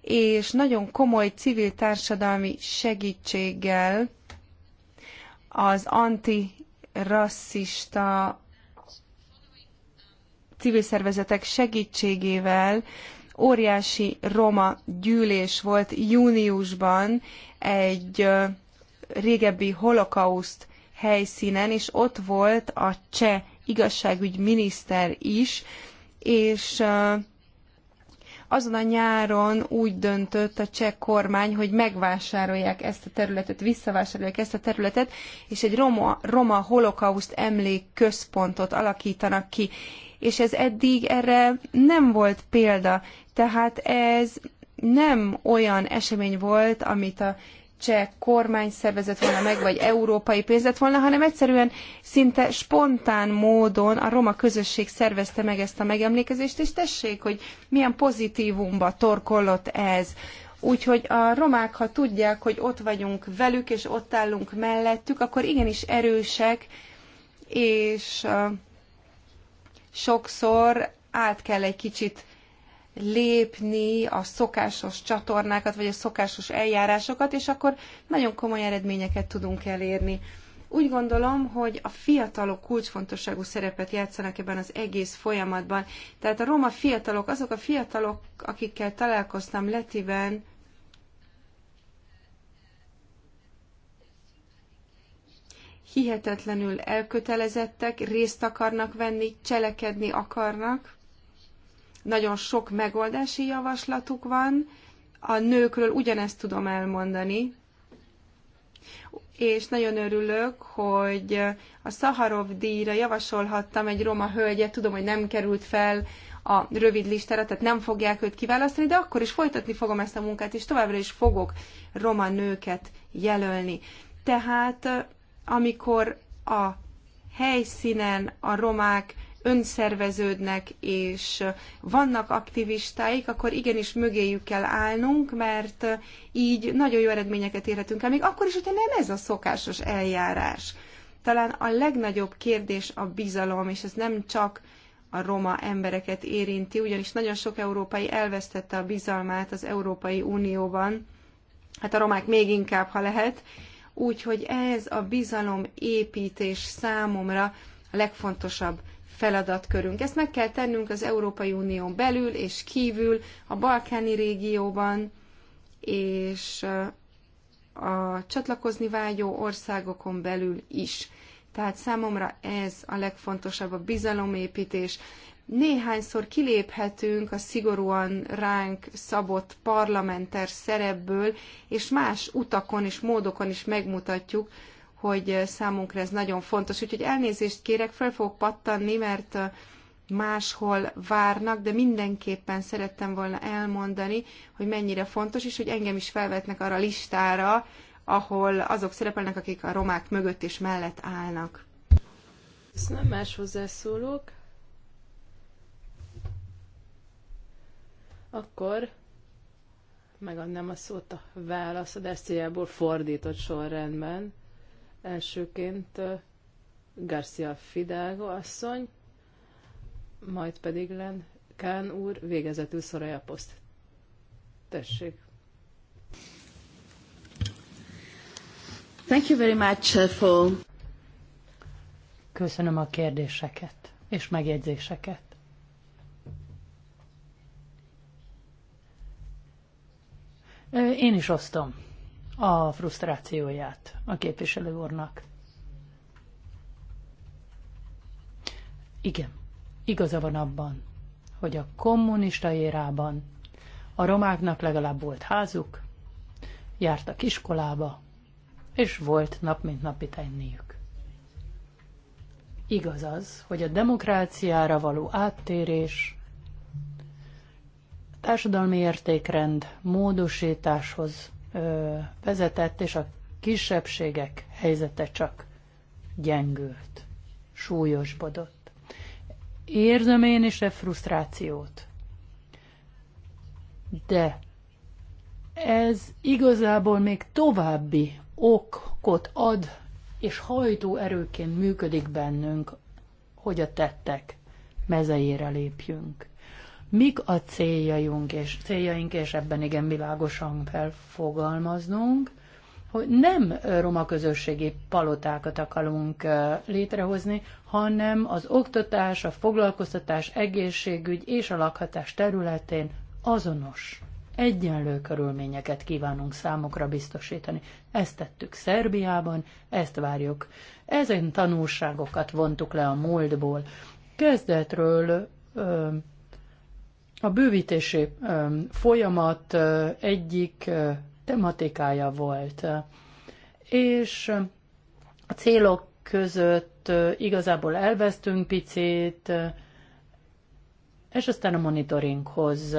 és nagyon komoly civil társadalmi segítséggel az antirasszista civil szervezetek segítségével óriási roma gyűlés volt júniusban egy régebbi holokauszt helyszínen, és ott volt a cseh igazságügyminiszter is, és azon a nyáron úgy döntött a cseh kormány, hogy megvásárolják ezt a területet, visszavásárolják ezt a területet, és egy roma, roma holokauszt emlék központot alakítanak ki. És ez eddig erre nem volt példa. Tehát ez nem olyan esemény volt, amit a cseh kormány szervezett volna meg, vagy európai pénz lett volna, hanem egyszerűen szinte spontán módon a roma közösség szervezte meg ezt a megemlékezést, és tessék, hogy milyen pozitívumba torkollott ez. Úgyhogy a romák, ha tudják, hogy ott vagyunk velük, és ott állunk mellettük, akkor igenis erősek, és sokszor át kell egy kicsit lépni a szokásos csatornákat, vagy a szokásos eljárásokat, és akkor nagyon komoly eredményeket tudunk elérni. Úgy gondolom, hogy a fiatalok kulcsfontosságú szerepet játszanak ebben az egész folyamatban. Tehát a roma fiatalok, azok a fiatalok, akikkel találkoztam Letiben, hihetetlenül elkötelezettek, részt akarnak venni, cselekedni akarnak. Nagyon sok megoldási javaslatuk van, a nőkről ugyanezt tudom elmondani, és nagyon örülök, hogy a Szaharov díjra javasolhattam egy roma hölgyet, tudom, hogy nem került fel a rövid listára, tehát nem fogják őt kiválasztani, de akkor is folytatni fogom ezt a munkát, és továbbra is fogok roma nőket jelölni. Tehát amikor a helyszínen a romák önszerveződnek, és vannak aktivistáik, akkor igenis mögéjük kell állnunk, mert így nagyon jó eredményeket érhetünk el, még akkor is, hogyha nem ez a szokásos eljárás. Talán a legnagyobb kérdés a bizalom, és ez nem csak a roma embereket érinti, ugyanis nagyon sok európai elvesztette a bizalmát az Európai Unióban, hát a romák még inkább, ha lehet, úgyhogy ez a bizalom építés számomra a legfontosabb feladatkörünk. Ezt meg kell tennünk az Európai Unión belül és kívül, a balkáni régióban, és a csatlakozni vágyó országokon belül is. Tehát számomra ez a legfontosabb, a bizalomépítés. Néhányszor kiléphetünk a szigorúan ránk szabott parlamenter szerepből, és más utakon és módokon is megmutatjuk, hogy számunkra ez nagyon fontos. Úgyhogy elnézést kérek, fel fogok pattanni, mert máshol várnak, de mindenképpen szerettem volna elmondani, hogy mennyire fontos, és hogy engem is felvetnek arra listára, ahol azok szerepelnek, akik a romák mögött és mellett állnak. Köszönöm, más hozzászólók. Akkor megadnám a szót a válaszadás céljából fordított sorrendben. Elsőként Garcia Fidalgo asszony, majd pedig Len Kán úr, végezetül Soraya Poszt. Tessék. Thank you very much uh, for... Köszönöm a kérdéseket és megjegyzéseket. Én is osztom a frusztrációját a képviselő úrnak. Igen, igaza van abban, hogy a kommunista érában a romáknak legalább volt házuk, jártak iskolába, és volt nap mint napi tenniük. Igaz az, hogy a demokráciára való áttérés társadalmi értékrend módosításhoz vezetett, és a kisebbségek helyzete csak gyengült, súlyosbodott. Érzem én is a frusztrációt. De ez igazából még további okot ad, és hajtó erőként működik bennünk, hogy a tettek mezeire lépjünk mik a céljaink, és céljaink, és ebben igen világosan felfogalmaznunk, hogy nem roma közösségi palotákat akarunk létrehozni, hanem az oktatás, a foglalkoztatás, egészségügy és a lakhatás területén azonos, egyenlő körülményeket kívánunk számokra biztosítani. Ezt tettük Szerbiában, ezt várjuk. Ezen tanulságokat vontuk le a múltból. Kezdetről a bővítési folyamat egyik tematikája volt, és a célok között igazából elvesztünk picit, és aztán a monitoringhoz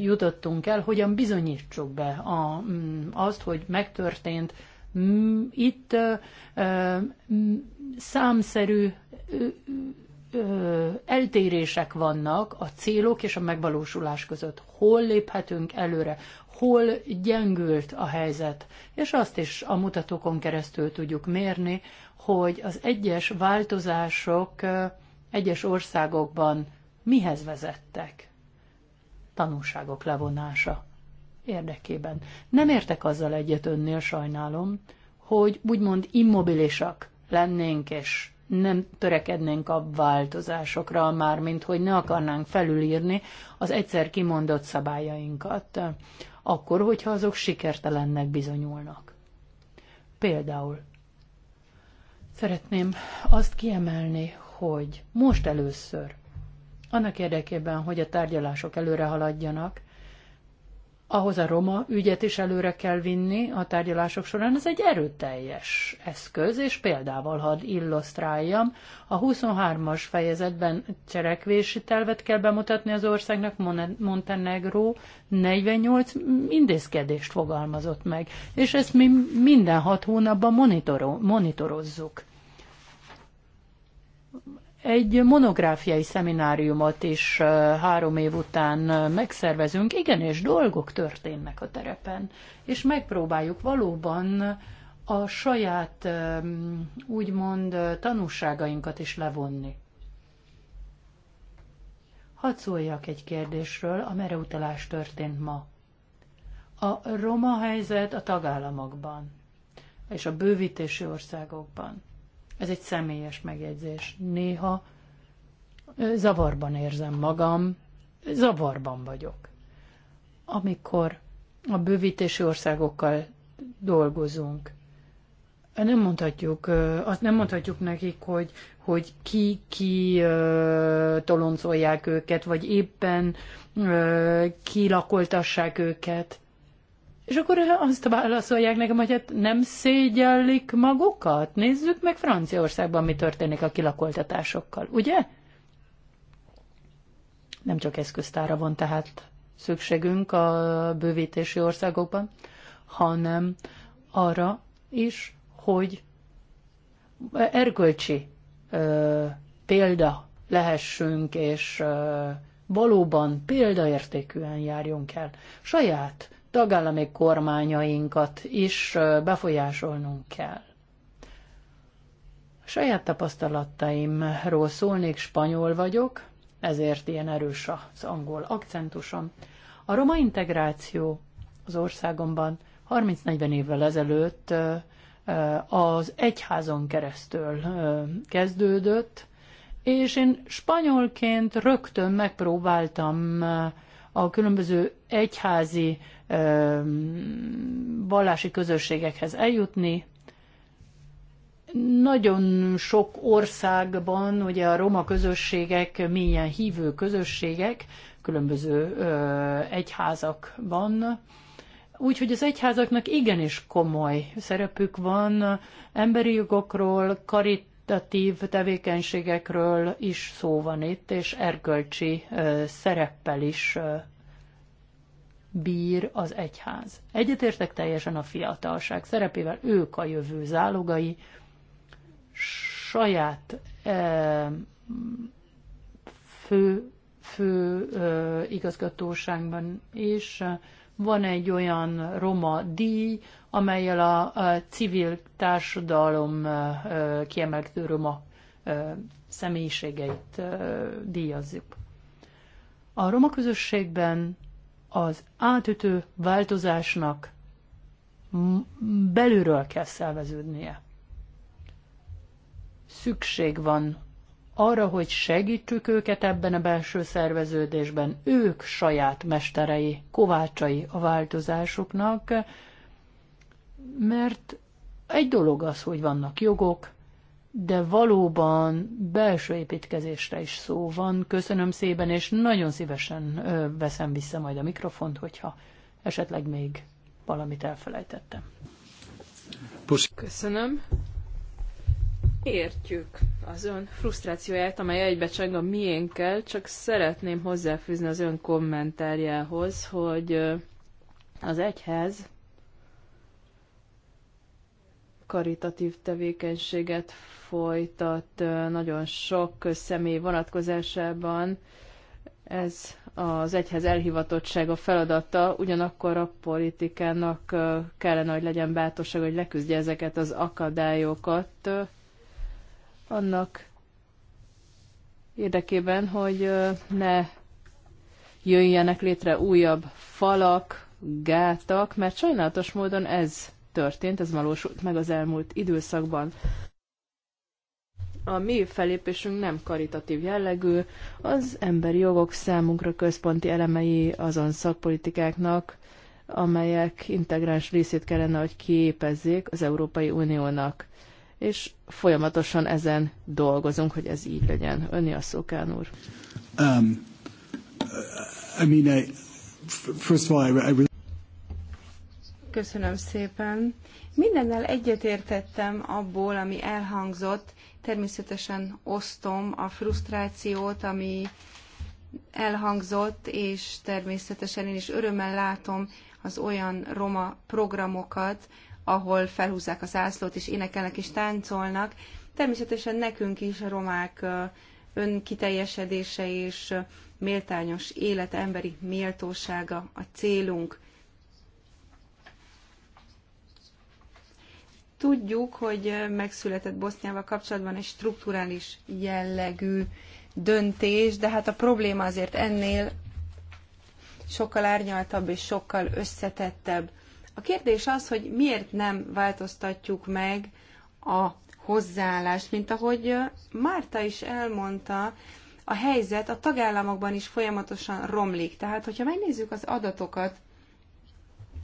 jutottunk el, hogyan bizonyítsuk be a, azt, hogy megtörtént. Itt számszerű ö, eltérések vannak a célok és a megvalósulás között. Hol léphetünk előre, hol gyengült a helyzet. És azt is a mutatókon keresztül tudjuk mérni, hogy az egyes változások ö, egyes országokban mihez vezettek. Tanulságok levonása érdekében. Nem értek azzal egyet önnél, sajnálom, hogy úgymond immobilisak lennénk, és nem törekednénk a változásokra, mármint hogy ne akarnánk felülírni az egyszer kimondott szabályainkat, akkor, hogyha azok sikertelennek bizonyulnak. Például szeretném azt kiemelni, hogy most először, annak érdekében, hogy a tárgyalások előre haladjanak, ahhoz a roma ügyet is előre kell vinni a tárgyalások során. Ez egy erőteljes eszköz, és példával hadd illusztráljam. A 23-as fejezetben cselekvési telvet kell bemutatni az országnak, Montenegro 48 intézkedést fogalmazott meg, és ezt mi minden hat hónapban monitoro- monitorozzuk egy monográfiai szemináriumot is három év után megszervezünk. Igen, és dolgok történnek a terepen, és megpróbáljuk valóban a saját úgymond tanúságainkat is levonni. Hadd szóljak egy kérdésről, a utalás történt ma. A roma helyzet a tagállamokban és a bővítési országokban. Ez egy személyes megjegyzés. Néha zavarban érzem magam, zavarban vagyok. Amikor a bővítési országokkal dolgozunk, nem mondhatjuk, azt nem mondhatjuk nekik, hogy, hogy ki, ki toloncolják őket, vagy éppen kilakoltassák őket. És akkor azt válaszolják nekem, hogy hát nem szégyellik magukat. Nézzük meg Franciaországban, mi történik a kilakoltatásokkal, ugye? Nem csak eszköztára van tehát szükségünk a bővítési országokban, hanem arra is, hogy erkölcsi ö, példa lehessünk, és ö, valóban példaértékűen járjunk el. Saját tagállami kormányainkat is befolyásolnunk kell. Saját tapasztalataimról szólnék, spanyol vagyok, ezért ilyen erős az angol akcentusom. A roma integráció az országomban 30-40 évvel ezelőtt az egyházon keresztül kezdődött, és én spanyolként rögtön megpróbáltam a különböző egyházi vallási közösségekhez eljutni. Nagyon sok országban ugye a roma közösségek milyen hívő közösségek, különböző egyházakban, Úgyhogy az egyházaknak igenis komoly szerepük van emberi jogokról, karit, karitatív tevékenységekről is szó van itt, és erkölcsi szereppel is bír az egyház. Egyetértek teljesen a fiatalság szerepével, ők a jövő zálogai, saját e, fő, fő e, igazgatóságban is e, van egy olyan roma díj, amelyel a, civil társadalom kiemelkedő roma személyiségeit díjazzuk. A roma közösségben az átütő változásnak belülről kell szerveződnie. Szükség van arra, hogy segítsük őket ebben a belső szerveződésben. Ők saját mesterei, kovácsai a változásuknak, mert egy dolog az, hogy vannak jogok, de valóban belső építkezésre is szó van. Köszönöm szépen, és nagyon szívesen veszem vissza majd a mikrofont, hogyha esetleg még valamit elfelejtettem. Köszönöm. Értjük az ön frusztrációját, amely egybecseng a miénkkel, csak szeretném hozzáfűzni az ön kommentárjához, hogy az egyház karitatív tevékenységet folytat nagyon sok személy vonatkozásában. Ez az egyház elhivatottsága feladata, ugyanakkor a politikának kellene, hogy legyen bátorság, hogy leküzdje ezeket az akadályokat, annak érdekében, hogy ne jöjjenek létre újabb falak, gátak, mert sajnálatos módon ez történt, ez valósult meg az elmúlt időszakban. A mi felépésünk nem karitatív jellegű, az emberi jogok számunkra központi elemei azon szakpolitikáknak, amelyek integráns részét kellene, hogy kiépezzék az Európai Uniónak és folyamatosan ezen dolgozunk, hogy ez így legyen. Önni a Szokán úr. Um, I mean, I, first of all, I, I... Köszönöm szépen. Mindennel egyetértettem abból, ami elhangzott. Természetesen osztom a frusztrációt, ami elhangzott, és természetesen én is örömmel látom az olyan roma programokat, ahol felhúzzák a zászlót, és énekelnek és táncolnak. Természetesen nekünk is a romák önkiteljesedése és méltányos élet, emberi méltósága a célunk. Tudjuk, hogy megszületett Boszniával kapcsolatban egy strukturális jellegű döntés, de hát a probléma azért ennél sokkal árnyaltabb és sokkal összetettebb. A kérdés az, hogy miért nem változtatjuk meg a hozzáállást, mint ahogy Márta is elmondta, a helyzet a tagállamokban is folyamatosan romlik. Tehát, hogyha megnézzük az adatokat,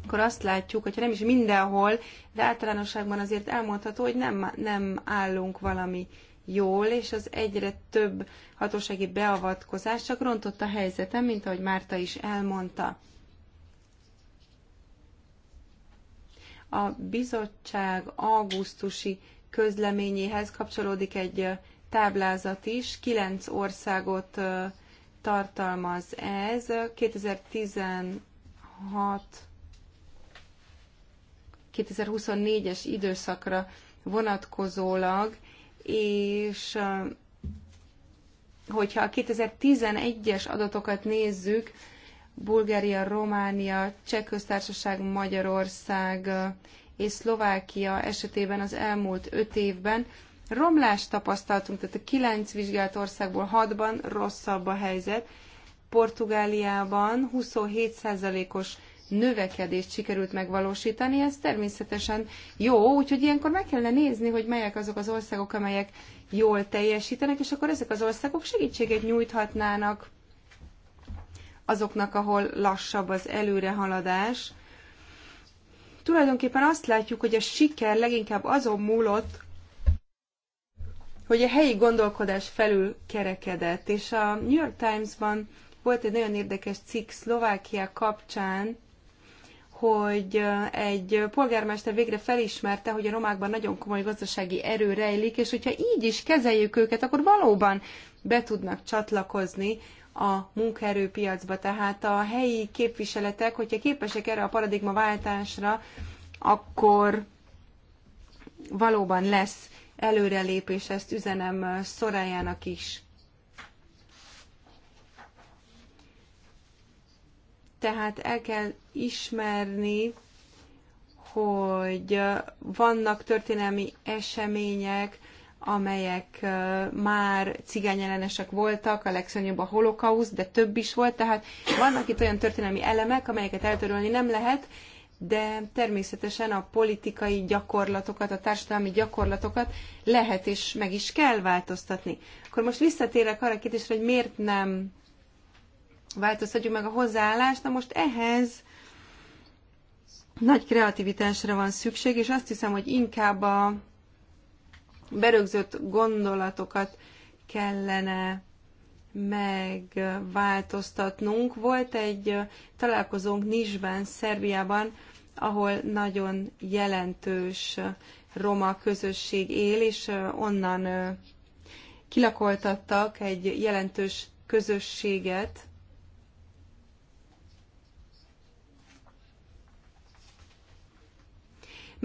akkor azt látjuk, hogyha nem is mindenhol, de általánosságban azért elmondható, hogy nem, nem állunk valami jól, és az egyre több hatósági beavatkozás csak rontott a helyzetem, mint ahogy Márta is elmondta. A bizottság augusztusi közleményéhez kapcsolódik egy táblázat is, kilenc országot tartalmaz ez. 2016 2024-es időszakra vonatkozólag, és hogyha a 2011-es adatokat nézzük, Bulgária, Románia, Csehköztársaság, Magyarország és Szlovákia esetében az elmúlt öt évben romlást tapasztaltunk, tehát a kilenc vizsgált országból hatban rosszabb a helyzet. Portugáliában 27%-os növekedést sikerült megvalósítani, ez természetesen jó, úgyhogy ilyenkor meg kellene nézni, hogy melyek azok az országok, amelyek jól teljesítenek, és akkor ezek az országok segítséget nyújthatnának azoknak, ahol lassabb az előrehaladás. Tulajdonképpen azt látjuk, hogy a siker leginkább azon múlott, hogy a helyi gondolkodás felül kerekedett. És a New York Times-ban volt egy nagyon érdekes cikk Szlovákia kapcsán, hogy egy polgármester végre felismerte, hogy a romákban nagyon komoly gazdasági erő rejlik, és hogyha így is kezeljük őket, akkor valóban be tudnak csatlakozni a munkaerőpiacba. Tehát a helyi képviseletek, hogyha képesek erre a paradigmaváltásra, akkor valóban lesz előrelépés, ezt üzenem szorájának is. Tehát el kell ismerni, hogy vannak történelmi események, amelyek már cigányellenesek voltak, a legszörnyűbb a holokauszt, de több is volt, tehát vannak itt olyan történelmi elemek, amelyeket eltörölni nem lehet, de természetesen a politikai gyakorlatokat, a társadalmi gyakorlatokat lehet és meg is kell változtatni. Akkor most visszatérek arra kérdésre, hogy miért nem változtatjuk meg a hozzáállást, na most ehhez nagy kreativitásra van szükség, és azt hiszem, hogy inkább a berögzött gondolatokat kellene megváltoztatnunk. Volt egy találkozónk Nisben, Szerbiában, ahol nagyon jelentős roma közösség él, és onnan kilakoltattak egy jelentős közösséget,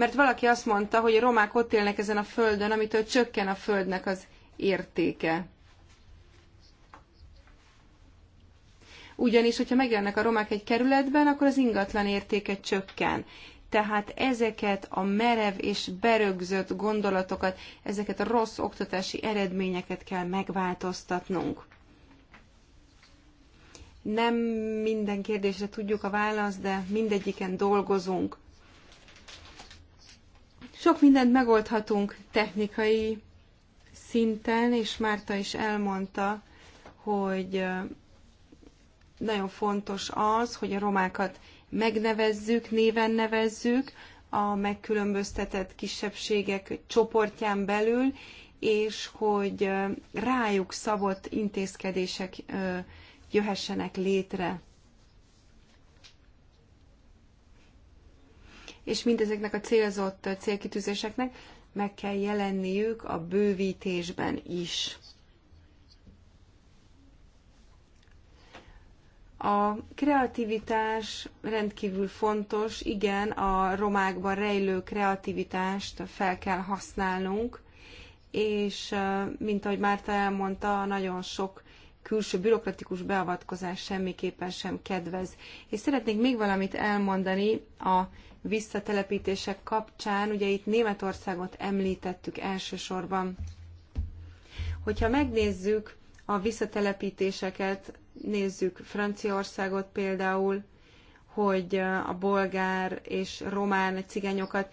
mert valaki azt mondta, hogy a romák ott élnek ezen a földön, amitől csökken a földnek az értéke. Ugyanis, hogyha megjelennek a romák egy kerületben, akkor az ingatlan értéke csökken. Tehát ezeket a merev és berögzött gondolatokat, ezeket a rossz oktatási eredményeket kell megváltoztatnunk. Nem minden kérdésre tudjuk a választ, de mindegyiken dolgozunk. Sok mindent megoldhatunk technikai szinten, és Márta is elmondta, hogy nagyon fontos az, hogy a romákat megnevezzük, néven nevezzük a megkülönböztetett kisebbségek csoportján belül, és hogy rájuk szabott intézkedések jöhessenek létre. és mindezeknek a célzott célkitűzéseknek meg kell jelenniük a bővítésben is. A kreativitás rendkívül fontos, igen, a romákban rejlő kreativitást fel kell használnunk, és mint ahogy Márta elmondta, nagyon sok külső bürokratikus beavatkozás semmiképpen sem kedvez. És szeretnék még valamit elmondani a visszatelepítések kapcsán, ugye itt Németországot említettük elsősorban. Hogyha megnézzük a visszatelepítéseket, nézzük Franciaországot például, hogy a bolgár és román cigányokat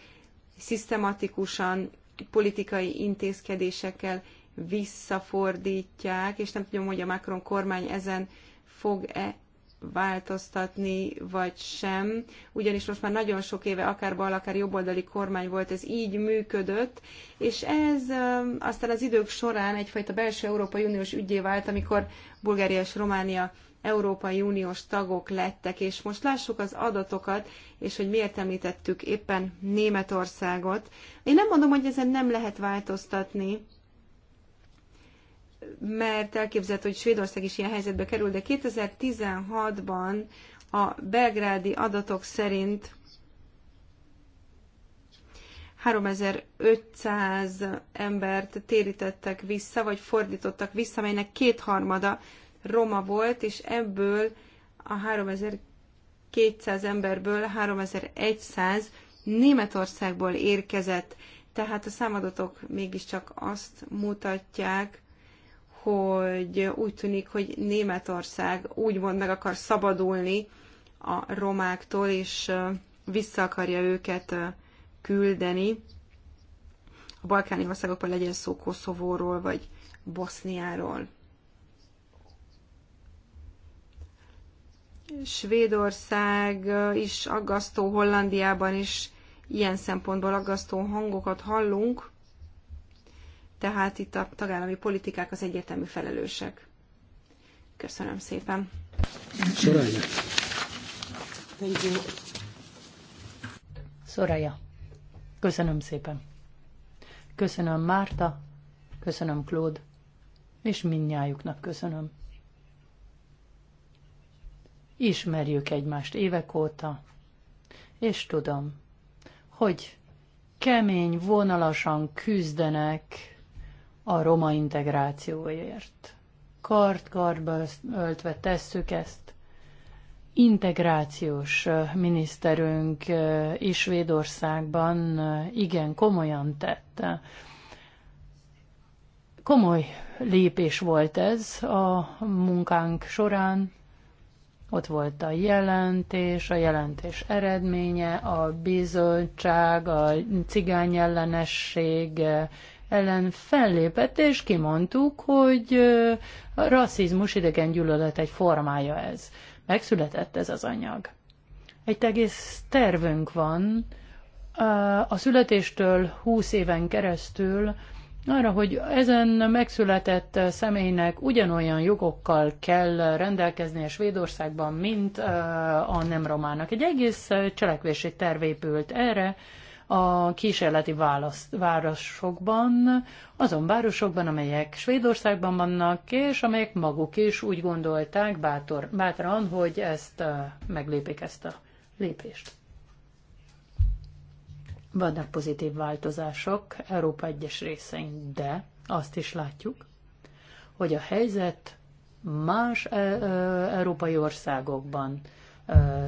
szisztematikusan politikai intézkedésekkel visszafordítják, és nem tudom, hogy a Macron kormány ezen fog-e változtatni, vagy sem, ugyanis most már nagyon sok éve akár bal, akár jobboldali kormány volt, ez így működött, és ez aztán az idők során egyfajta belső Európai Uniós ügyé vált, amikor Bulgária és Románia Európai Uniós tagok lettek, és most lássuk az adatokat, és hogy miért említettük éppen Németországot. Én nem mondom, hogy ezen nem lehet változtatni, mert elképzelhető, hogy Svédország is ilyen helyzetbe kerül, de 2016-ban a belgrádi adatok szerint 3500 embert térítettek vissza, vagy fordítottak vissza, melynek kétharmada roma volt, és ebből a 3200 emberből 3100 Németországból érkezett. Tehát a számadatok mégiscsak azt mutatják, hogy úgy tűnik, hogy Németország úgymond meg akar szabadulni a romáktól, és vissza akarja őket küldeni a balkáni országokban legyen szó Koszovóról vagy Boszniáról. Svédország is aggasztó, Hollandiában is ilyen szempontból aggasztó hangokat hallunk tehát itt a tagállami politikák az egyetemi felelősek. Köszönöm szépen. Soraya. Thank you. Soraya. Köszönöm szépen. Köszönöm Márta, köszönöm Claude, és mindnyájuknak köszönöm. Ismerjük egymást évek óta, és tudom, hogy kemény vonalasan küzdenek a roma integrációért. Kart-kartba öltve tesszük ezt. Integrációs miniszterünk is Svédországban igen komolyan tette. Komoly lépés volt ez a munkánk során, ott volt a jelentés, a jelentés eredménye, a bizottság, a cigány ellenesség ellen fellépett, és kimondtuk, hogy a rasszizmus idegen gyűlölet egy formája ez. Megszületett ez az anyag. Egy egész tervünk van a születéstől 20 éven keresztül, arra, hogy ezen megszületett személynek ugyanolyan jogokkal kell rendelkeznie Svédországban, mint a nem romának. Egy egész cselekvési terv épült erre, a kísérleti válasz, városokban, azon városokban, amelyek Svédországban vannak, és amelyek maguk is úgy gondolták bátor, bátran, hogy ezt meglépik ezt a lépést. Vannak pozitív változások Európa egyes részein, de azt is látjuk, hogy a helyzet más európai országokban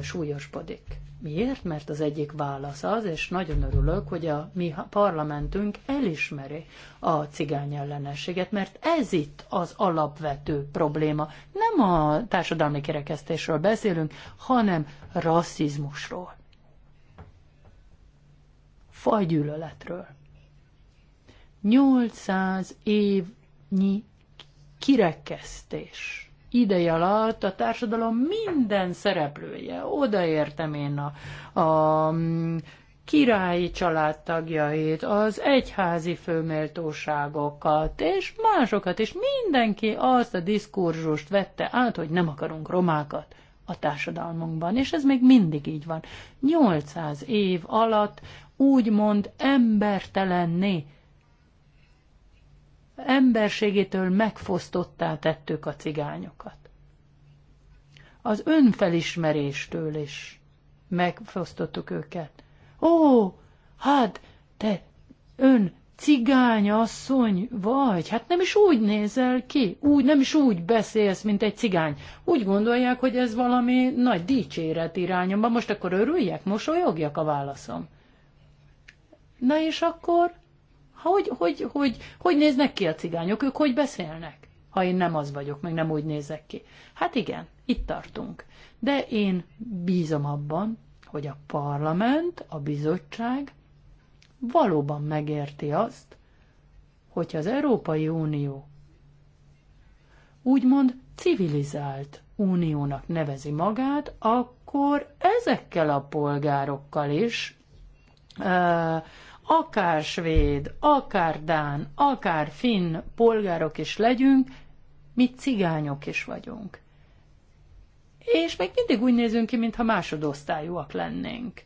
súlyosbodik. Miért? Mert az egyik válasz az, és nagyon örülök, hogy a mi parlamentünk elismeri a cigány ellenességet, mert ez itt az alapvető probléma. Nem a társadalmi kirekesztésről beszélünk, hanem rasszizmusról. Fajgyűlöletről. 800 évnyi kirekesztés ideje alatt a társadalom minden szereplője, odaértem én a, a mm, királyi családtagjait, az egyházi főméltóságokat, és másokat, és mindenki azt a diskurzust vette át, hogy nem akarunk romákat a társadalmunkban, és ez még mindig így van. 800 év alatt úgymond embertelenné emberségétől megfosztottá tettük a cigányokat. Az önfelismeréstől is megfosztottuk őket. Ó, hát te ön asszony vagy, hát nem is úgy nézel ki, úgy, nem is úgy beszélsz, mint egy cigány. Úgy gondolják, hogy ez valami nagy dicséret irányomban, most akkor örüljek, mosolyogjak a válaszom. Na és akkor hogy, hogy, hogy, hogy néznek ki a cigányok, ők hogy beszélnek? Ha én nem az vagyok, meg nem úgy nézek ki. Hát igen, itt tartunk. De én bízom abban, hogy a parlament, a bizottság valóban megérti azt, hogyha az Európai Unió úgymond civilizált uniónak nevezi magát, akkor ezekkel a polgárokkal is akár svéd, akár dán, akár finn polgárok is legyünk, mi cigányok is vagyunk. És még mindig úgy nézünk ki, mintha másodosztályúak lennénk.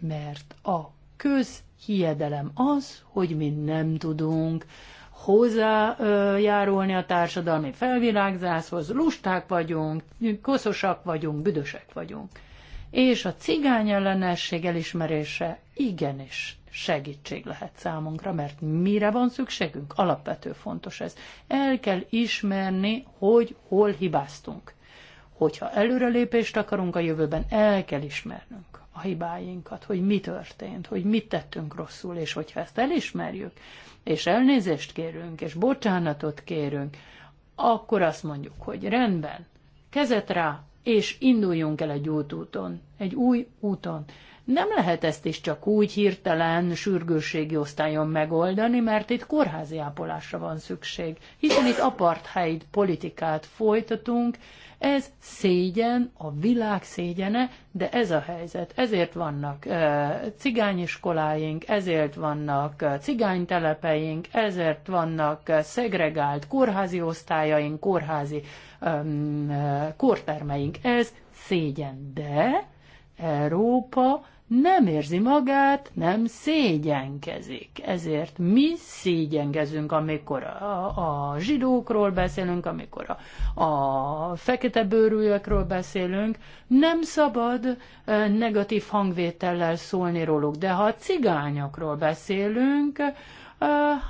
Mert a közhiedelem az, hogy mi nem tudunk hozzájárulni a társadalmi felvilágzáshoz, lusták vagyunk, koszosak vagyunk, büdösek vagyunk és a cigány ellenesség elismerése igenis segítség lehet számunkra, mert mire van szükségünk? Alapvető fontos ez. El kell ismerni, hogy hol hibáztunk. Hogyha előrelépést akarunk a jövőben, el kell ismernünk a hibáinkat, hogy mi történt, hogy mit tettünk rosszul, és hogyha ezt elismerjük, és elnézést kérünk, és bocsánatot kérünk, akkor azt mondjuk, hogy rendben, kezet rá, és induljunk el egy úton, egy új úton. Nem lehet ezt is csak úgy hirtelen sürgősségi osztályon megoldani, mert itt kórházi ápolásra van szükség, hiszen itt apartheid politikát folytatunk, ez szégyen, a világ szégyene, de ez a helyzet. Ezért vannak cigányiskoláink, ezért vannak cigánytelepeink, ezért vannak szegregált kórházi osztályaink, kórházi kórtermeink. Ez szégyen, de Európa nem érzi magát, nem szégyenkezik. Ezért mi szégyengezünk, amikor a, a zsidókról beszélünk, amikor a, a fekete bőrűekről beszélünk. Nem szabad e, negatív hangvétellel szólni róluk, de ha a cigányokról beszélünk, e,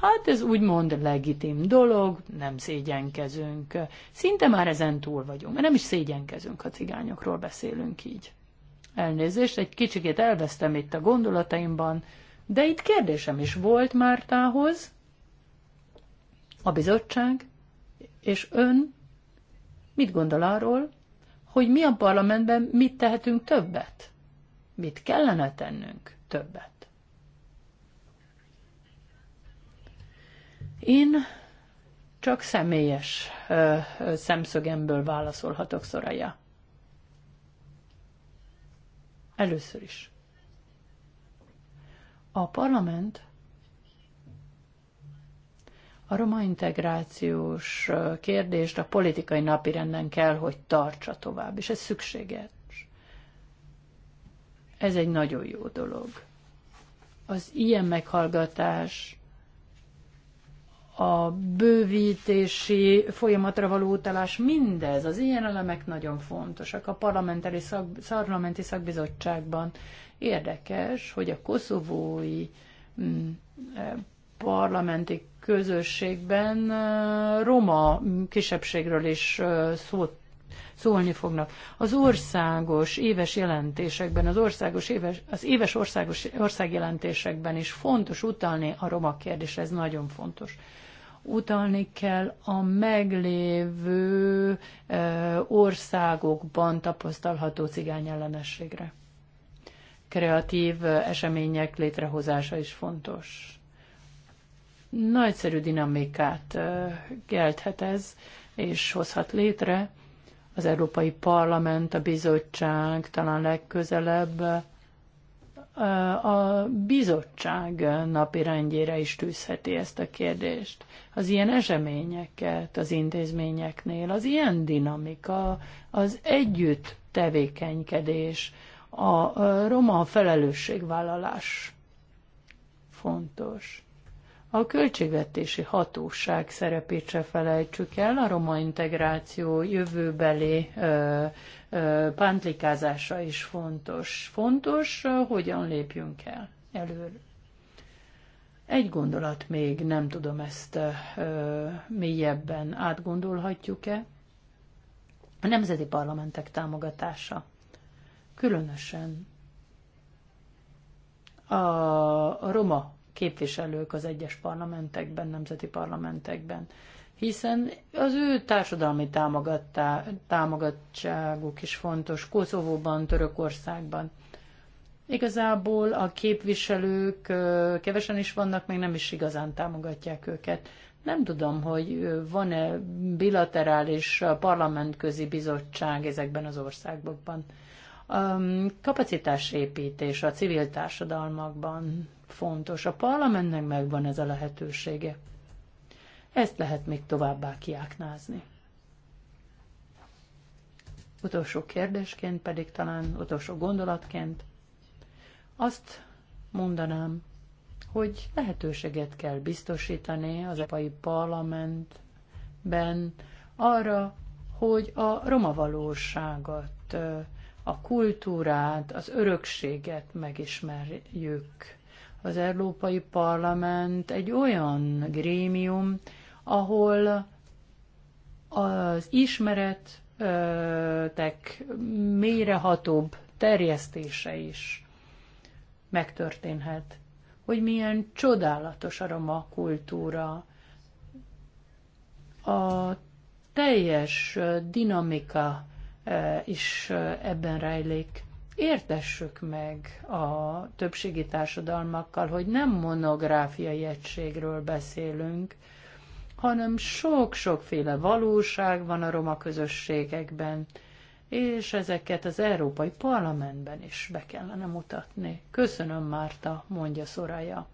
hát ez úgymond legitim dolog, nem szégyenkezünk. Szinte már ezen túl vagyunk, mert nem is szégyenkezünk, ha cigányokról beszélünk így. Elnézést, egy kicsikét elvesztem itt a gondolataimban, de itt kérdésem is volt Mártához. A bizottság és ön mit gondol arról, hogy mi a parlamentben mit tehetünk többet? Mit kellene tennünk többet? Én csak személyes ö, ö, szemszögemből válaszolhatok, Szoraja. Először is. A parlament a roma integrációs kérdést a politikai napirenden kell, hogy tartsa tovább, és ez szükséges. Ez egy nagyon jó dolog. Az ilyen meghallgatás a bővítési folyamatra való utalás, mindez, az ilyen elemek nagyon fontosak. A parlamenti, szak, parlamenti szakbizottságban érdekes, hogy a koszovói mm, e, parlamenti közösségben e, roma kisebbségről is e, szót szólni fognak. Az országos éves jelentésekben, az országos éves, az éves országos országjelentésekben is fontos utalni a roma kérdésre, ez nagyon fontos utalni kell a meglévő e, országokban tapasztalható cigányellenességre. Kreatív e, események létrehozása is fontos. Nagyszerű dinamikát gelthet e, ez, és hozhat létre. Az Európai Parlament, a bizottság talán legközelebb a bizottság napirendjére is tűzheti ezt a kérdést. Az ilyen eseményeket az intézményeknél, az ilyen dinamika, az együtt tevékenykedés, a roma felelősségvállalás fontos. A költségvetési hatóság szerepét se felejtsük el, a roma integráció jövőbeli ö, ö, pántlikázása is fontos. Fontos, hogyan lépjünk el előre. Egy gondolat még, nem tudom ezt ö, mélyebben átgondolhatjuk-e. A nemzeti parlamentek támogatása. Különösen a roma képviselők az egyes parlamentekben, nemzeti parlamentekben, hiszen az ő társadalmi támogattá, támogatságuk is fontos Koszovóban, Törökországban. Igazából a képviselők kevesen is vannak, még nem is igazán támogatják őket. Nem tudom, hogy van-e bilaterális parlamentközi bizottság ezekben az országokban. Kapacitásépítés a civil társadalmakban fontos. A parlamentnek megvan ez a lehetősége. Ezt lehet még továbbá kiáknázni. Utolsó kérdésként pedig talán, utolsó gondolatként azt mondanám, hogy lehetőséget kell biztosítani az Európai Parlamentben arra, hogy a roma valóságot, a kultúrát, az örökséget megismerjük az Európai Parlament egy olyan grémium, ahol az ismeretek mélyrehatóbb terjesztése is megtörténhet. Hogy milyen csodálatos aroma kultúra, a teljes dinamika eh, is eh, ebben rejlik értessük meg a többségi társadalmakkal, hogy nem monográfiai egységről beszélünk, hanem sok-sokféle valóság van a roma közösségekben, és ezeket az Európai Parlamentben is be kellene mutatni. Köszönöm, Márta, mondja Szoraja.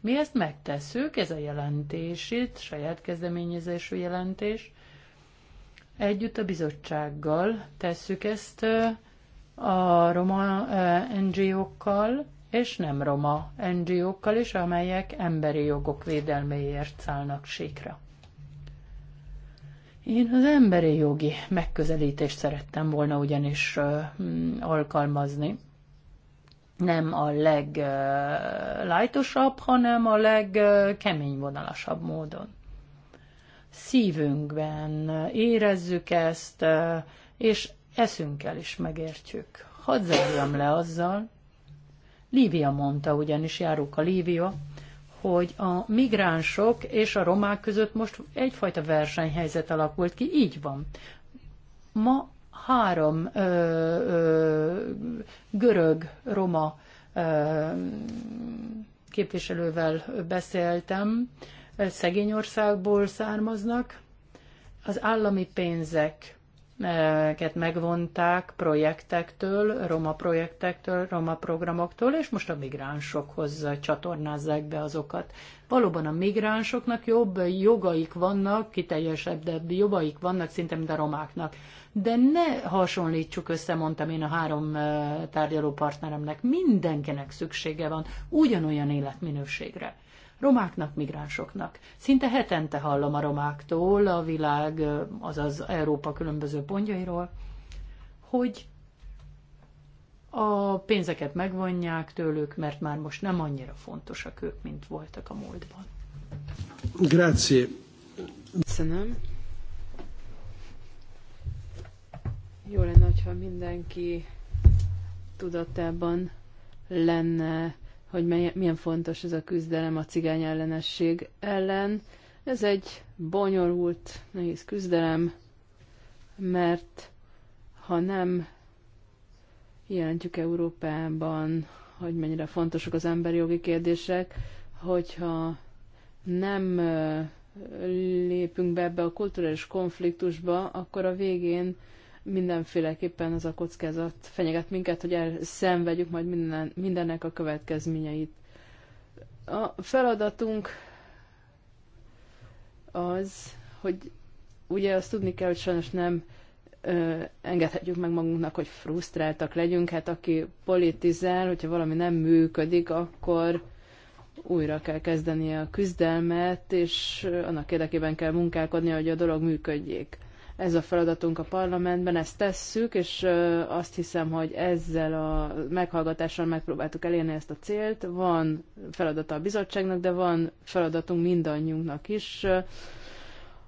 Mi ezt megtesszük, ez a jelentés itt, saját kezdeményezésű jelentés. Együtt a bizottsággal tesszük ezt, a roma NGO-kkal és nem roma NGO-kkal is, amelyek emberi jogok védelméért szállnak síkra. Én az emberi jogi megközelítést szerettem volna ugyanis mm, alkalmazni. Nem a leglájtosabb, hanem a legkeményvonalasabb módon. Szívünkben érezzük ezt, és eszünkkel is megértjük. Hadd zárjam le azzal, Lívia mondta, ugyanis járunk a Lívia, hogy a migránsok és a romák között most egyfajta versenyhelyzet alakult ki. Így van. Ma három ö, ö, görög-roma képviselővel beszéltem, szegény országból származnak, az állami pénzek ket megvonták projektektől, roma projektektől, roma programoktól, és most a migránsokhoz csatornázzák be azokat. Valóban a migránsoknak jobb jogaik vannak, de jogaik vannak, szinte mint a romáknak. De ne hasonlítsuk össze, mondtam én a három eh, tárgyaló partneremnek, mindenkinek szüksége van ugyanolyan életminőségre romáknak, migránsoknak. Szinte hetente hallom a romáktól, a világ, azaz Európa különböző pontjairól, hogy a pénzeket megvonják tőlük, mert már most nem annyira fontosak ők, mint voltak a múltban. Grazie. Köszönöm. Jó lenne, ha mindenki tudatában lenne hogy mely, milyen fontos ez a küzdelem a cigány ellenesség ellen. Ez egy bonyolult, nehéz küzdelem, mert ha nem jelentjük Európában, hogy mennyire fontosak az emberi jogi kérdések, hogyha nem lépünk be ebbe a kulturális konfliktusba, akkor a végén mindenféleképpen az a kockázat fenyeget minket, hogy elszenvedjük majd minden, mindennek a következményeit. A feladatunk az, hogy ugye azt tudni kell, hogy sajnos nem ö, engedhetjük meg magunknak, hogy frusztráltak legyünk. Hát aki politizál, hogyha valami nem működik, akkor újra kell kezdeni a küzdelmet, és annak érdekében kell munkálkodni, hogy a dolog működjék. Ez a feladatunk a parlamentben, ezt tesszük, és azt hiszem, hogy ezzel a meghallgatással megpróbáltuk elérni ezt a célt. Van feladata a bizottságnak, de van feladatunk mindannyiunknak is.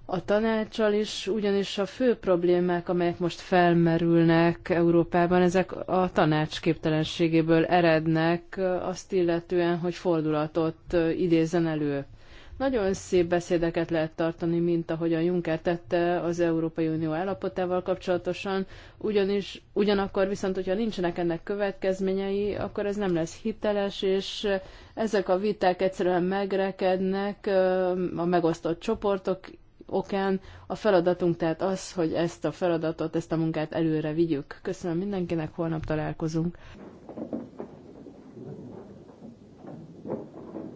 A tanácsal is, ugyanis a fő problémák, amelyek most felmerülnek Európában, ezek a tanács képtelenségéből erednek, azt illetően, hogy fordulatot idézen elő. Nagyon szép beszédeket lehet tartani, mint ahogy a Juncker tette az Európai Unió állapotával kapcsolatosan, ugyanis ugyanakkor viszont, hogyha nincsenek ennek következményei, akkor ez nem lesz hiteles, és ezek a viták egyszerűen megrekednek a megosztott csoportok okán. A feladatunk tehát az, hogy ezt a feladatot, ezt a munkát előre vigyük. Köszönöm mindenkinek, holnap találkozunk.